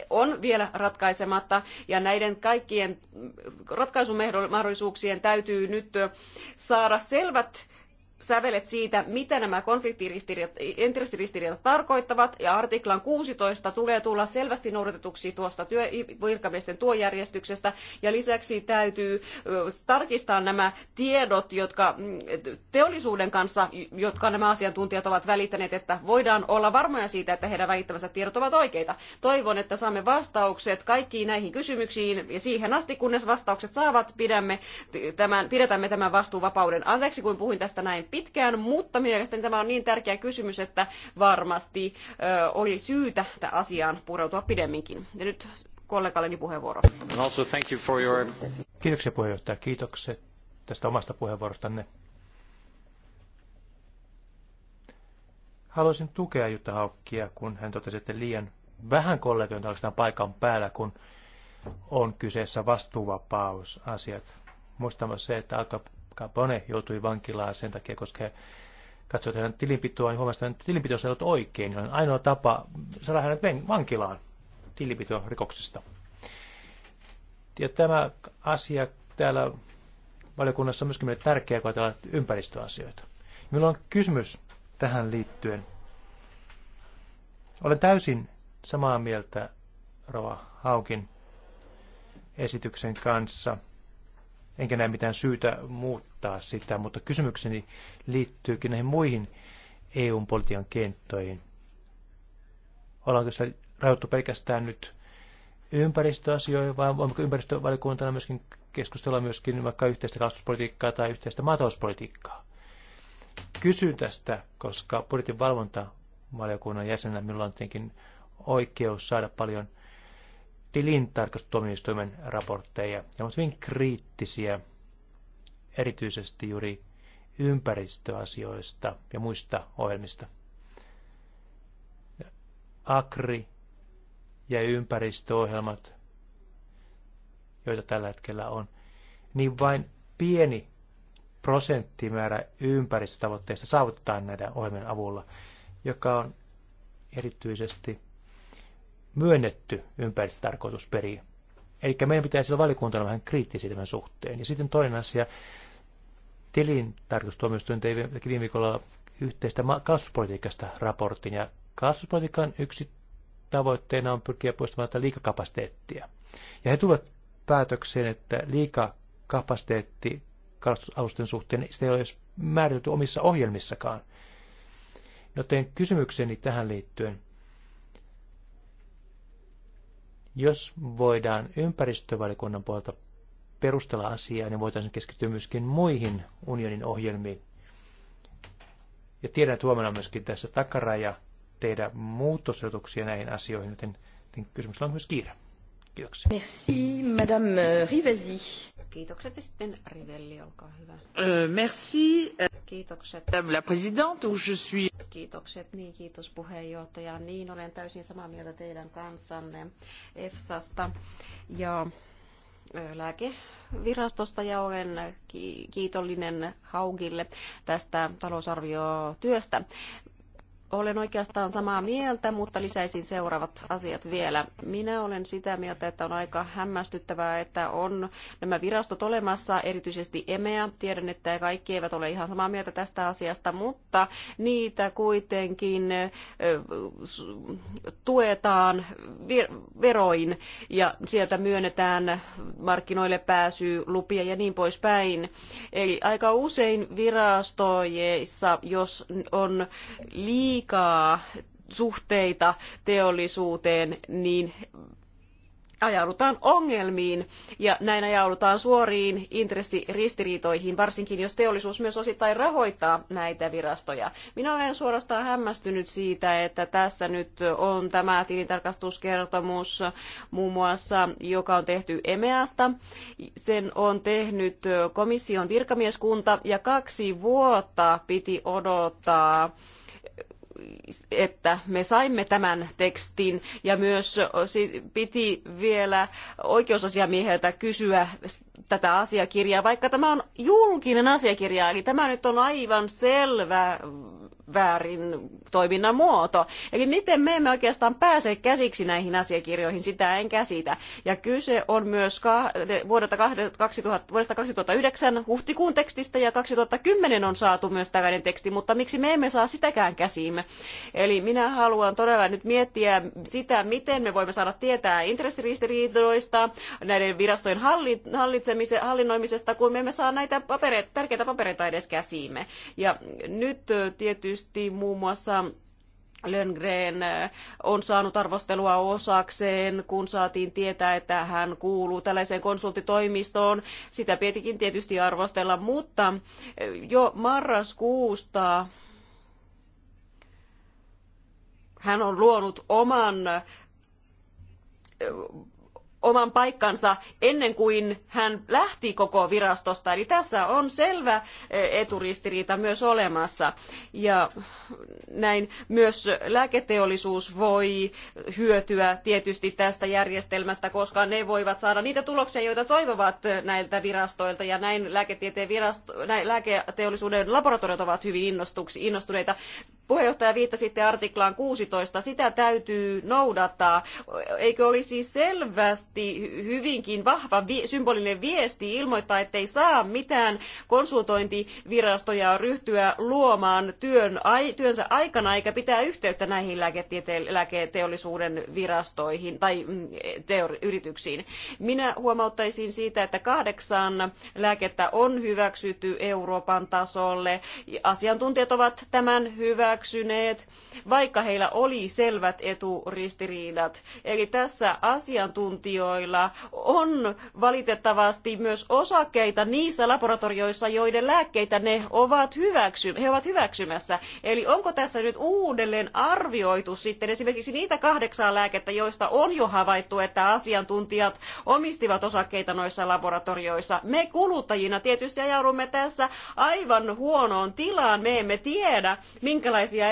on vielä ratkaisematta ja näiden kaikkien ratkaisumahdollisuuksien täytyy nyt saada selvät sävelet siitä, mitä nämä konfliktiristiriidat tarkoittavat, ja artiklan 16 tulee tulla selvästi noudatetuksi tuosta virkamiesten tuojärjestyksestä, ja lisäksi täytyy tarkistaa nämä tiedot, jotka mm, teollisuuden kanssa, jotka nämä asiantuntijat ovat välittäneet, että voidaan olla varmoja siitä, että heidän välittämänsä tiedot ovat oikeita. Toivon, että saamme vastaukset kaikkiin näihin kysymyksiin, ja siihen asti, kunnes vastaukset saavat, pidämme tämän, pidätämme tämän vastuuvapauden. Anteeksi, kun puhuin tästä näin pitkään, mutta mielestäni tämä on niin tärkeä kysymys, että varmasti oli syytä tämän asiaan pureutua pidemminkin. Ja nyt kollegalleni puheenvuoro. And also thank you for your... Kiitoksia puheenjohtaja, kiitokset tästä omasta puheenvuorostanne. Haluaisin tukea Jutta Haukkia, kun hän totesi, että liian vähän kollegoita oikeastaan paikan päällä, kun on kyseessä vastuuvapausasiat. Muistamme se, että aika Capone joutui vankilaan sen takia, koska he katsoivat hänen tilinpitoa ja huomasivat, että tilinpito ei ollut oikein. Niin on ainoa tapa saada hänet vankilaan tilinpito rikoksesta. Ja tämä asia täällä valiokunnassa on myöskin meille tärkeää, kun ajatellaan ympäristöasioita. Minulla on kysymys tähän liittyen. Olen täysin samaa mieltä Rova Haukin esityksen kanssa enkä näe mitään syytä muuttaa sitä, mutta kysymykseni liittyykin näihin muihin EU-politiikan kenttoihin. Ollaanko se rajoittu pelkästään nyt ympäristöasioihin, vai onko ympäristövaliokuntana myöskin keskustella myöskin vaikka yhteistä kasvuspolitiikkaa tai yhteistä maatalouspolitiikkaa? Kysyn tästä, koska budjetin valvontavaliokunnan jäsenenä minulla on tietenkin oikeus saada paljon tilintarkastustuomioistuimen raportteja. Ne ovat hyvin kriittisiä, erityisesti juuri ympäristöasioista ja muista ohjelmista. Akri ja ympäristöohjelmat, joita tällä hetkellä on, niin vain pieni prosenttimäärä ympäristötavoitteista saavutetaan näiden ohjelmien avulla, joka on erityisesti myönnetty ympäristötarkoitusperiä. Eli meidän pitäisi olla valikuntana vähän kriittisiä tämän suhteen. Ja sitten toinen asia, tilintarkastustuomioistuin teki viime viikolla yhteistä kalastuspolitiikasta raportin, ja kalastuspolitiikan yksi tavoitteena on pyrkiä poistamaan tätä liikakapasiteettia. Ja he tulevat päätökseen, että liikakapasiteetti kalastusalusten suhteen, sitä ei ole edes määritelty omissa ohjelmissakaan. Joten kysymykseni tähän liittyen, Jos voidaan ympäristövaliokunnan puolelta perustella asiaa, niin voitaisiin keskittyä myöskin muihin unionin ohjelmiin. Ja tiedän, että huomenna on myöskin tässä takaraja tehdä muutosehdotuksia näihin asioihin, joten kysymys on myös kiire. Kiitoksia. Merci, Madame Rivesi. Kiitokset ja sitten Rivelli, olkaa hyvä. Merci. Kiitokset. Madame la présidente, je suis... Kiitokset, niin kiitos puheenjohtaja. Niin, olen täysin samaa mieltä teidän kanssanne EFSAsta ja lääkevirastosta ja olen kiitollinen Haugille tästä talousarviotyöstä. Olen oikeastaan samaa mieltä, mutta lisäisin seuraavat asiat vielä. Minä olen sitä mieltä, että on aika hämmästyttävää, että on nämä virastot olemassa, erityisesti EMEA. Tiedän, että kaikki eivät ole ihan samaa mieltä tästä asiasta, mutta niitä kuitenkin tuetaan veroin ja sieltä myönnetään markkinoille pääsy, lupia ja niin poispäin. Eli aika usein virastoissa, jos on liikaa liikaa suhteita teollisuuteen, niin ajaudutaan ongelmiin ja näin ajaudutaan suoriin intressiristiriitoihin, varsinkin jos teollisuus myös osittain rahoittaa näitä virastoja. Minä olen suorastaan hämmästynyt siitä, että tässä nyt on tämä tilintarkastuskertomus muun muassa, joka on tehty EMEAsta. Sen on tehnyt komission virkamieskunta ja kaksi vuotta piti odottaa että me saimme tämän tekstin ja myös piti vielä oikeusasiamieheltä kysyä tätä asiakirjaa, vaikka tämä on julkinen asiakirja, eli tämä nyt on aivan selvä väärin toiminnan muoto. Eli miten me emme oikeastaan pääse käsiksi näihin asiakirjoihin, sitä en käsitä. Ja kyse on myös vuodesta 2009 huhtikuun tekstistä ja 2010 on saatu myös tällainen teksti, mutta miksi me emme saa sitäkään käsiimme? Eli minä haluan todella nyt miettiä sitä, miten me voimme saada tietää intressiristiriidoista, näiden virastojen hallinnoimisesta, kun me emme saa näitä papereita, tärkeitä papereita edes käsiimme. Ja nyt tietysti erityisesti muun muassa Lönngren äh, on saanut arvostelua osakseen, kun saatiin tietää, että hän kuuluu tällaiseen konsulttitoimistoon. Sitä pietikin tietysti arvostella, mutta äh, jo marraskuusta hän on luonut oman äh, oman paikkansa ennen kuin hän lähti koko virastosta. Eli tässä on selvä e, eturistiriita myös olemassa. Ja näin myös lääketeollisuus voi hyötyä tietysti tästä järjestelmästä, koska ne voivat saada niitä tuloksia, joita toivovat näiltä virastoilta. Ja näin lääketieteen virasto, näin lääketeollisuuden laboratoriot ovat hyvin innostuneita. Puheenjohtaja viittasitte artiklaan 16. Sitä täytyy noudattaa. Eikö olisi selvästi viesti, hyvinkin vahva symbolinen viesti ilmoittaa, ettei saa mitään konsultointivirastoja ryhtyä luomaan työn, työnsä aikana eikä pitää yhteyttä näihin lääketeollisuuden virastoihin tai mm, yrityksiin. Minä huomauttaisin siitä, että kahdeksan lääkettä on hyväksytty Euroopan tasolle. Asiantuntijat ovat tämän hyväksyneet, vaikka heillä oli selvät eturistiriidat. Eli tässä asiantuntijoiden laboratorioilla on valitettavasti myös osakkeita niissä laboratorioissa, joiden lääkkeitä ne ovat hyväksy, he ovat hyväksymässä. Eli onko tässä nyt uudelleen arvioitu sitten esimerkiksi niitä kahdeksaa lääkettä, joista on jo havaittu, että asiantuntijat omistivat osakkeita noissa laboratorioissa. Me kuluttajina tietysti ajaudumme tässä aivan huonoon tilaan. Me emme tiedä, minkälaisia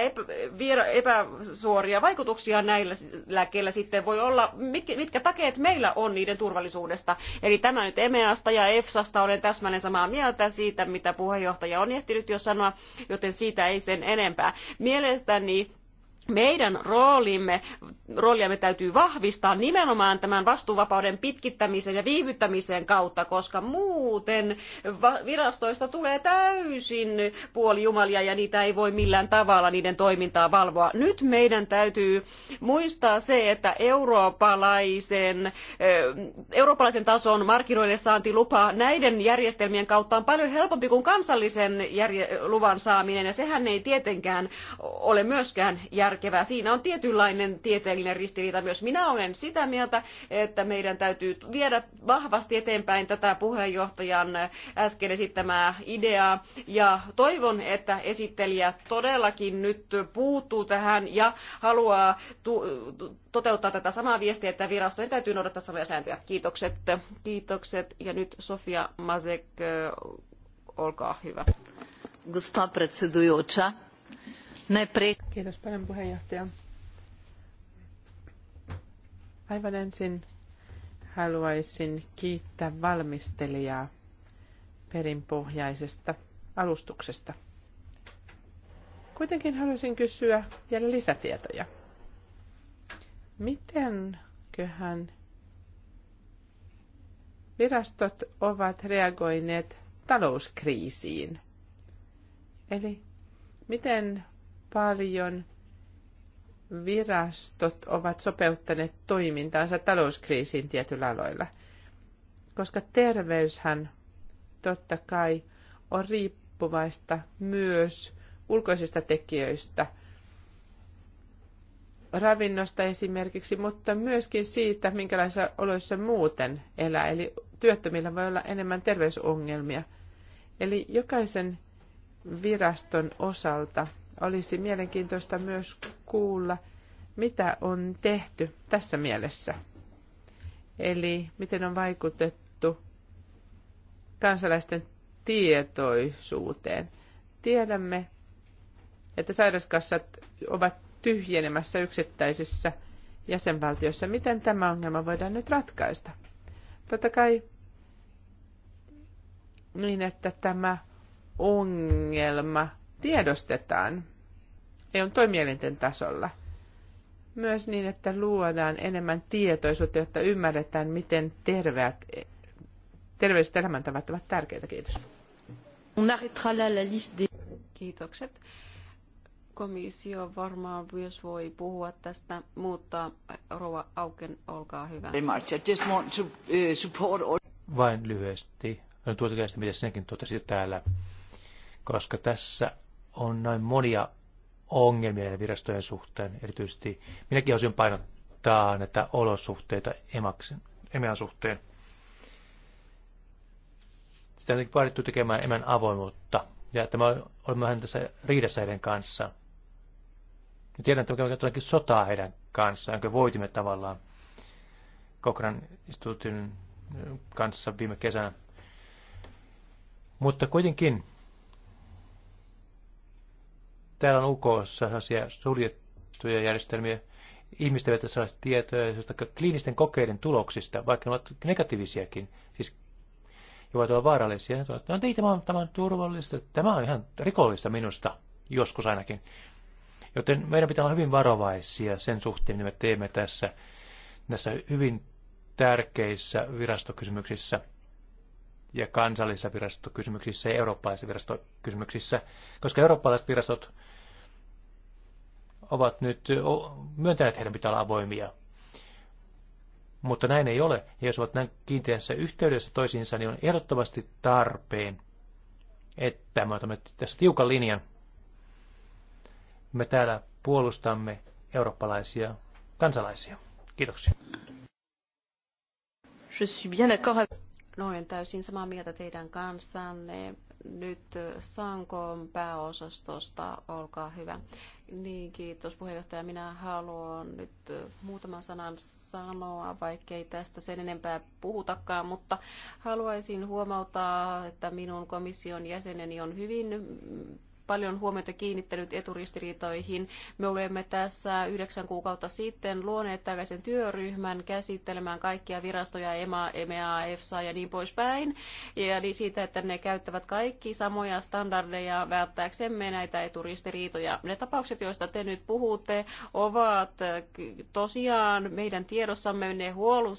epäsuoria vaikutuksia näillä lääkkeillä sitten voi olla, mitkä takeet meillä kyllä on niiden turvallisuudesta. Eli tämä nyt EMEAsta ja EFSAsta olen täsmälleen samaa mieltä siitä, mitä puheenjohtaja on ehtinyt jo sanoa, joten siitä ei sen enempää. Mielestäni meidän roolimme, rooliamme täytyy vahvistaa nimenomaan tämän vastuuvapauden pitkittämisen ja viivyttämisen kautta, koska muuten virastoista tulee täysin puolijumalia ja niitä ei voi millään tavalla niiden toimintaa valvoa. Nyt meidän täytyy muistaa se, että eurooppalaisen, eurooppalaisen tason markkinoille saanti lupa näiden järjestelmien kautta on paljon helpompi kuin kansallisen luvan saaminen ja sehän ei tietenkään ole myöskään järjestelmä järkevää. Siinä on tietynlainen tieteellinen ristiriita myös. Minä olen sitä mieltä, että meidän täytyy viedä vahvasti eteenpäin tätä puheenjohtajan äsken esittämää ideaa. Ja toivon, että esittelijä todellakin nyt puuttuu tähän ja haluaa toteuttaa tätä samaa viestiä, että virastojen täytyy noudattaa samoja sääntöjä. Kiitokset. Kiitokset. Ja nyt Sofia Mazek, olkaa hyvä. Gospa predsedujoča, Kiitos paljon puheenjohtaja. Aivan ensin haluaisin kiittää valmistelijaa perinpohjaisesta alustuksesta. Kuitenkin haluaisin kysyä vielä lisätietoja. Mitenköhän virastot ovat reagoineet talouskriisiin? Eli miten paljon virastot ovat sopeuttaneet toimintaansa talouskriisiin tietyillä aloilla. Koska terveyshän totta kai on riippuvaista myös ulkoisista tekijöistä, ravinnosta esimerkiksi, mutta myöskin siitä, minkälaisissa oloissa muuten elää. Eli työttömillä voi olla enemmän terveysongelmia. Eli jokaisen viraston osalta olisi mielenkiintoista myös kuulla, mitä on tehty tässä mielessä. Eli miten on vaikutettu kansalaisten tietoisuuteen. Tiedämme, että sairaskassat ovat tyhjenemässä yksittäisissä jäsenvaltioissa. Miten tämä ongelma voidaan nyt ratkaista? Totta kai niin, että tämä ongelma – tiedostetaan ei on toimielinten tasolla. Myös niin, että luodaan enemmän tietoisuutta, jotta ymmärretään, miten terveät, terveelliset elämäntavat ovat tärkeitä. Kiitos. Kiitokset. Komissio varmaan myös voi puhua tästä, mutta äh, Rova Auken, olkaa hyvä. Uh, Vain lyhyesti. No tuota mitä sinäkin totesit täällä, koska tässä on näin monia ongelmia ja virastojen suhteen. Erityisesti minäkin osin painottaa näitä olosuhteita emaksen, emän suhteen. Sitä on vaadittu tekemään emän avoimuutta. Ja tämä on vähän tässä riidassa heidän kanssaan. Ja tiedän, että me käymme sotaa heidän kanssaan, jonka voitimme tavallaan Kokran instituutin kanssa viime kesänä. Mutta kuitenkin täällä on UKssa sellaisia suljettuja järjestelmiä, ihmisten eivät saa tietoja kliinisten kokeiden tuloksista, vaikka ne ovat negatiivisiakin, siis ja voivat olla vaarallisia. Ne ovat, no tämä on, tämä on turvallista, tämä on ihan rikollista minusta, joskus ainakin. Joten meidän pitää olla hyvin varovaisia sen suhteen, mitä me teemme tässä, näissä hyvin tärkeissä virastokysymyksissä – ja kansallisissa virastokysymyksissä ja eurooppalaisissa virastokysymyksissä, koska eurooppalaiset virastot ovat nyt myöntäneet, että heidän pitää olla avoimia. Mutta näin ei ole. Ja jos ovat näin kiinteässä yhteydessä toisiinsa, niin on ehdottomasti tarpeen, että me otamme tässä tiukan linjan. Me täällä puolustamme eurooppalaisia kansalaisia. Kiitoksia. Je suis bien d'accord avec olen täysin samaa mieltä teidän kanssanne. Nyt Sankoon pääosastosta, olkaa hyvä. Niin, kiitos puheenjohtaja. Minä haluan nyt muutaman sanan sanoa, vaikkei tästä sen enempää puhutakaan, mutta haluaisin huomauttaa, että minun komission jäseneni on hyvin paljon huomiota kiinnittänyt eturistiriitoihin. Me olemme tässä yhdeksän kuukautta sitten luoneet tällaisen työryhmän käsittelemään kaikkia virastoja, EMA, EMEA, EFSA ja niin poispäin. Ja niin siitä, että ne käyttävät kaikki samoja standardeja välttääksemme näitä eturistiriitoja. Ne tapaukset, joista te nyt puhutte, ovat tosiaan meidän tiedossamme. Ne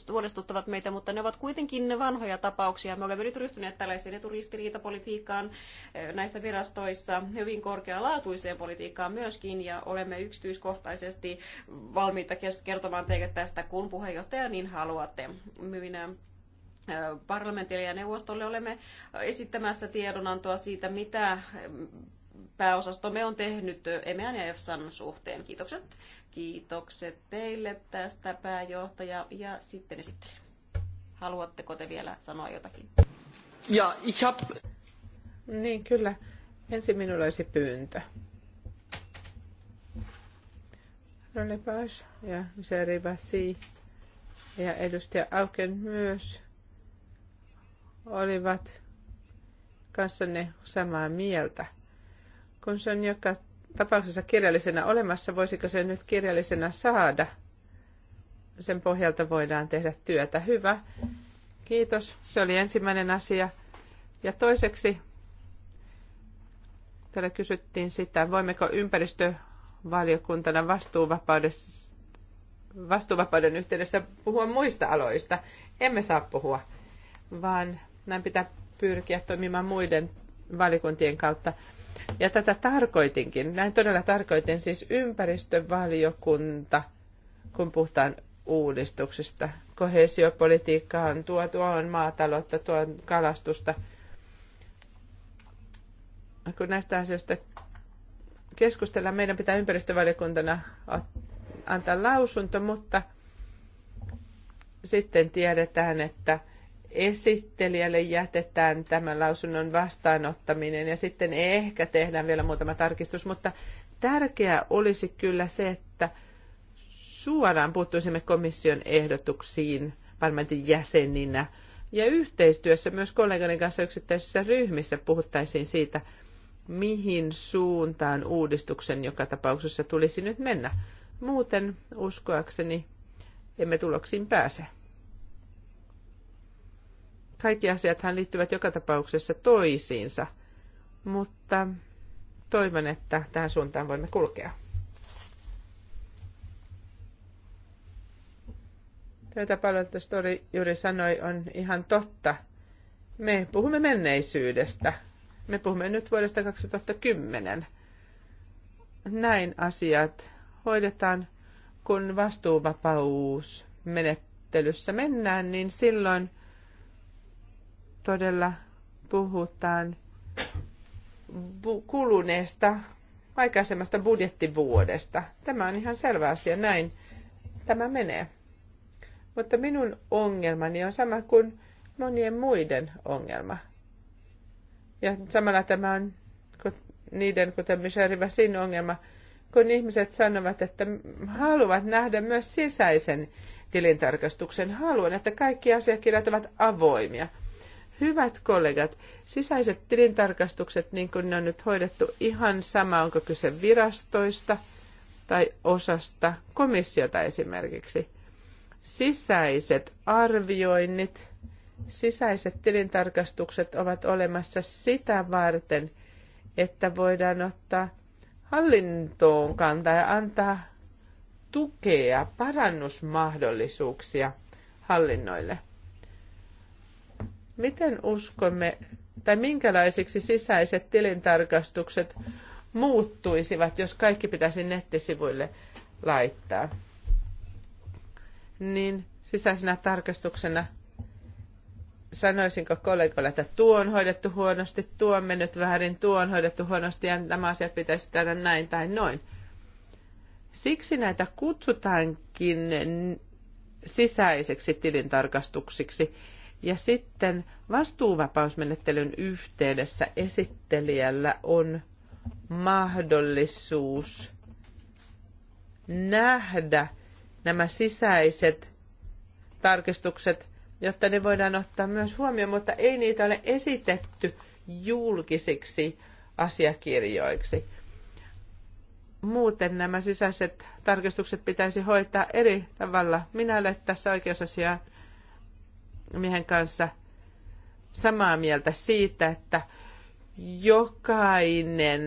huolestuttavat meitä, mutta ne ovat kuitenkin vanhoja tapauksia. Me olemme nyt ryhtyneet tällaiseen eturistiriitapolitiikkaan eh, näissä virastoissa hyvin korkealaatuiseen politiikkaan myöskin ja olemme yksityiskohtaisesti valmiita kertomaan teille tästä, kun puheenjohtaja niin haluatte. Minä parlamentille ja neuvostolle olemme esittämässä tiedonantoa siitä, mitä pääosastomme on tehnyt EMEAN ja EFSAn suhteen. Kiitokset. Kiitokset teille tästä pääjohtaja ja sitten esittelen. Haluatteko te vielä sanoa jotakin? Ja, ich hab... Niin, kyllä. Ensin minulla olisi pyyntö. Rolepage ja Jerry Bassi ja edustaja Auken myös olivat kanssanne samaa mieltä. Kun se on joka tapauksessa kirjallisena olemassa, voisiko se nyt kirjallisena saada? Sen pohjalta voidaan tehdä työtä. Hyvä. Kiitos. Se oli ensimmäinen asia. Ja toiseksi Täällä kysyttiin sitä, voimmeko ympäristövaliokuntana vastuuvapaudessa vastuuvapauden yhteydessä puhua muista aloista. Emme saa puhua, vaan näin pitää pyrkiä toimimaan muiden valikuntien kautta. Ja tätä tarkoitinkin, näin todella tarkoitin siis ympäristövaliokunta, kun puhutaan uudistuksista. Kohesiopolitiikkaa on tuo, tuo on maataloutta, tuo on kalastusta – kun näistä asioista keskustellaan, meidän pitää ympäristövaliokuntana antaa lausunto, mutta sitten tiedetään, että esittelijälle jätetään tämän lausunnon vastaanottaminen ja sitten ehkä tehdään vielä muutama tarkistus, mutta tärkeää olisi kyllä se, että suoraan puuttuisimme komission ehdotuksiin parlamentin jäseninä ja yhteistyössä myös kollegoiden kanssa yksittäisissä ryhmissä puhuttaisiin siitä, mihin suuntaan uudistuksen joka tapauksessa tulisi nyt mennä. Muuten, uskoakseni, emme tuloksiin pääse. Kaikki asiathan liittyvät joka tapauksessa toisiinsa, mutta toivon, että tähän suuntaan voimme kulkea. Tätä paljon Stori juuri sanoi on ihan totta. Me puhumme menneisyydestä, me puhumme nyt vuodesta 2010. Näin asiat hoidetaan, kun menettelyssä mennään, niin silloin todella puhutaan kuluneesta aikaisemmasta budjettivuodesta. Tämä on ihan selvä asia, näin tämä menee. Mutta minun ongelmani on sama kuin monien muiden ongelma. Ja samalla tämä on niiden, kuten Michelle Rivasin ongelma, kun ihmiset sanovat, että haluavat nähdä myös sisäisen tilintarkastuksen. Haluan, että kaikki asiakirjat ovat avoimia. Hyvät kollegat, sisäiset tilintarkastukset, niin kuin ne on nyt hoidettu, ihan sama, onko kyse virastoista tai osasta komissiota esimerkiksi. Sisäiset arvioinnit Sisäiset tilintarkastukset ovat olemassa sitä varten, että voidaan ottaa hallintoon kantaa ja antaa tukea, parannusmahdollisuuksia hallinnoille. Miten uskomme, tai minkälaisiksi sisäiset tilintarkastukset muuttuisivat, jos kaikki pitäisi nettisivuille laittaa? Niin sisäisenä tarkastuksena sanoisinko kollegoille, että tuo on hoidettu huonosti, tuo on mennyt väärin, tuo on hoidettu huonosti ja nämä asiat pitäisi tehdä näin tai noin. Siksi näitä kutsutaankin sisäiseksi tilintarkastuksiksi. Ja sitten vastuuvapausmenettelyn yhteydessä esittelijällä on mahdollisuus nähdä nämä sisäiset tarkistukset – jotta ne voidaan ottaa myös huomioon, mutta ei niitä ole esitetty julkisiksi asiakirjoiksi. Muuten nämä sisäiset tarkistukset pitäisi hoitaa eri tavalla. Minä olen tässä oikeusasia miehen kanssa samaa mieltä siitä, että jokainen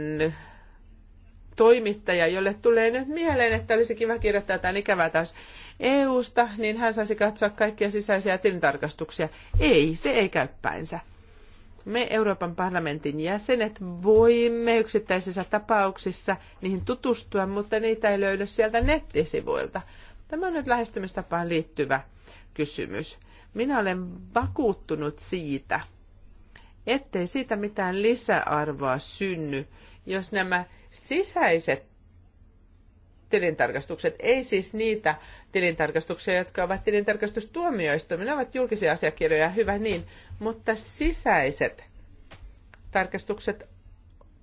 toimittaja, jolle tulee nyt mieleen, että olisi kiva kirjoittaa jotain ikävää taas EU-sta, niin hän saisi katsoa kaikkia sisäisiä tilintarkastuksia. Ei, se ei käy päinsä. Me Euroopan parlamentin jäsenet voimme yksittäisissä tapauksissa niihin tutustua, mutta niitä ei löydy sieltä nettisivuilta. Tämä on nyt lähestymistapaan liittyvä kysymys. Minä olen vakuuttunut siitä, ettei siitä mitään lisäarvoa synny, jos nämä sisäiset tilintarkastukset, ei siis niitä tilintarkastuksia, jotka ovat tilintarkastustuomioistuimia, ovat julkisia asiakirjoja, hyvä niin, mutta sisäiset tarkastukset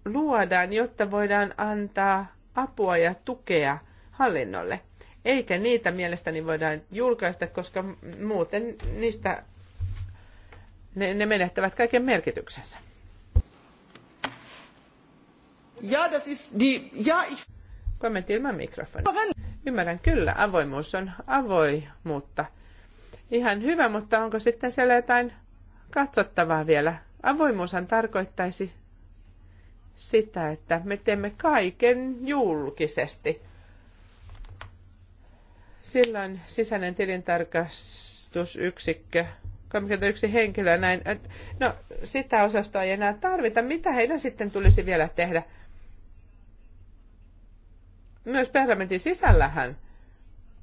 luodaan, jotta voidaan antaa apua ja tukea hallinnolle. Eikä niitä mielestäni voidaan julkaista, koska muuten niistä ne, ne menettävät kaiken merkityksensä. Ja, das ist die, ja, ich... Kommentti ilman mikrofonia. Ymmärrän kyllä, avoimuus on avoimuutta. Ihan hyvä, mutta onko sitten siellä jotain katsottavaa vielä? Avoimuushan tarkoittaisi sitä, että me teemme kaiken julkisesti. Silloin sisäinen tilintarkastusyksikkö 31 henkilöä näin. No, sitä osastoa ei enää tarvita. Mitä heidän sitten tulisi vielä tehdä? Myös parlamentin sisällähän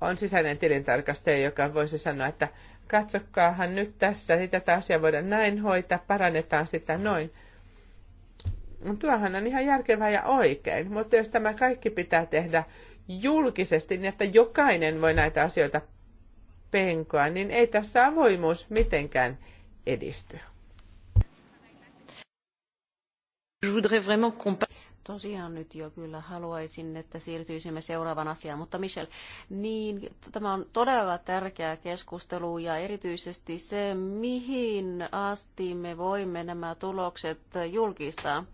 on sisäinen tilintarkastaja, joka voisi sanoa, että katsokaahan nyt tässä, niin tätä asiaa voidaan näin hoitaa, parannetaan sitä noin. Tuohan on ihan järkevää ja oikein, mutta jos tämä kaikki pitää tehdä julkisesti, niin että jokainen voi näitä asioita penkoa, niin ei tässä avoimuus mitenkään edisty tosiaan nyt jo kyllä haluaisin, että siirtyisimme seuraavan asiaan. Mutta Michelle, niin, tämä on todella tärkeä keskustelu ja erityisesti se, mihin asti me voimme nämä tulokset julkistaa.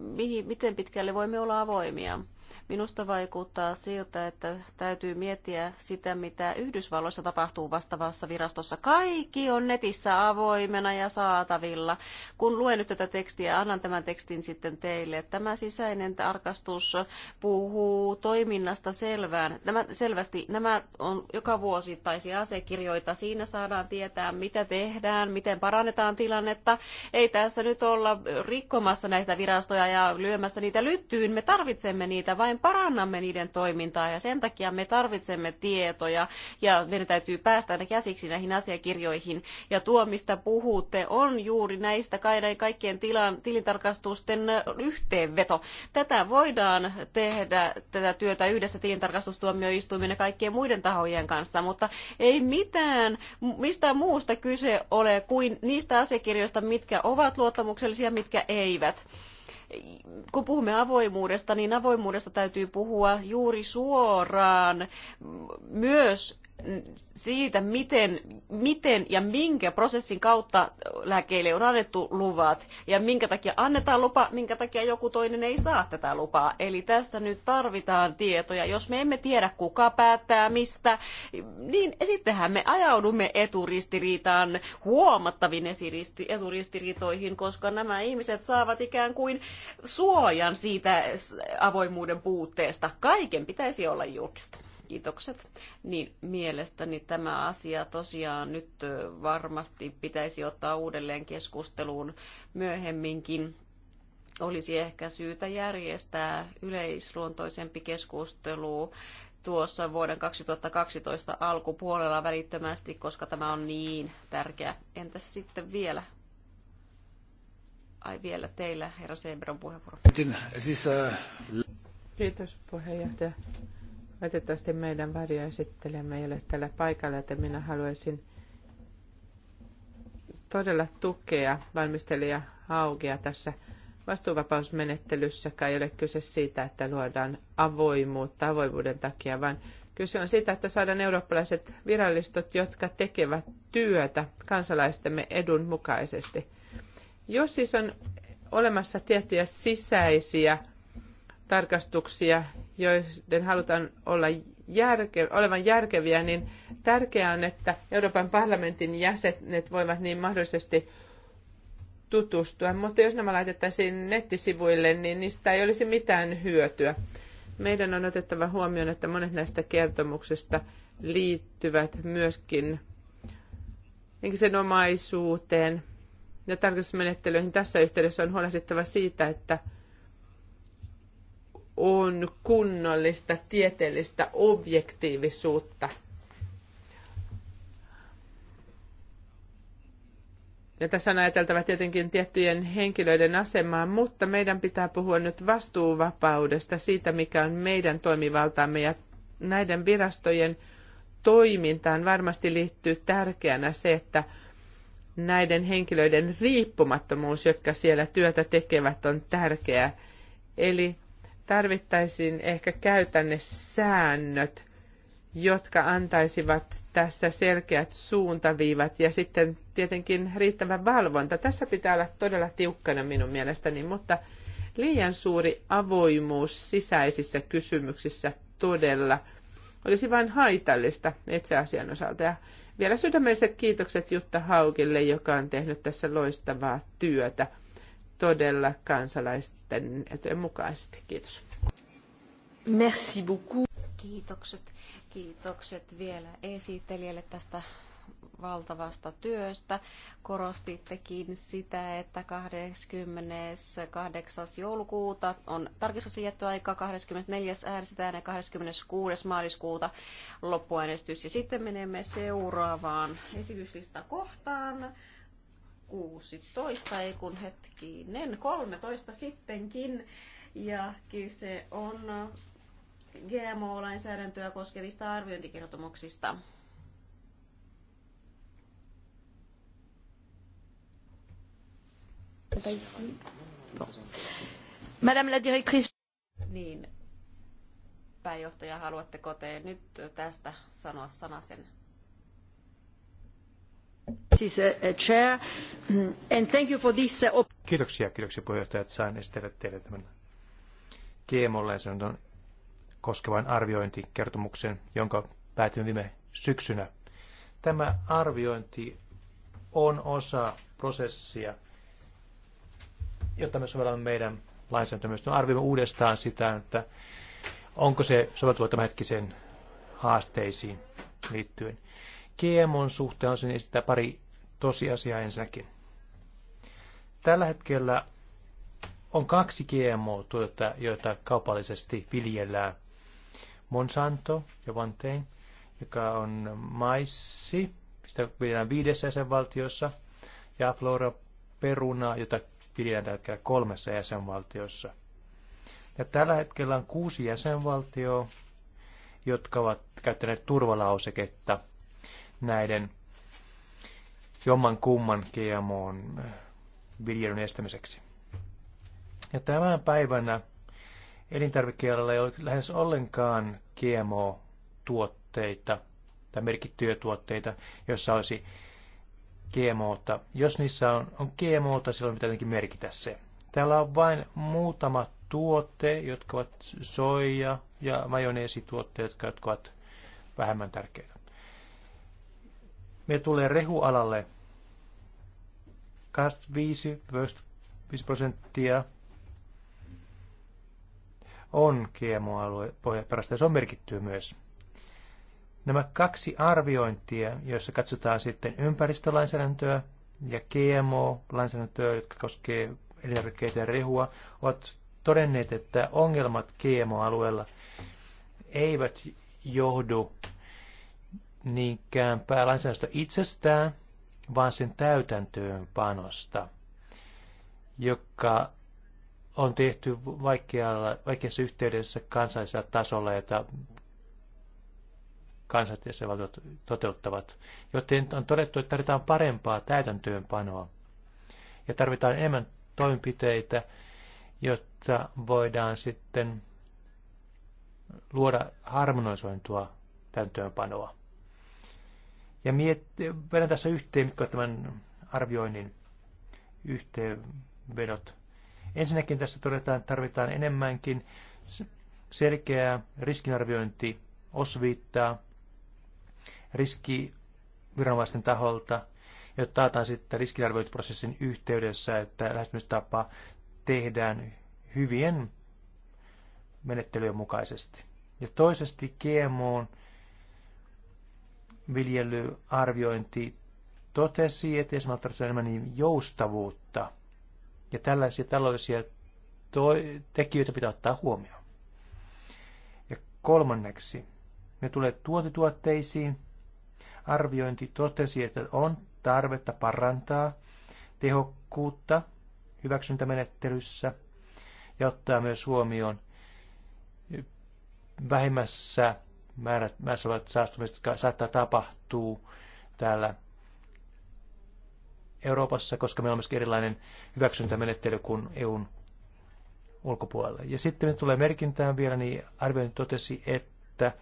Mihin, miten pitkälle voimme olla avoimia? Minusta vaikuttaa siltä, että täytyy miettiä sitä, mitä Yhdysvalloissa tapahtuu vastaavassa virastossa. Kaikki on netissä avoimena ja saatavilla. Kun luen nyt tätä tekstiä, annan tämän tekstin sitten teille. Tämä sisäinen tarkastus puhuu toiminnasta selvään. Nämä, selvästi nämä on joka vuosittaisia asiakirjoita. Siinä saadaan tietää, mitä tehdään, miten parannetaan tilannetta. Ei tässä nyt olla rikkomassa näitä virastoja ja lyömässä niitä lyttyyn. Me tarvitsemme niitä vain parannamme niiden toimintaa ja sen takia me tarvitsemme tietoja ja meidän täytyy päästä käsiksi näihin asiakirjoihin. Ja tuo, mistä puhutte, on juuri näistä kaikkien tilan, tilintarkastusten yhteenveto. Tätä voidaan tehdä, tätä työtä yhdessä tilintarkastustuomioistuimen ja kaikkien muiden tahojen kanssa, mutta ei mitään, mistä muusta kyse ole kuin niistä asiakirjoista, mitkä ovat luottamuksellisia, mitkä eivät kun puhumme avoimuudesta, niin avoimuudesta täytyy puhua juuri suoraan myös siitä, miten, miten ja minkä prosessin kautta lääkeille on annettu luvat ja minkä takia annetaan lupa, minkä takia joku toinen ei saa tätä lupaa. Eli tässä nyt tarvitaan tietoja. Jos me emme tiedä, kuka päättää mistä, niin sittenhän me ajaudumme eturistiriitaan huomattavin esiristi, eturistiriitoihin, koska nämä ihmiset saavat ikään kuin suojan siitä avoimuuden puutteesta. Kaiken pitäisi olla julkista. Kiitokset. Niin mielestäni tämä asia tosiaan nyt varmasti pitäisi ottaa uudelleen keskusteluun myöhemminkin olisi ehkä syytä järjestää yleisluontoisempi keskustelu tuossa vuoden 2012 alkupuolella välittömästi, koska tämä on niin tärkeä. Entäs sitten vielä? Ai vielä teillä, herra Sebron puheenvuoro. Kiitos puheenjohtaja. Valitettavasti meidän varjoesittelemme ei ole täällä paikalla, että minä haluaisin todella tukea valmistelija Haugia tässä vastuuvapausmenettelyssä ei ole kyse siitä, että luodaan avoimuutta avoimuuden takia, vaan kyse on siitä, että saadaan eurooppalaiset virallistot, jotka tekevät työtä kansalaistemme edun mukaisesti. Jos siis on olemassa tiettyjä sisäisiä tarkastuksia, joiden halutaan olla järke, olevan järkeviä, niin tärkeää on, että Euroopan parlamentin jäsenet voivat niin mahdollisesti tutustua. Mutta jos nämä laitettaisiin nettisivuille, niin niistä ei olisi mitään hyötyä. Meidän on otettava huomioon, että monet näistä kertomuksista liittyvät myöskin henkisen omaisuuteen ja tarkastusmenettelyihin. Tässä yhteydessä on huolehdittava siitä, että – on kunnollista tieteellistä objektiivisuutta. Ja tässä on ajateltava tietenkin tiettyjen henkilöiden asemaa, mutta meidän pitää puhua nyt vastuuvapaudesta, siitä mikä on meidän toimivaltaamme ja näiden virastojen toimintaan varmasti liittyy tärkeänä se, että näiden henkilöiden riippumattomuus, jotka siellä työtä tekevät, on tärkeää. Eli tarvittaisiin ehkä käytännesäännöt, jotka antaisivat tässä selkeät suuntaviivat ja sitten tietenkin riittävä valvonta. Tässä pitää olla todella tiukkana minun mielestäni, mutta liian suuri avoimuus sisäisissä kysymyksissä todella olisi vain haitallista itse asian osalta. Ja vielä sydämelliset kiitokset Jutta Haukille, joka on tehnyt tässä loistavaa työtä todella kansalaisten etujen mukaisesti. Kiitos. Merci beaucoup. Kiitokset. Kiitokset vielä esittelijälle tästä valtavasta työstä. Korostittekin sitä, että 28. joulukuuta on tarkistusjättöaika, 24. äänestetään ja 26. maaliskuuta loppuäänestys. Ja sitten menemme seuraavaan esityslista kohtaan. 16, ei kun hetkinen, 13 sittenkin. Ja kyse on GMO-lainsäädäntöä koskevista arviointikertomuksista. Madame la directrice. Niin, pääjohtaja, haluatteko te nyt tästä sanoa sanasen? Uh, kiitoksia, kiitoksia puheenjohtaja, että sain esitellä teille tämän GMO-lainsäädännön koskevan arviointikertomuksen, jonka päätin viime syksynä. Tämä arviointi on osa prosessia, jotta me sovellamme meidän lainsäädäntöä. Me arvioimme uudestaan sitä, että onko se soveltuva tämänhetkisen haasteisiin liittyen. GMOn suhteen on sen esittää pari tosiasia ensinnäkin. Tällä hetkellä on kaksi GMO-tuotetta, joita kaupallisesti viljellään. Monsanto ja Vantein, joka on maissi, sitä viljellään viidessä jäsenvaltiossa, ja Flora peruna, jota viljellään tällä hetkellä kolmessa jäsenvaltiossa. Ja tällä hetkellä on kuusi jäsenvaltioa, jotka ovat käyttäneet turvalauseketta näiden jomman kumman GMOn äh, viljelyn estämiseksi. Ja tämän päivänä elintarvikkeella ei ole lähes ollenkaan GMO-tuotteita tai merkittyjä tuotteita, joissa olisi GMOta. Jos niissä on, on GMOta, silloin pitää jotenkin merkitä se. Täällä on vain muutama tuote, jotka ovat soija ja majoneesituotteet, jotka ovat vähemmän tärkeitä. Me tulee rehualalle 25 prosenttia on GMO-alue pohjaperäistä ja se on merkitty myös. Nämä kaksi arviointia, joissa katsotaan sitten ympäristölainsäädäntöä ja GMO-lainsäädäntöä, jotka koskee elintarvikkeita ja rehua, ovat todenneet, että ongelmat GMO-alueella eivät johdu niinkään päälainsäädäntö itsestään, vaan sen täytäntöönpanosta, joka on tehty vaikealla, vaikeassa yhteydessä kansallisella tasolla, jota kansalliset valtiot toteuttavat. Joten on todettu, että tarvitaan parempaa täytäntöönpanoa ja tarvitaan enemmän toimenpiteitä, jotta voidaan sitten luoda harmonisointua täytäntöönpanoa. Ja vedän tässä yhteen, mitkä tämän arvioinnin yhteenvedot. Ensinnäkin tässä todetaan, että tarvitaan enemmänkin selkeää riskinarviointi osviittaa riskiviranomaisten taholta, jotta taataan sitten riskinarviointiprosessin yhteydessä, että lähestymistapa tehdään hyvien menettelyjen mukaisesti. Ja toisesti GMOn viljelyarviointi totesi, että esimerkiksi on enemmän niin joustavuutta. Ja tällaisia taloudellisia tekijöitä pitää ottaa huomioon. Ja kolmanneksi, ne tulee tuotituotteisiin. Arviointi totesi, että on tarvetta parantaa tehokkuutta hyväksyntämenettelyssä ja ottaa myös huomioon vähemmässä määrät, määrät olevat saastumiset, jotka saattaa tapahtua täällä Euroopassa, koska meillä on myös erilainen hyväksyntämenettely kuin EUn ulkopuolella. Ja sitten me tulee merkintään vielä, niin arviointi totesi, että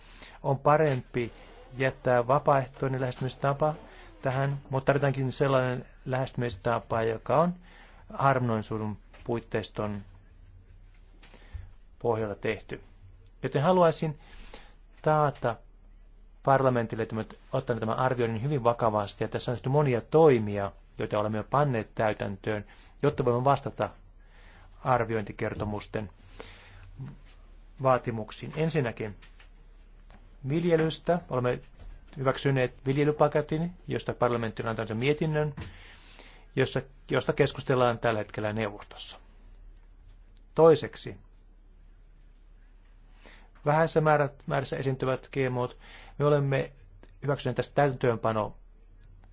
on parempi jättää vapaaehtoinen lähestymistapa tähän, mutta tarvitaankin sellainen lähestymistapa, joka on harmonisuuden puitteiston pohjalla tehty. Joten haluaisin taata parlamentille, että me ottaneet tämän arvioinnin hyvin vakavasti, ja tässä on tehty monia toimia, joita olemme jo panneet täytäntöön, jotta voimme vastata arviointikertomusten vaatimuksiin. Ensinnäkin viljelystä. Olemme hyväksyneet viljelypaketin, josta parlamentti on antanut mietinnön, jossa, josta keskustellaan tällä hetkellä neuvostossa. Toiseksi vähäisessä määrässä esiintyvät GMOt. Me olemme hyväksyneet tästä täytäntöönpano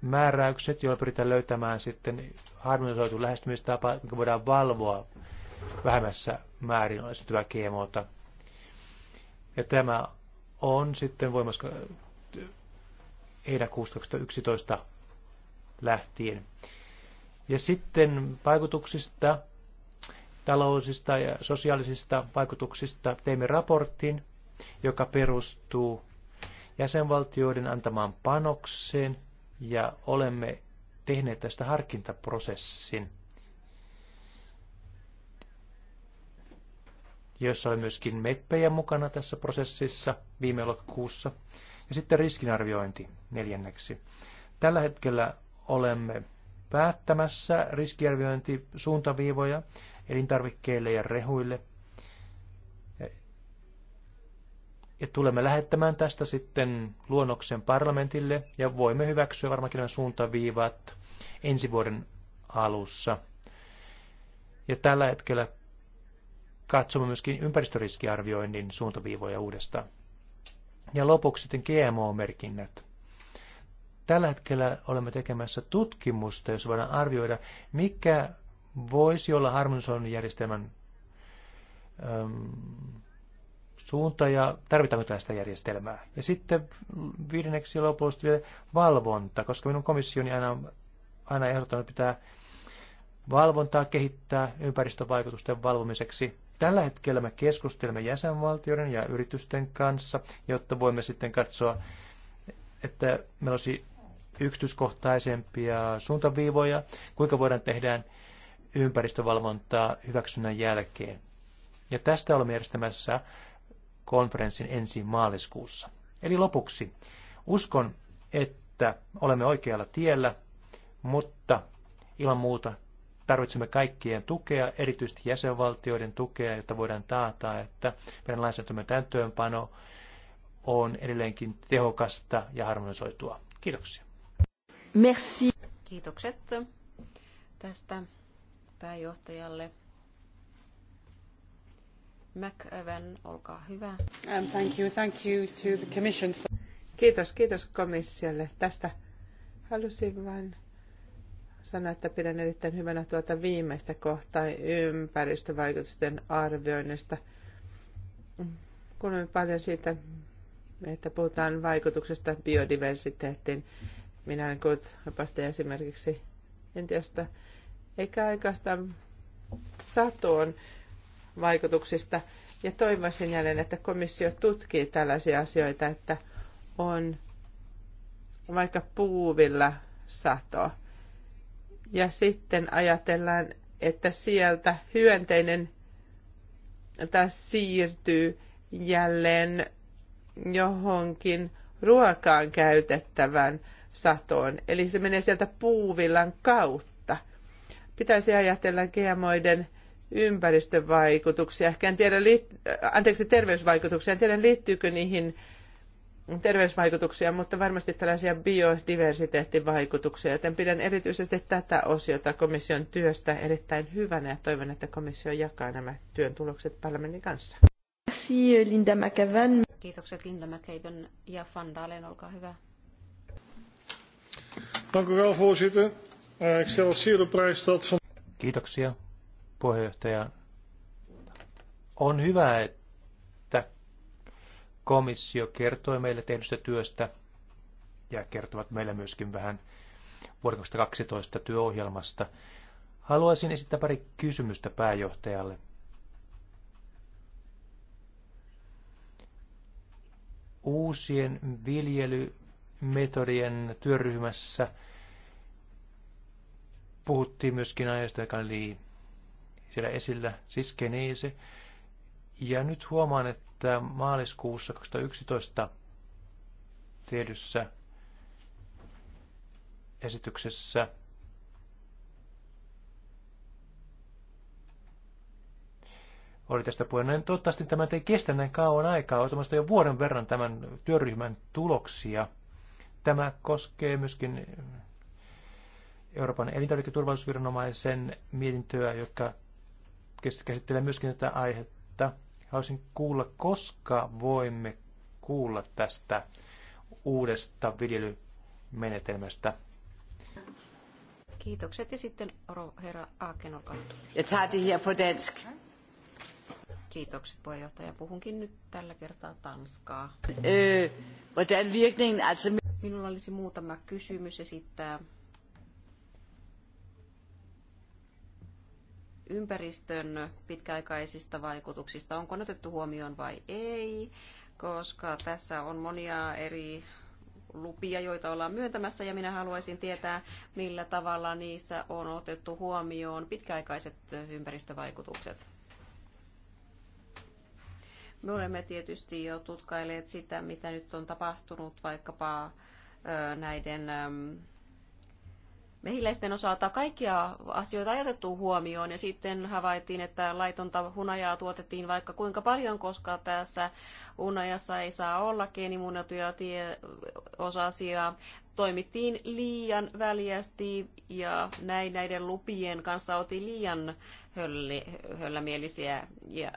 määräykset, joilla pyritään löytämään sitten harmonisoitu lähestymistapa, mikä voidaan valvoa vähemmässä määrin esiintyvää GMOta. Ja tämä on sitten voimassa heinäkuusta 2011 lähtien. Ja sitten vaikutuksista talousista ja sosiaalisista vaikutuksista teimme raportin, joka perustuu jäsenvaltioiden antamaan panokseen ja olemme tehneet tästä harkintaprosessin, jossa oli myöskin meppejä mukana tässä prosessissa viime lokakuussa. Ja sitten riskinarviointi neljänneksi. Tällä hetkellä olemme päättämässä riskiarviointisuuntaviivoja elintarvikkeille ja rehuille. Ja tulemme lähettämään tästä sitten luonnoksen parlamentille ja voimme hyväksyä varmaankin nämä suuntaviivat ensi vuoden alussa. Ja tällä hetkellä katsomme myöskin ympäristöriskiarvioinnin suuntaviivoja uudestaan. Ja lopuksi sitten GMO-merkinnät. Tällä hetkellä olemme tekemässä tutkimusta, jos voidaan arvioida, mikä voisi olla harmonisoinnin järjestelmän äm, suunta ja tarvitaanko tällaista järjestelmää. Ja sitten viidenneksi lopuksi vielä valvonta, koska minun komissioni aina, aina ehdottanut pitää valvontaa kehittää ympäristövaikutusten valvomiseksi. Tällä hetkellä me keskustelemme jäsenvaltioiden ja yritysten kanssa, jotta voimme sitten katsoa, että meillä olisi yksityiskohtaisempia suuntaviivoja, kuinka voidaan tehdä ympäristövalvontaa hyväksynnän jälkeen. Ja tästä olemme järjestämässä konferenssin ensi maaliskuussa. Eli lopuksi, uskon, että olemme oikealla tiellä, mutta ilman muuta tarvitsemme kaikkien tukea, erityisesti jäsenvaltioiden tukea, jotta voidaan taata, että meidän lainsäädäntömme täyttöönpano on edelleenkin tehokasta ja harmonisoitua. Kiitoksia. Merci. Kiitokset tästä pääjohtajalle. McEwen, olkaa hyvä. Um, thank you, thank you to the commission. Kiitos, kiitos komissiolle tästä. Halusin vain sanoa, että pidän erittäin hyvänä tuota viimeistä kohtaa ympäristövaikutusten arvioinnista. Kuulemme paljon siitä, että puhutaan vaikutuksesta biodiversiteettiin. Minä olen kuullut esimerkiksi Intiasta eikä oikeastaan satoon vaikutuksista. Ja toivoisin jälleen, että komissio tutkii tällaisia asioita, että on vaikka puuvilla sato. Ja sitten ajatellaan, että sieltä hyönteinen taas siirtyy jälleen johonkin ruokaan käytettävän satoon. Eli se menee sieltä puuvillan kautta pitäisi ajatella GMOiden ympäristövaikutuksia. Ehkä en tiedä, äh, anteeksi, terveysvaikutuksia. En tiedä, liittyykö niihin terveysvaikutuksia, mutta varmasti tällaisia biodiversiteettivaikutuksia, joten pidän erityisesti tätä osiota komission työstä erittäin hyvänä ja toivon, että komissio jakaa nämä työn tulokset parlamentin kanssa. Merci Linda McAvan. Kiitokset Linda McAvan ja Van Dalen, olkaa hyvä. Dank u wel, voorzitter. Eh, Kiitoksia puheenjohtaja. On hyvä, että komissio kertoi meille tehdystä työstä ja kertovat meille myöskin vähän vuoden 2012 työohjelmasta. Haluaisin esittää pari kysymystä pääjohtajalle. Uusien viljelymetodien työryhmässä – puhuttiin myöskin ajasta, joka oli siellä esillä, siis Genese. Ja nyt huomaan, että maaliskuussa 2011 tiedyssä esityksessä oli tästä puheen. No, toivottavasti tämä ei kestä näin kauan aikaa, Olen jo vuoden verran tämän työryhmän tuloksia. Tämä koskee myöskin Euroopan elintarviketurvallisuusviranomaisen mietintöä, joka käsittelee myöskin tätä aihetta. Haluaisin kuulla, koska voimme kuulla tästä uudesta viljelymenetelmästä. Kiitokset ja sitten herra Aaken, olkaa hyvä. Jag tar det här Kiitokset puheenjohtaja. Puhunkin nyt tällä kertaa tanskaa. Øh, Minulla olisi muutama kysymys esittää ympäristön pitkäaikaisista vaikutuksista, onko ne otettu huomioon vai ei, koska tässä on monia eri lupia, joita ollaan myöntämässä, ja minä haluaisin tietää, millä tavalla niissä on otettu huomioon pitkäaikaiset ympäristövaikutukset. Me olemme tietysti jo tutkailleet sitä, mitä nyt on tapahtunut vaikkapa näiden mehiläisten osalta kaikkia asioita ei otettu huomioon ja sitten havaittiin, että laitonta hunajaa tuotettiin vaikka kuinka paljon, koska tässä hunajassa ei saa olla geenimuunneltuja osasia. Toimittiin liian väljästi ja näin näiden lupien kanssa oltiin liian höll, höllämielisiä ja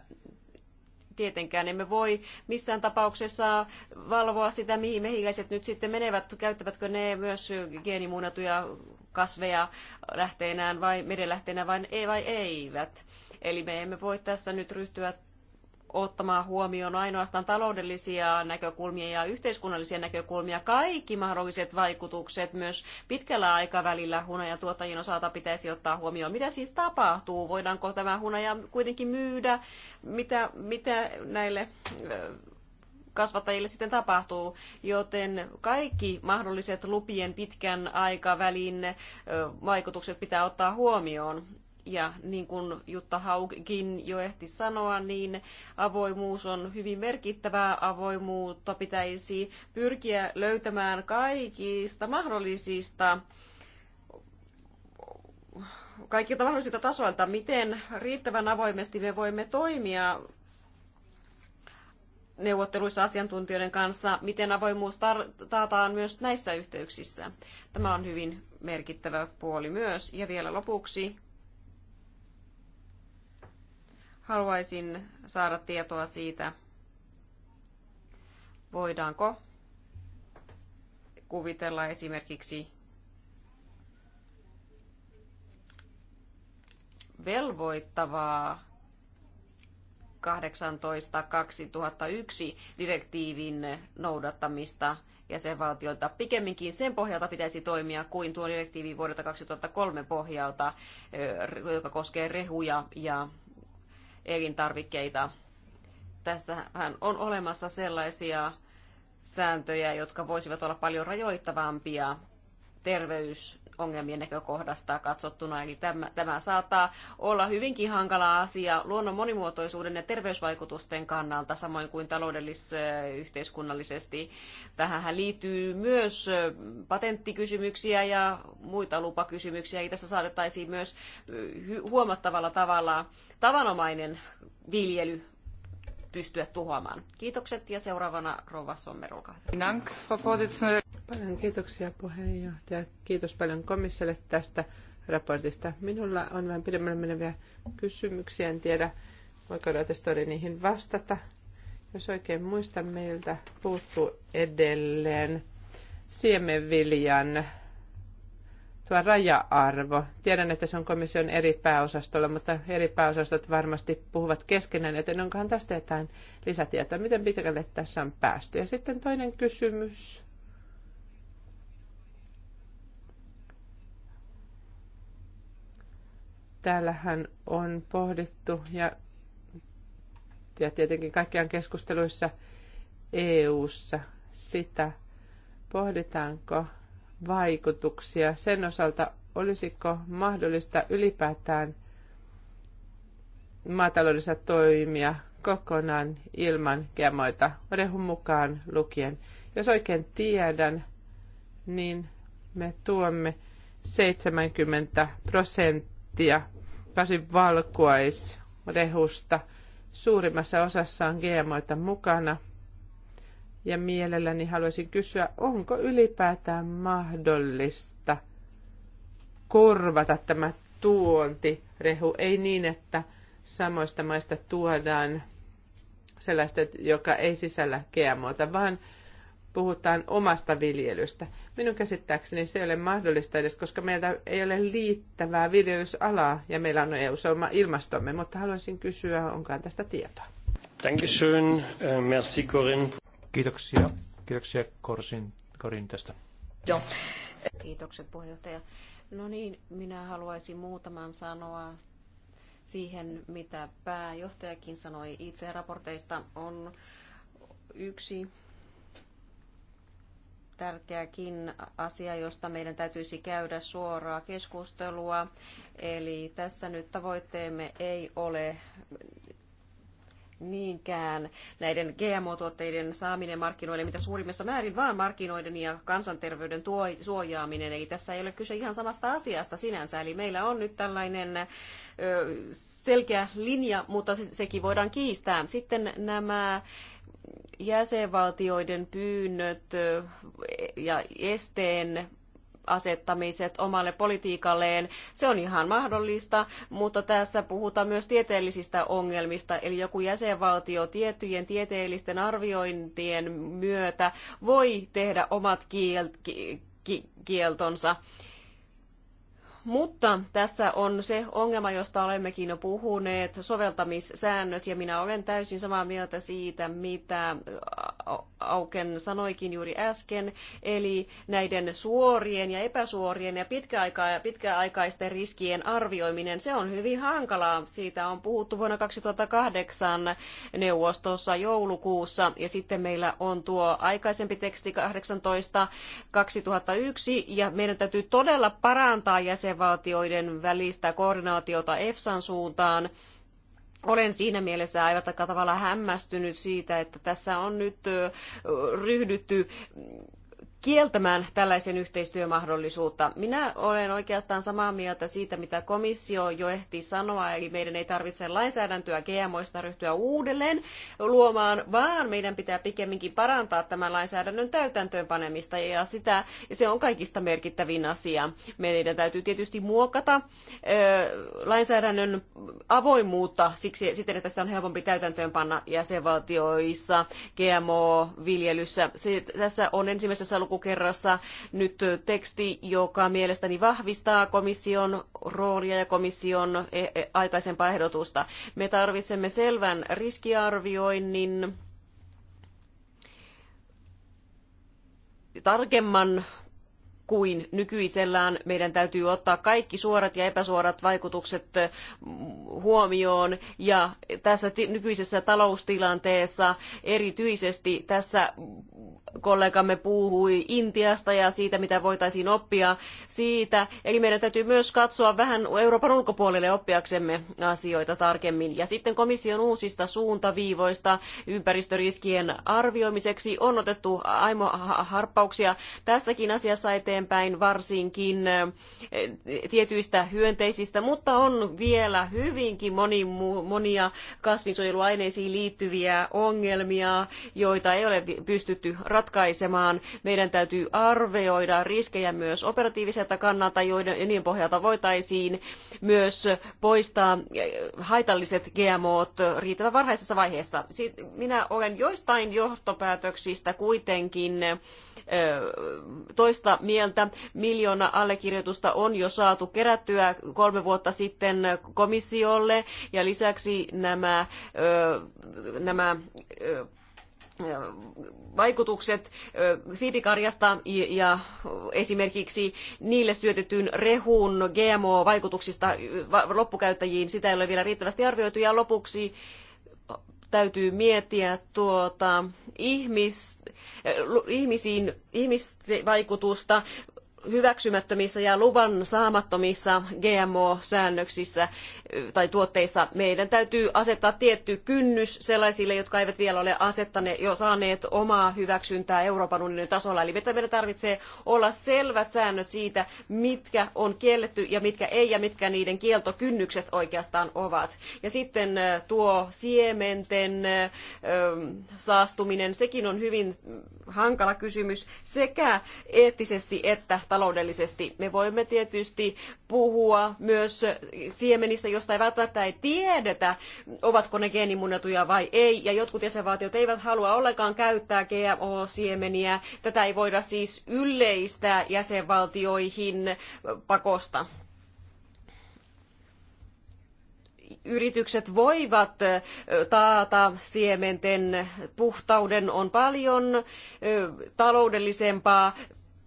tietenkään emme voi missään tapauksessa valvoa sitä, mihin mehiläiset nyt sitten menevät, käyttävätkö ne myös geenimuunnatuja kasveja lähteenään vai meidän lähteenään vai, vai eivät. Eli me emme voi tässä nyt ryhtyä ottamaan huomioon ainoastaan taloudellisia näkökulmia ja yhteiskunnallisia näkökulmia. Kaikki mahdolliset vaikutukset myös pitkällä aikavälillä hunajan tuottajien osalta pitäisi ottaa huomioon. Mitä siis tapahtuu? Voidaanko tämä hunaja kuitenkin myydä? Mitä, mitä näille kasvattajille sitten tapahtuu, joten kaikki mahdolliset lupien pitkän aikavälin vaikutukset pitää ottaa huomioon. Ja niin kuin Jutta Haugkin jo ehti sanoa, niin avoimuus on hyvin merkittävää. Avoimuutta pitäisi pyrkiä löytämään kaikista mahdollisista kaikilta mahdollisilta tasoilta, miten riittävän avoimesti me voimme toimia neuvotteluissa asiantuntijoiden kanssa, miten avoimuus taataan myös näissä yhteyksissä. Tämä on hyvin merkittävä puoli myös. Ja vielä lopuksi Haluaisin saada tietoa siitä, voidaanko kuvitella esimerkiksi velvoittavaa 18.2001 direktiivin noudattamista jäsenvaltioilta. Pikemminkin sen pohjalta pitäisi toimia kuin tuo direktiivi vuodelta 2003 pohjalta, joka koskee rehuja ja elintarvikkeita. Tässähän on olemassa sellaisia sääntöjä, jotka voisivat olla paljon rajoittavampia terveys ongelmien näkökohdasta katsottuna. Eli tämä, tämä saattaa olla hyvinkin hankala asia luonnon monimuotoisuuden ja terveysvaikutusten kannalta, samoin kuin taloudellis-yhteiskunnallisesti. Tähän liittyy myös patenttikysymyksiä ja muita lupakysymyksiä. Eli tässä saatettaisiin myös huomattavalla tavalla tavanomainen viljely pystyä tuhoamaan. Kiitokset ja seuraavana Rova Sommer, olkaa hyvä. Paljon kiitoksia puheenjohtaja. Kiitos paljon komissiolle tästä raportista. Minulla on vähän pidemmälle meneviä kysymyksiä. En tiedä, voiko Rotestori niihin vastata. Jos oikein muistan, meiltä puuttuu edelleen siemenviljan tuo raja-arvo. Tiedän, että se on komission eri pääosastolla, mutta eri pääosastot varmasti puhuvat keskenään, joten onkohan tästä jotain lisätietoa. Miten pitkälle tässä on päästy? Ja sitten toinen kysymys Täällähän on pohdittu ja, ja tietenkin kaikkiaan keskusteluissa EU:ssa sitä, pohditaanko vaikutuksia sen osalta, olisiko mahdollista ylipäätään maataloudessa toimia kokonaan ilman gemoita, rehun mukaan lukien. Jos oikein tiedän, niin me tuomme 70 prosenttia prosenttia kasvivalkuaisrehusta. Suurimmassa osassa on GMOita mukana. Ja mielelläni haluaisin kysyä, onko ylipäätään mahdollista korvata tämä tuontirehu? Ei niin, että samoista maista tuodaan sellaista, joka ei sisällä GMOta, vaan – puhutaan omasta viljelystä. Minun käsittääkseni se ei ole mahdollista edes, koska meillä ei ole liittävää viljelysalaa ja meillä on eu oma ilmastomme, mutta haluaisin kysyä, onkaan tästä tietoa. Dankeschön, uh, merci Corin. Kiitoksia, kiitoksia Korsin, Korin tästä. Joo. Kiitokset puheenjohtaja. No niin, minä haluaisin muutaman sanoa siihen, mitä pääjohtajakin sanoi itse raporteista, on yksi tärkeäkin asia, josta meidän täytyisi käydä suoraa keskustelua. Eli tässä nyt tavoitteemme ei ole niinkään näiden GMO-tuotteiden saaminen markkinoille mitä suurimmassa määrin, vaan markkinoiden ja kansanterveyden tuo, suojaaminen. Eli tässä ei ole kyse ihan samasta asiasta sinänsä. Eli meillä on nyt tällainen ö, selkeä linja, mutta sekin voidaan kiistää. Sitten nämä jäsenvaltioiden pyynnöt ja esteen asettamiset omalle politiikalleen. Se on ihan mahdollista, mutta tässä puhutaan myös tieteellisistä ongelmista, eli joku jäsenvaltio tiettyjen tieteellisten arviointien myötä voi tehdä omat kiel- ki- ki- kieltonsa. Mutta tässä on se ongelma, josta olemmekin jo puhuneet, soveltamissäännöt, ja minä olen täysin samaa mieltä siitä, mitä Auken sanoikin juuri äsken, eli näiden suorien ja epäsuorien ja pitkäaikaisten riskien arvioiminen, se on hyvin hankalaa. Siitä on puhuttu vuonna 2008 neuvostossa joulukuussa, ja sitten meillä on tuo aikaisempi teksti 18 ja meidän täytyy todella parantaa jäsen jäsenvaltioiden välistä koordinaatiota EFSAn suuntaan. Olen siinä mielessä aivan tavalla hämmästynyt siitä, että tässä on nyt ryhdytty kieltämään tällaisen yhteistyömahdollisuutta. Minä olen oikeastaan samaa mieltä siitä, mitä komissio jo ehti sanoa, eli meidän ei tarvitse lainsäädäntöä GMOista ryhtyä uudelleen luomaan, vaan meidän pitää pikemminkin parantaa tämän lainsäädännön täytäntöönpanemista, ja sitä, se on kaikista merkittävin asia. Meidän täytyy tietysti muokata lainsäädännön avoimuutta siksi, siten, että sitä on helpompi täytäntöönpanna jäsenvaltioissa, GMO-viljelyssä. Se, tässä on ensimmäisessä luku alkukerrassa nyt teksti, joka mielestäni vahvistaa komission roolia ja komission e, e, aikaisempaa ehdotusta. Me tarvitsemme selvän riskiarvioinnin, tarkemman kuin nykyisellään. Meidän täytyy ottaa kaikki suorat ja epäsuorat vaikutukset huomioon ja tässä nykyisessä taloustilanteessa erityisesti tässä kollegamme puhui Intiasta ja siitä, mitä voitaisiin oppia siitä. Eli meidän täytyy myös katsoa vähän Euroopan ulkopuolelle oppiaksemme asioita tarkemmin. Ja sitten komission uusista suuntaviivoista ympäristöriskien arvioimiseksi on otettu aimo harppauksia tässäkin asiassa eteenpäin varsinkin eh, tietyistä hyönteisistä, mutta on vielä hyvinkin moni, monia kasvinsuojeluaineisiin liittyviä ongelmia, joita ei ole pystytty ratkaisemaan ratkaisemaan. Meidän täytyy arvioida riskejä myös operatiiviselta kannalta, joiden niin pohjalta voitaisiin myös poistaa eh, haitalliset GMOt riittävän varhaisessa vaiheessa. Minä olen joistain johtopäätöksistä kuitenkin eh, toista mieltä. Miljoona allekirjoitusta on jo saatu kerättyä kolme vuotta sitten komissiolle ja lisäksi nämä, eh, nämä vaikutukset siipikarjasta ja esimerkiksi niille syötetyn rehun GMO-vaikutuksista loppukäyttäjiin, sitä ei ole vielä riittävästi arvioitu. Ja lopuksi täytyy miettiä tuota, ihmis, ihmisiin, ihmisvaikutusta hyväksymättömissä ja luvan saamattomissa GMO-säännöksissä tai tuotteissa meidän täytyy asettaa tietty kynnys sellaisille, jotka eivät vielä ole asettaneet, jo saaneet omaa hyväksyntää Euroopan unionin tasolla. Eli meidän tarvitsee olla selvät säännöt siitä, mitkä on kielletty ja mitkä ei ja mitkä niiden kieltokynnykset oikeastaan ovat. Ja sitten tuo siementen saastuminen, sekin on hyvin hankala kysymys sekä eettisesti että taloudellisesti. Me voimme tietysti puhua myös siemenistä, josta ei välttämättä ei tiedetä, ovatko ne geenimuunneltuja vai ei. Ja jotkut jäsenvaltiot eivät halua ollenkaan käyttää GMO-siemeniä. Tätä ei voida siis yleistää jäsenvaltioihin pakosta. yritykset voivat taata siementen puhtauden on paljon taloudellisempaa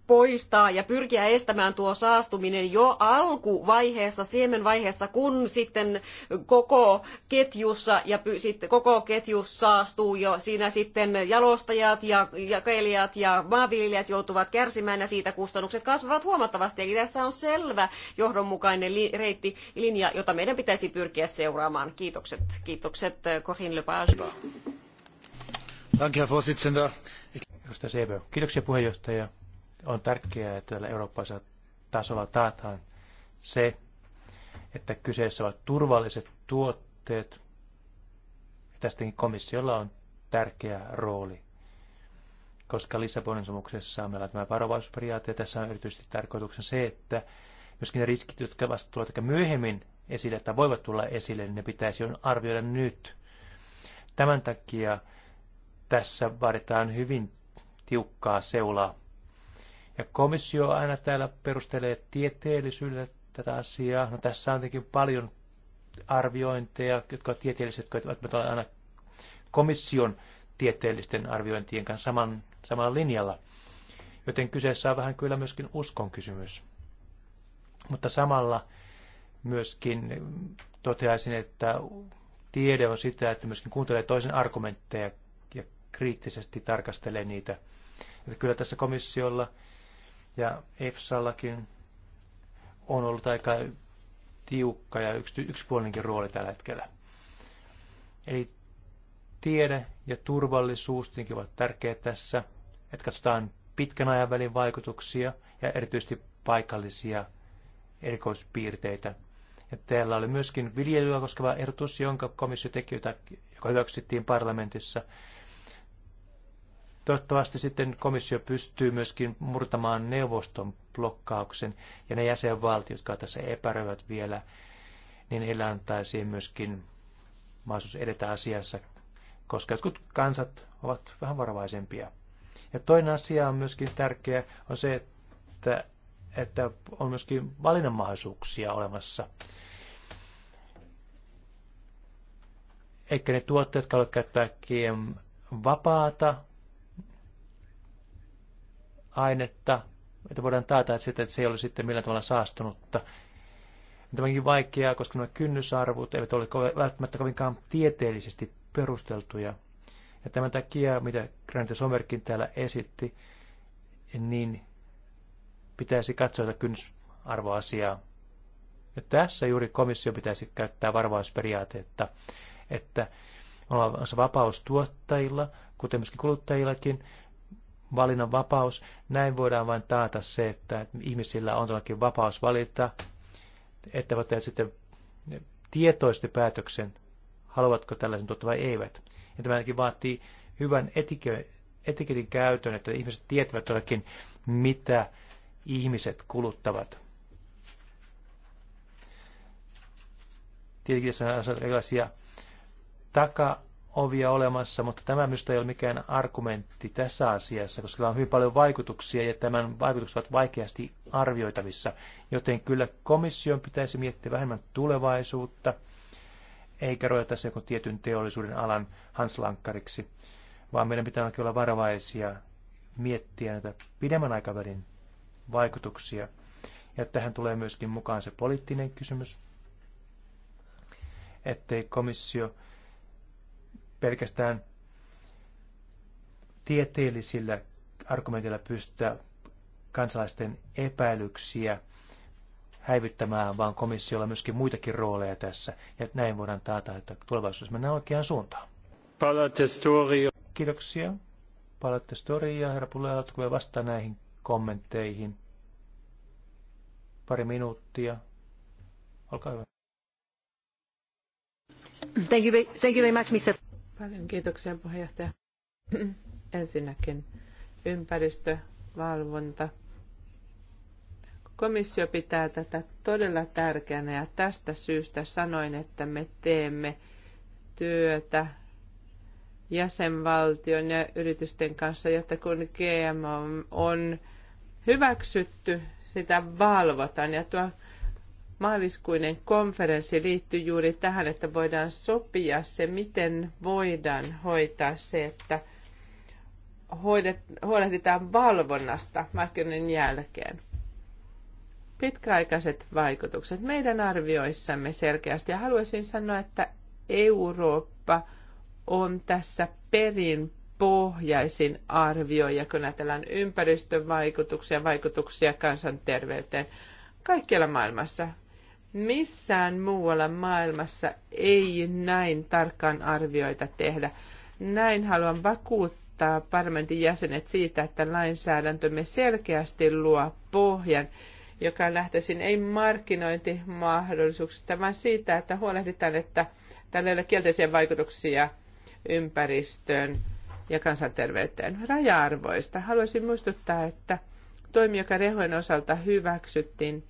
poistaa ja pyrkiä estämään tuo saastuminen jo alkuvaiheessa, siemenvaiheessa, kun sitten koko ketjussa ja sitten koko ketjus saastuu jo siinä sitten jalostajat ja jakelijat ja maanviljelijät joutuvat kärsimään ja siitä kustannukset kasvavat huomattavasti. Eli tässä on selvä johdonmukainen li- reitti linja, jota meidän pitäisi pyrkiä seuraamaan. Kiitokset, kiitokset eh, Corinne Lepage. Danke, Herr Vorsitzender. Kiitoksia puheenjohtaja on tärkeää, että tällä eurooppalaisella tasolla taataan se, että kyseessä ovat turvalliset tuotteet. Tästäkin komissiolla on tärkeä rooli, koska Lissabonin sopimuksessa meillä on tämä varovaisuusperiaate, ja tässä on erityisesti tarkoituksen se, että myöskin ne riskit, jotka vasta tulevat myöhemmin esille tai voivat tulla esille, niin ne pitäisi arvioida nyt. Tämän takia tässä vaaditaan hyvin tiukkaa seulaa ja komissio aina täällä perustelee tieteellisyydellä tätä asiaa. No tässä on tietenkin paljon arviointeja, jotka ovat tieteellisiä, jotka ovat aina komission tieteellisten arviointien kanssa saman, samalla linjalla. Joten kyseessä on vähän kyllä myöskin uskon kysymys. Mutta samalla myöskin toteaisin, että tiede on sitä, että myöskin kuuntelee toisen argumentteja ja kriittisesti tarkastelee niitä. Että kyllä tässä komissiolla – ja EFSAllakin on ollut aika tiukka ja yksity, yksipuolinenkin rooli tällä hetkellä. Eli tiede ja turvallisuus ovat tärkeä tässä, että katsotaan pitkän ajan välin vaikutuksia ja erityisesti paikallisia erikoispiirteitä. Ja täällä oli myöskin viljelyä koskeva ehdotus, jonka komissio teki, joka hyväksyttiin parlamentissa, Toivottavasti sitten komissio pystyy myöskin murtamaan neuvoston blokkauksen ja ne jäsenvaltiot, jotka tässä epäröivät vielä, niin heillä antaisiin myöskin mahdollisuus edetä asiassa, koska jotkut kansat ovat vähän varovaisempia. Ja toinen asia on myöskin tärkeä on se, että, että on myöskin valinnanmahdollisuuksia olemassa. Eikä ne tuotteet, jotka käyttää GM-vapaata ainetta, että voidaan taata, että, sitten, että se ei ole sitten millään tavalla saastunutta. onkin vaikeaa, koska nämä kynnysarvot eivät ole välttämättä kovinkaan tieteellisesti perusteltuja. Ja tämän takia, mitä Granite Somerkin täällä esitti, niin pitäisi katsoa tätä kynnysarvoasiaa. Ja tässä juuri komissio pitäisi käyttää varvausperiaatetta, että on vapaus tuottajilla, kuten myöskin kuluttajillakin, valinnan vapaus. Näin voidaan vain taata se, että ihmisillä on todellakin vapaus valita, että voivat tehdä sitten tietoisesti päätöksen, haluavatko tällaisen tuottaa vai eivät. Ja tämä ainakin vaatii hyvän etiketin käytön, että ihmiset tietävät todellakin, mitä ihmiset kuluttavat. Tietenkin tässä on erilaisia taka ovia olemassa, mutta tämä minusta ei ole mikään argumentti tässä asiassa, koska on hyvin paljon vaikutuksia ja tämän vaikutukset ovat vaikeasti arvioitavissa. Joten kyllä komission pitäisi miettiä vähemmän tulevaisuutta, eikä rojata se joku tietyn teollisuuden alan hanslankkariksi, vaan meidän pitää olla varovaisia miettiä näitä pidemmän aikavälin vaikutuksia. Ja tähän tulee myöskin mukaan se poliittinen kysymys, ettei komissio pelkästään tieteellisillä argumenteilla pystytä kansalaisten epäilyksiä häivyttämään, vaan komissiolla on myöskin muitakin rooleja tässä. Ja näin voidaan taata, että tulevaisuudessa mennään oikeaan suuntaan. Palatestoria. Kiitoksia. Palatestori herra Pulle, haluatko vastaa näihin kommentteihin? Pari minuuttia. Olkaa hyvä. Thank you, thank you very much, Mr. Paljon kiitoksia puheenjohtaja. Ensinnäkin ympäristövalvonta. Komissio pitää tätä todella tärkeänä ja tästä syystä sanoin, että me teemme työtä jäsenvaltion ja yritysten kanssa, jotta kun GM on hyväksytty, sitä valvotaan. Ja tuo maaliskuinen konferenssi liittyy juuri tähän, että voidaan sopia se, miten voidaan hoitaa se, että hoidet, huolehditaan valvonnasta markkinoinnin jälkeen. Pitkäaikaiset vaikutukset meidän arvioissamme selkeästi. Ja haluaisin sanoa, että Eurooppa on tässä perin pohjaisin ja kun ajatellaan ympäristövaikutuksia, vaikutuksia kansanterveyteen kaikkialla maailmassa. Missään muualla maailmassa ei näin tarkkaan arvioita tehdä. Näin haluan vakuuttaa parlamentin jäsenet siitä, että lainsäädäntömme selkeästi luo pohjan, joka on lähtöisin ei markkinointimahdollisuuksista, vaan siitä, että huolehditaan, että tällä ei ole kielteisiä vaikutuksia ympäristöön ja kansanterveyteen. Raja-arvoista haluaisin muistuttaa, että toimi, joka rehojen osalta hyväksyttiin –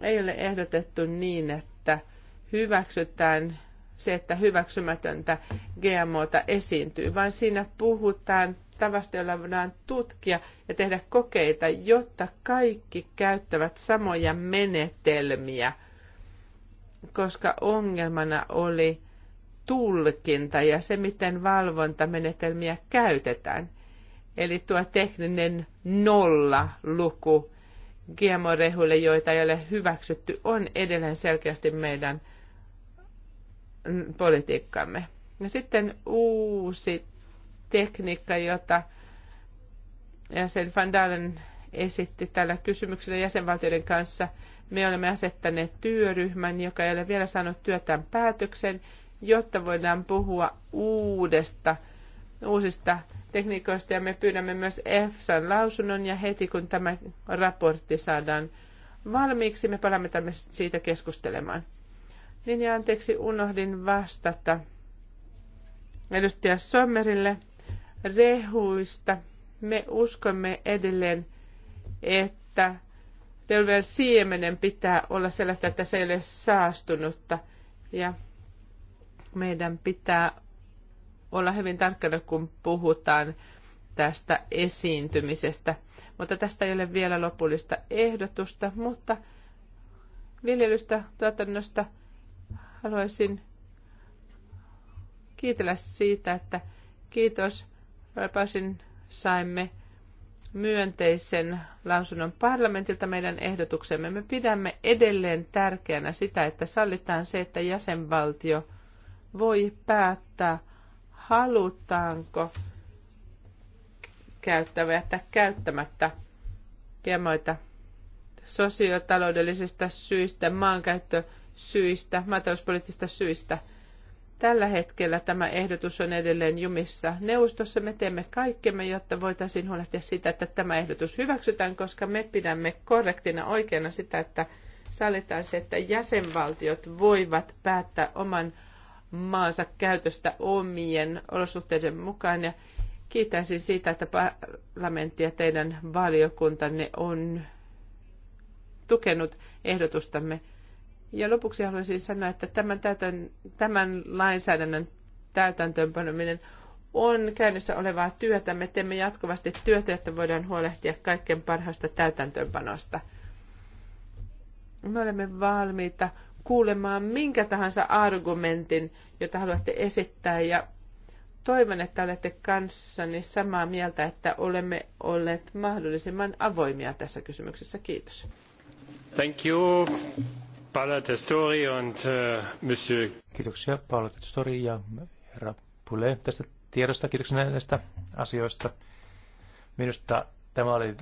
ei ole ehdotettu niin, että hyväksytään se, että hyväksymätöntä GMOta esiintyy, vaan siinä puhutaan tavasta, jolla voidaan tutkia ja tehdä kokeita, jotta kaikki käyttävät samoja menetelmiä, koska ongelmana oli tulkinta ja se, miten valvontamenetelmiä käytetään. Eli tuo tekninen nolla luku GMO-rehuille, joita ei ole hyväksytty, on edelleen selkeästi meidän politiikkamme. Ja sitten uusi tekniikka, jota jäsen Van Dalen esitti tällä kysymyksellä jäsenvaltioiden kanssa. Me olemme asettaneet työryhmän, joka ei ole vielä saanut työtään päätöksen, jotta voidaan puhua uudesta, uusista tekniikoista ja me pyydämme myös EFSAn lausunnon ja heti kun tämä raportti saadaan valmiiksi, me palaamme tämän siitä keskustelemaan. Niin ja anteeksi, unohdin vastata edustaja Sommerille rehuista. Me uskomme edelleen, että reunan siemenen pitää olla sellaista, että se ei ole saastunutta. Ja meidän pitää olla hyvin tarkkana, kun puhutaan tästä esiintymisestä. Mutta tästä ei ole vielä lopullista ehdotusta, mutta viljelystä, tuotannosta haluaisin kiitellä siitä, että kiitos Rapasin saimme myönteisen lausunnon parlamentilta meidän ehdotuksemme. Me pidämme edelleen tärkeänä sitä, että sallitaan se, että jäsenvaltio voi päättää halutaanko käyttää vai jättää käyttämättä gemoita sosiotaloudellisista syistä, maankäyttösyistä, maatalouspoliittisista syistä. Tällä hetkellä tämä ehdotus on edelleen jumissa. Neuvostossa me teemme kaikkemme, jotta voitaisiin huolehtia sitä, että tämä ehdotus hyväksytään, koska me pidämme korrektina oikeana sitä, että sallitaan se, että jäsenvaltiot voivat päättää oman maansa käytöstä omien olosuhteiden mukaan. Ja kiitäisin siitä, että parlamentti ja teidän valiokuntanne on tukenut ehdotustamme. Ja lopuksi haluaisin sanoa, että tämän, täytän, tämän lainsäädännön täytäntöönpanominen on käynnissä olevaa työtä. Me teemme jatkuvasti työtä, että voidaan huolehtia kaikkein parhaasta täytäntöönpanosta. Me olemme valmiita kuulemaan minkä tahansa argumentin, jota haluatte esittää ja toivon, että olette kanssani samaa mieltä, että olemme olleet mahdollisimman avoimia tässä kysymyksessä. Kiitos. Thank you, Paolo Testori and uh, Monsieur. Kiitoksia Paolo Testori ja herra Pule tästä tiedosta. Kiitoksia näistä asioista. Minusta tämä oli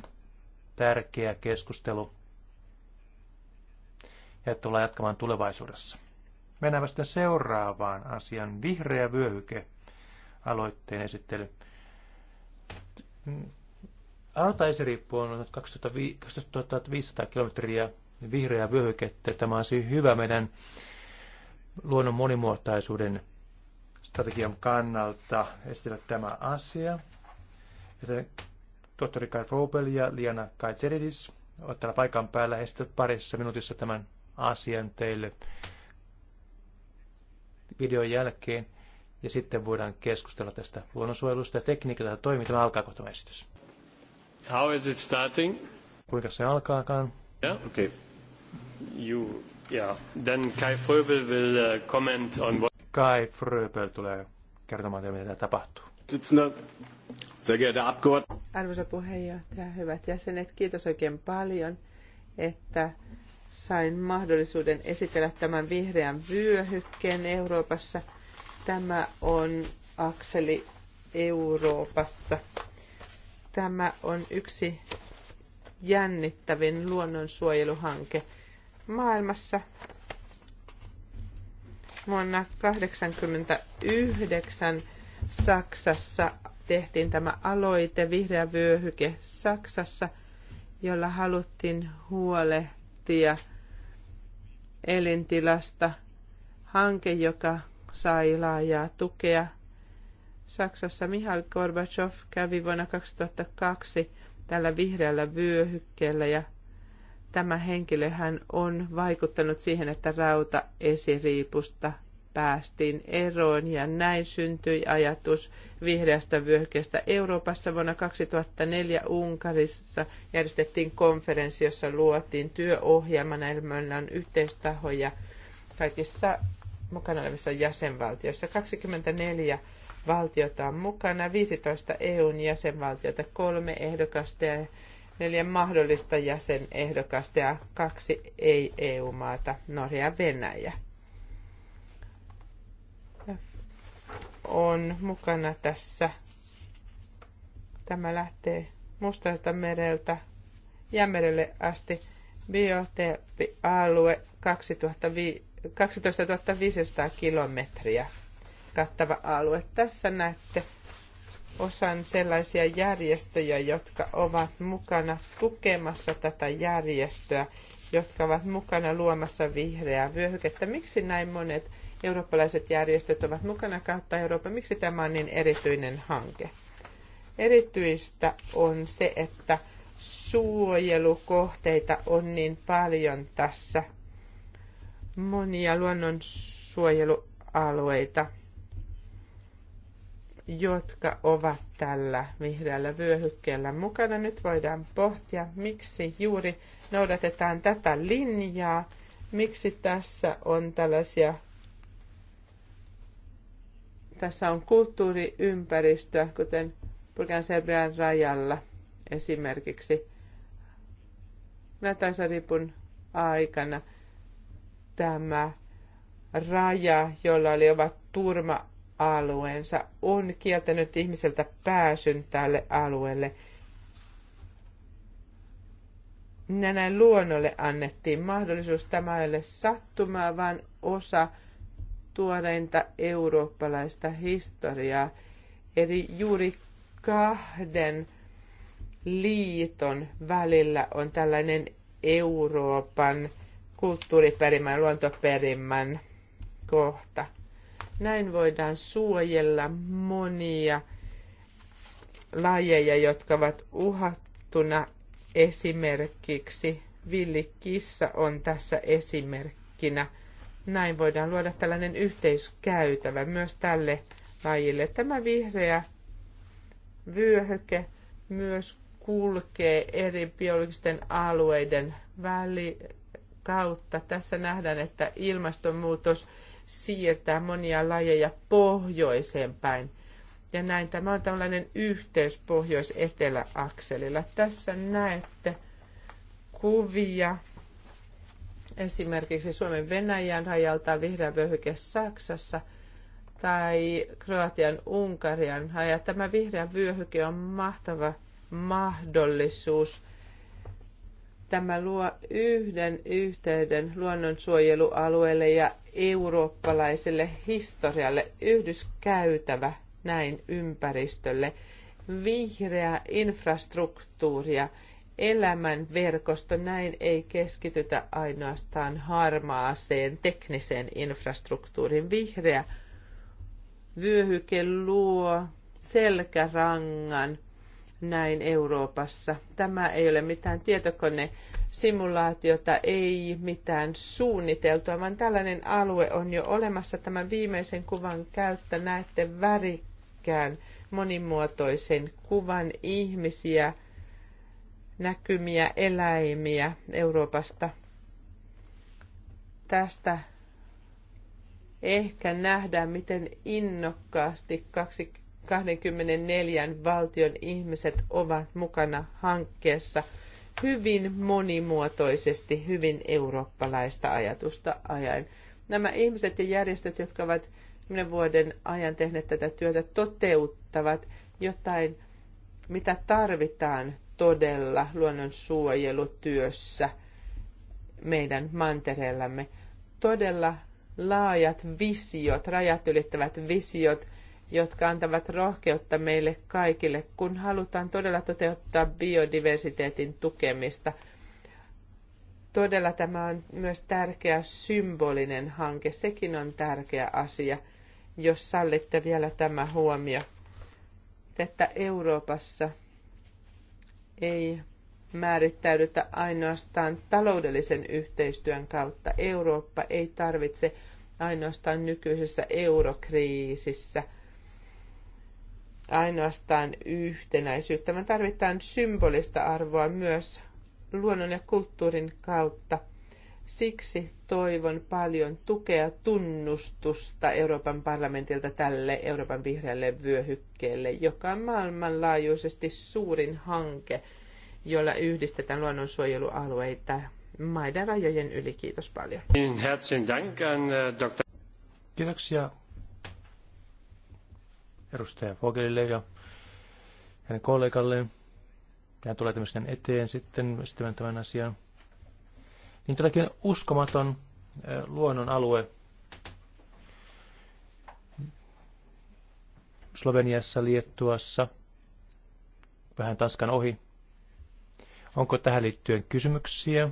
tärkeä keskustelu ja tullaan jatkamaan tulevaisuudessa. Mennään sitten seuraavaan asian, vihreä vyöhyke, aloitteen esittely. Arta Esiriippu on 2500 kilometriä vihreä vyöhykettä. Tämä on siis hyvä meidän luonnon monimuotoisuuden strategian kannalta esitellä tämä asia. tohtori Kai Frobel ja Liana Zeridis ovat täällä paikan päällä ja parissa minuutissa tämän asian teille videon jälkeen ja sitten voidaan keskustella tästä luonnonsuojelusta ja tekniikasta ja toimii. Tämä alkaa kohta esitys. How is it starting? Kuinka se alkaakaan? Yeah? Okay. You, yeah. Then Kai Fröbel will uh, comment on what... Kai Fröbel tulee kertomaan teille, mitä tapahtuu. It's not... Arvoisa puheenjohtaja, hyvät jäsenet, kiitos oikein paljon, että sain mahdollisuuden esitellä tämän vihreän vyöhykkeen Euroopassa. Tämä on akseli Euroopassa. Tämä on yksi jännittävin luonnonsuojeluhanke maailmassa. Vuonna 1989 Saksassa tehtiin tämä aloite, vihreä vyöhyke Saksassa, jolla haluttiin huolehtia prosenttia elintilasta. Hanke, joka sai laajaa tukea. Saksassa Mihail Gorbachev kävi vuonna 2002 tällä vihreällä vyöhykkeellä ja tämä henkilö hän on vaikuttanut siihen, että rauta esiriipusta päästiin eroon ja näin syntyi ajatus vihreästä vyöhykkeestä Euroopassa. Vuonna 2004 Unkarissa järjestettiin konferenssi, jossa luotiin työohjelma. Näillä on yhteistahoja kaikissa mukana olevissa jäsenvaltioissa. 24 valtiota on mukana, 15 EUn jäsenvaltiota, kolme ehdokasta ja neljä mahdollista jäsenehdokasta ja kaksi ei-EU-maata, Norja ja Venäjä. on mukana tässä. Tämä lähtee Mustalta mereltä Jämerelle asti. Biotee-alue 12 500 kilometriä kattava alue. Tässä näette osan sellaisia järjestöjä, jotka ovat mukana tukemassa tätä järjestöä, jotka ovat mukana luomassa vihreää vyöhykettä. Miksi näin monet eurooppalaiset järjestöt ovat mukana kautta Euroopan. Miksi tämä on niin erityinen hanke? Erityistä on se, että suojelukohteita on niin paljon tässä. Monia luonnonsuojelualueita, jotka ovat tällä vihreällä vyöhykkeellä mukana. Nyt voidaan pohtia, miksi juuri noudatetaan tätä linjaa, miksi tässä on tällaisia tässä on kulttuuriympäristö, kuten Bulgarian Serbian rajalla esimerkiksi. Natasaripun aikana tämä raja, jolla oli ovat turma-alueensa, on kieltänyt ihmiseltä pääsyn tälle alueelle. Näin luonnolle annettiin mahdollisuus. Tämä ei ole sattumaa, vaan osa tuoreinta eurooppalaista historiaa, eli juuri kahden liiton välillä on tällainen Euroopan kulttuuriperimän, luontoperimän kohta. Näin voidaan suojella monia lajeja, jotka ovat uhattuna. Esimerkiksi villikissa on tässä esimerkkinä – näin voidaan luoda tällainen yhteiskäytävä myös tälle lajille. Tämä vihreä vyöhyke myös kulkee eri biologisten alueiden väli kautta. Tässä nähdään, että ilmastonmuutos siirtää monia lajeja pohjoiseen päin. Ja näin tämä on tällainen yhteys pohjois-etelä-akselilla. Tässä näette kuvia esimerkiksi Suomen Venäjän rajalta vihreä vyöhyke Saksassa tai Kroatian Unkarian raja. Tämä vihreä vyöhyke on mahtava mahdollisuus. Tämä luo yhden yhteyden luonnonsuojelualueelle ja eurooppalaiselle historialle yhdyskäytävä näin ympäristölle. Vihreää infrastruktuuria elämän verkosto. Näin ei keskitytä ainoastaan harmaaseen tekniseen infrastruktuurin. Vihreä vyöhyke luo selkärangan näin Euroopassa. Tämä ei ole mitään tietokone simulaatiota, ei mitään suunniteltua, vaan tällainen alue on jo olemassa. Tämän viimeisen kuvan käyttä näette värikkään monimuotoisen kuvan ihmisiä – näkymiä eläimiä Euroopasta. Tästä ehkä nähdään, miten innokkaasti 24 valtion ihmiset ovat mukana hankkeessa hyvin monimuotoisesti, hyvin eurooppalaista ajatusta ajan. Nämä ihmiset ja järjestöt, jotka ovat vuoden ajan tehneet tätä työtä, toteuttavat jotain, mitä tarvitaan todella luonnonsuojelutyössä meidän mantereellamme. Todella laajat visiot, rajat ylittävät visiot, jotka antavat rohkeutta meille kaikille, kun halutaan todella toteuttaa biodiversiteetin tukemista. Todella tämä on myös tärkeä symbolinen hanke, sekin on tärkeä asia, jos sallitte vielä tämä huomio, että Euroopassa – ei määrittäydytä ainoastaan taloudellisen yhteistyön kautta. Eurooppa ei tarvitse ainoastaan nykyisessä eurokriisissä ainoastaan yhtenäisyyttä, vaan tarvitaan symbolista arvoa myös luonnon ja kulttuurin kautta – Siksi toivon paljon tukea tunnustusta Euroopan parlamentilta tälle Euroopan vihreälle vyöhykkeelle, joka on maailmanlaajuisesti suurin hanke, jolla yhdistetään luonnonsuojelualueita maiden rajojen yli. Kiitos paljon. Äh, Kiitoksia edustaja Vogelille ja hänen kollegalleen. Hän tulee tämmöisen eteen sitten esittämään tämän asian niin todellakin uskomaton luonnon alue. Sloveniassa, Liettuassa, vähän Tanskan ohi. Onko tähän liittyen kysymyksiä?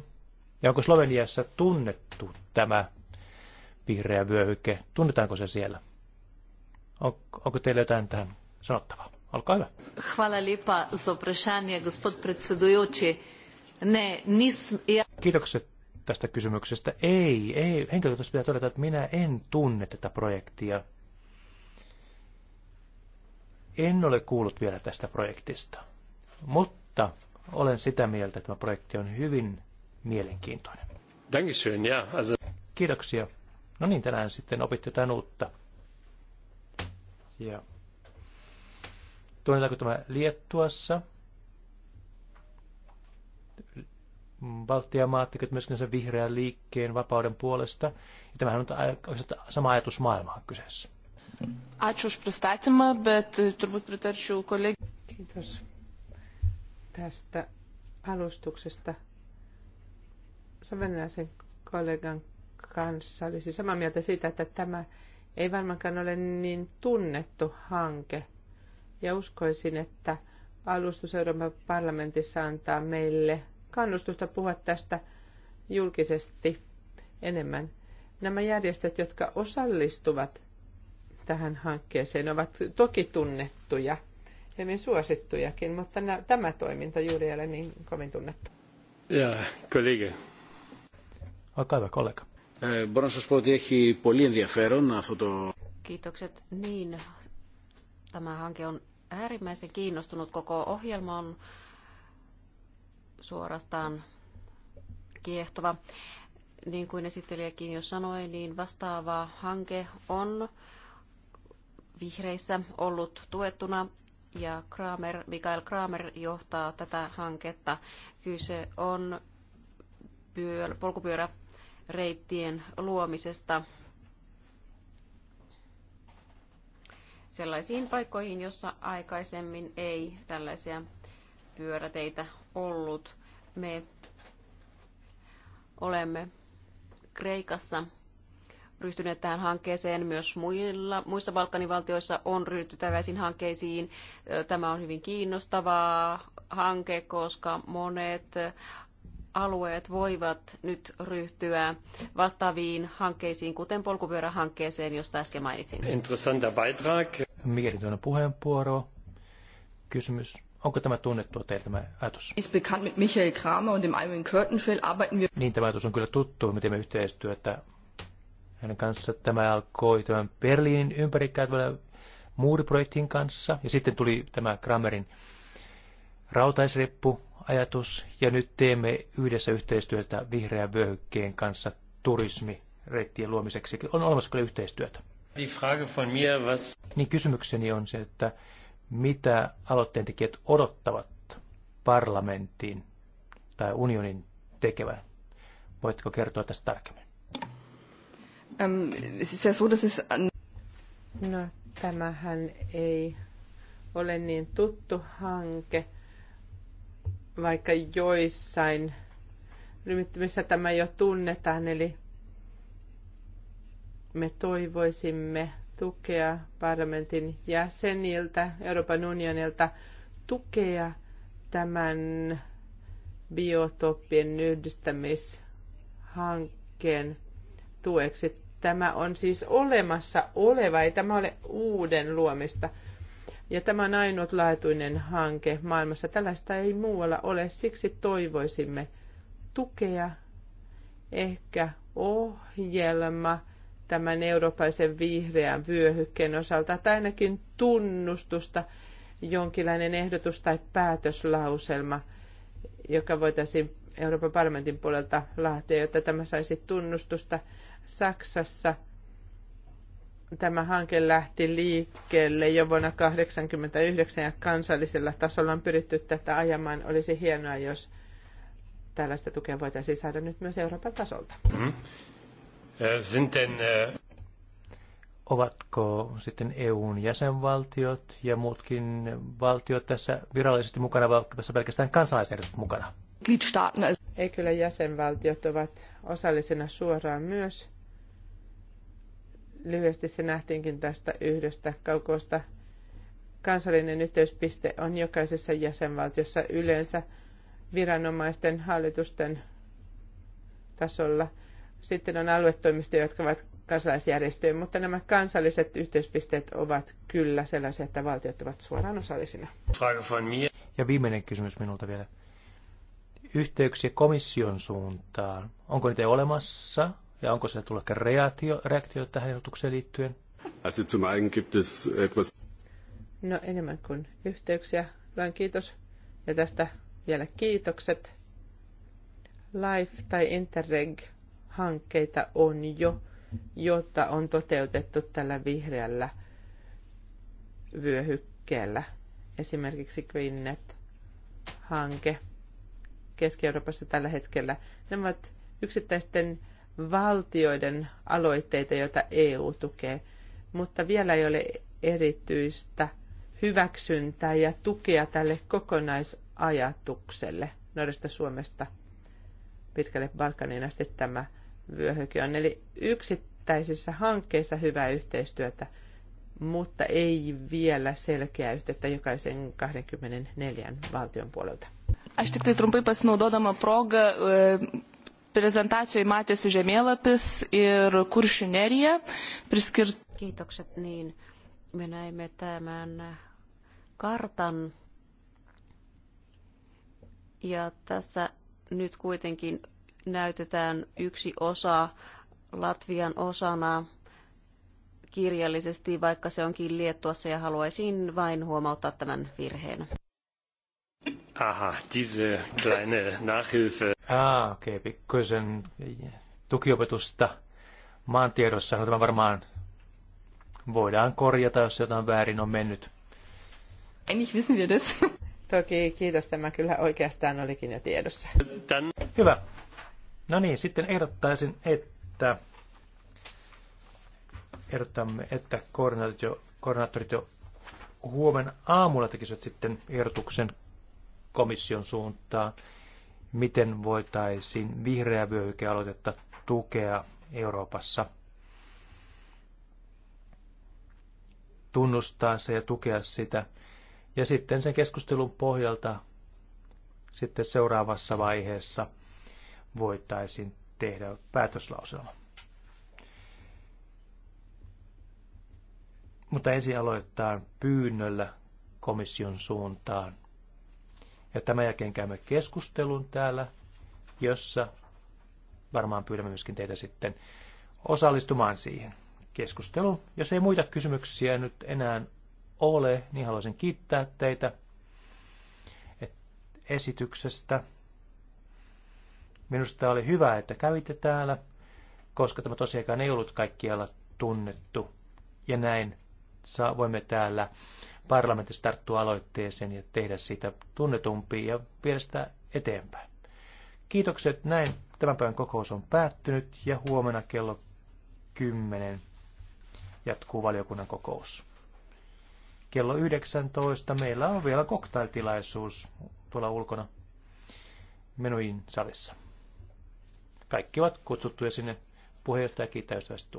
Ja onko Sloveniassa tunnettu tämä vihreä vyöhyke? Tunnetaanko se siellä? On, onko teillä jotain tähän sanottavaa? Olkaa hyvä. Hvala lipa za vprašanje, gospod predsedujoči. Ne, nis... Kiitokset tästä kysymyksestä. Ei, ei, henkilökohtaisesti pitää todeta, että minä en tunne tätä projektia. En ole kuullut vielä tästä projektista, mutta olen sitä mieltä, että tämä projekti on hyvin mielenkiintoinen. Dankeschön, ja. Also... Kiitoksia. No niin, tänään sitten opitte jotain uutta. Ja. Tunnetaanko tämä Liettuassa? Baltian maat tekevät myöskin sen vihreän liikkeen vapauden puolesta. Ja tämähän on sama ajatus maailmaa kyseessä. E, Kiitos tästä alustuksesta. Savennaisen kollegan kanssa olisi samaa mieltä siitä, että tämä ei varmaankaan ole niin tunnettu hanke. Ja uskoisin, että alustus Euroopan parlamentissa antaa meille kannustusta puhua tästä julkisesti enemmän. Nämä järjestöt, jotka osallistuvat tähän hankkeeseen, ovat toki tunnettuja, hyvin suosittujakin, mutta tämä toiminta juuri ei ole niin kovin tunnettu. Ja, kollega. Olkaa hyvä, kollega. Eh, Kiitokset. Niin, tämä hanke on äärimmäisen kiinnostunut. Koko ohjelma on suorastaan kiehtova. Niin kuin esittelijäkin jo sanoi, niin vastaava hanke on vihreissä ollut tuettuna ja Kramer, Mikael Kramer johtaa tätä hanketta. Kyse on polkupyöräreittien luomisesta sellaisiin paikkoihin, jossa aikaisemmin ei tällaisia pyöräteitä ollut. Me olemme Kreikassa ryhtyneet tähän hankkeeseen. Myös muilla, muissa Balkanin valtioissa on ryhtynyt tällaisiin hankkeisiin. Tämä on hyvin kiinnostava hanke, koska monet alueet voivat nyt ryhtyä vastaaviin hankkeisiin, kuten polkupyörähankkeeseen, josta äsken mainitsin. Interessanta Beitrag. on puheenvuoro. Kysymys Onko tämä tunnettua teille tämä ajatus? Michael Kramer und dem arbeiten wir. Niin tämä ajatus on kyllä tuttu, me teemme yhteistyötä hänen kanssa. Tämä alkoi tämän Berliinin ympärikäytävällä muuriprojektin kanssa ja sitten tuli tämä Kramerin rautaisreppuajatus ja nyt teemme yhdessä yhteistyötä vihreän vyöhykkeen kanssa turismireittien luomiseksi. On olemassa kyllä yhteistyötä. Die Frage von mir, was... Niin kysymykseni on se, että mitä tekijät odottavat parlamenttiin tai unionin tekevän. Voitko kertoa tästä tarkemmin? Ähm, siis- no, tämähän ei ole niin tuttu hanke, vaikka joissain ryhmittymissä tämä jo tunnetaan, eli me toivoisimme tukea parlamentin jäseniltä, Euroopan unionilta, tukea tämän biotoppien yhdistämishankkeen tueksi. Tämä on siis olemassa oleva, ei tämä ole uuden luomista. Ja tämä on ainutlaatuinen hanke maailmassa. Tällaista ei muualla ole, siksi toivoisimme tukea, ehkä ohjelma, tämän eurooppalaisen vihreän vyöhykkeen osalta, tai ainakin tunnustusta, jonkinlainen ehdotus tai päätöslauselma, joka voitaisiin Euroopan parlamentin puolelta laatia, jotta tämä saisi tunnustusta. Saksassa tämä hanke lähti liikkeelle jo vuonna 1989 ja kansallisella tasolla on pyritty tätä ajamaan. Olisi hienoa, jos tällaista tukea voitaisiin saada nyt myös Euroopan tasolta. Mm-hmm. Eh, sind denn, eh, Ovatko sitten EUn jäsenvaltiot ja muutkin valtiot tässä virallisesti mukana vai tässä pelkästään kansalaisjärjestöt mukana? Ei kyllä jäsenvaltiot ovat osallisena suoraan myös. Lyhyesti se nähtiinkin tästä yhdestä kaukosta. Kansallinen yhteyspiste on jokaisessa jäsenvaltiossa yleensä viranomaisten hallitusten tasolla – sitten on aluetoimistoja, jotka ovat kansalaisjärjestöjä, mutta nämä kansalliset yhteyspisteet ovat kyllä sellaisia, että valtiot ovat suoraan osallisina. Ja viimeinen kysymys minulta vielä. Yhteyksiä komission suuntaan. Onko niitä olemassa ja onko se tullut reaktio, reaktio tähän ehdotukseen liittyen? No enemmän kuin yhteyksiä. Vain kiitos ja tästä vielä kiitokset. Live tai Interreg hankkeita on jo, jotta on toteutettu tällä vihreällä vyöhykkeellä. Esimerkiksi Greennet-hanke Keski-Euroopassa tällä hetkellä. Nämä ovat yksittäisten valtioiden aloitteita, joita EU tukee, mutta vielä ei ole erityistä hyväksyntää ja tukea tälle kokonaisajatukselle. Norjasta Suomesta pitkälle Balkaniin asti tämä vyöhyke on. Eli yksittäisissä hankkeissa hyvää yhteistyötä, mutta ei vielä selkeää yhteyttä jokaisen 24 valtion puolelta. Aš tik tai trumpai pasinaudodama progą, e, prezentacijoje matėsi žemėlapis ir priskirt. Kiitokset, niin me näimme tämän kartan. Ja tässä nyt kuitenkin näytetään yksi osa Latvian osana kirjallisesti, vaikka se onkin Liettuassa ja haluaisin vain huomauttaa tämän virheen. Aha, diese kleine Nachhilfe. Ah, okei, okay, pikkuisen tukiopetusta maantiedossa. No tämä varmaan voidaan korjata, jos jotain väärin on mennyt. ich wissen wir das. Toki, kiitos. Tämä kyllä oikeastaan olikin jo tiedossa. Tän... Hyvä. No niin, sitten ehdottaisin, että ehdottamme, että koordinaattorit jo, koordinaattorit jo huomenna aamulla tekisivät sitten ehdotuksen komission suuntaan, miten voitaisiin vihreä vyöhykealoitetta tukea Euroopassa. Tunnustaa se ja tukea sitä. Ja sitten sen keskustelun pohjalta sitten seuraavassa vaiheessa – voitaisiin tehdä päätöslauselma. Mutta ensin aloittaa pyynnöllä komission suuntaan. Ja tämän jälkeen käymme keskustelun täällä, jossa varmaan pyydämme myöskin teitä sitten osallistumaan siihen keskusteluun. Jos ei muita kysymyksiä nyt enää ole, niin haluaisin kiittää teitä esityksestä. Minusta oli hyvä, että kävitte täällä, koska tämä tosiaan ei ollut kaikkialla tunnettu. Ja näin saa, voimme täällä parlamentissa tarttua aloitteeseen ja tehdä siitä tunnetumpi ja viedä sitä eteenpäin. Kiitokset näin. Tämän päivän kokous on päättynyt ja huomenna kello 10 jatkuu valiokunnan kokous. Kello 19 meillä on vielä koktailtilaisuus tuolla ulkona menuin salissa. Kaikki ovat kutsuttuja sinne. Puheenjohtaja kiittää ystävästi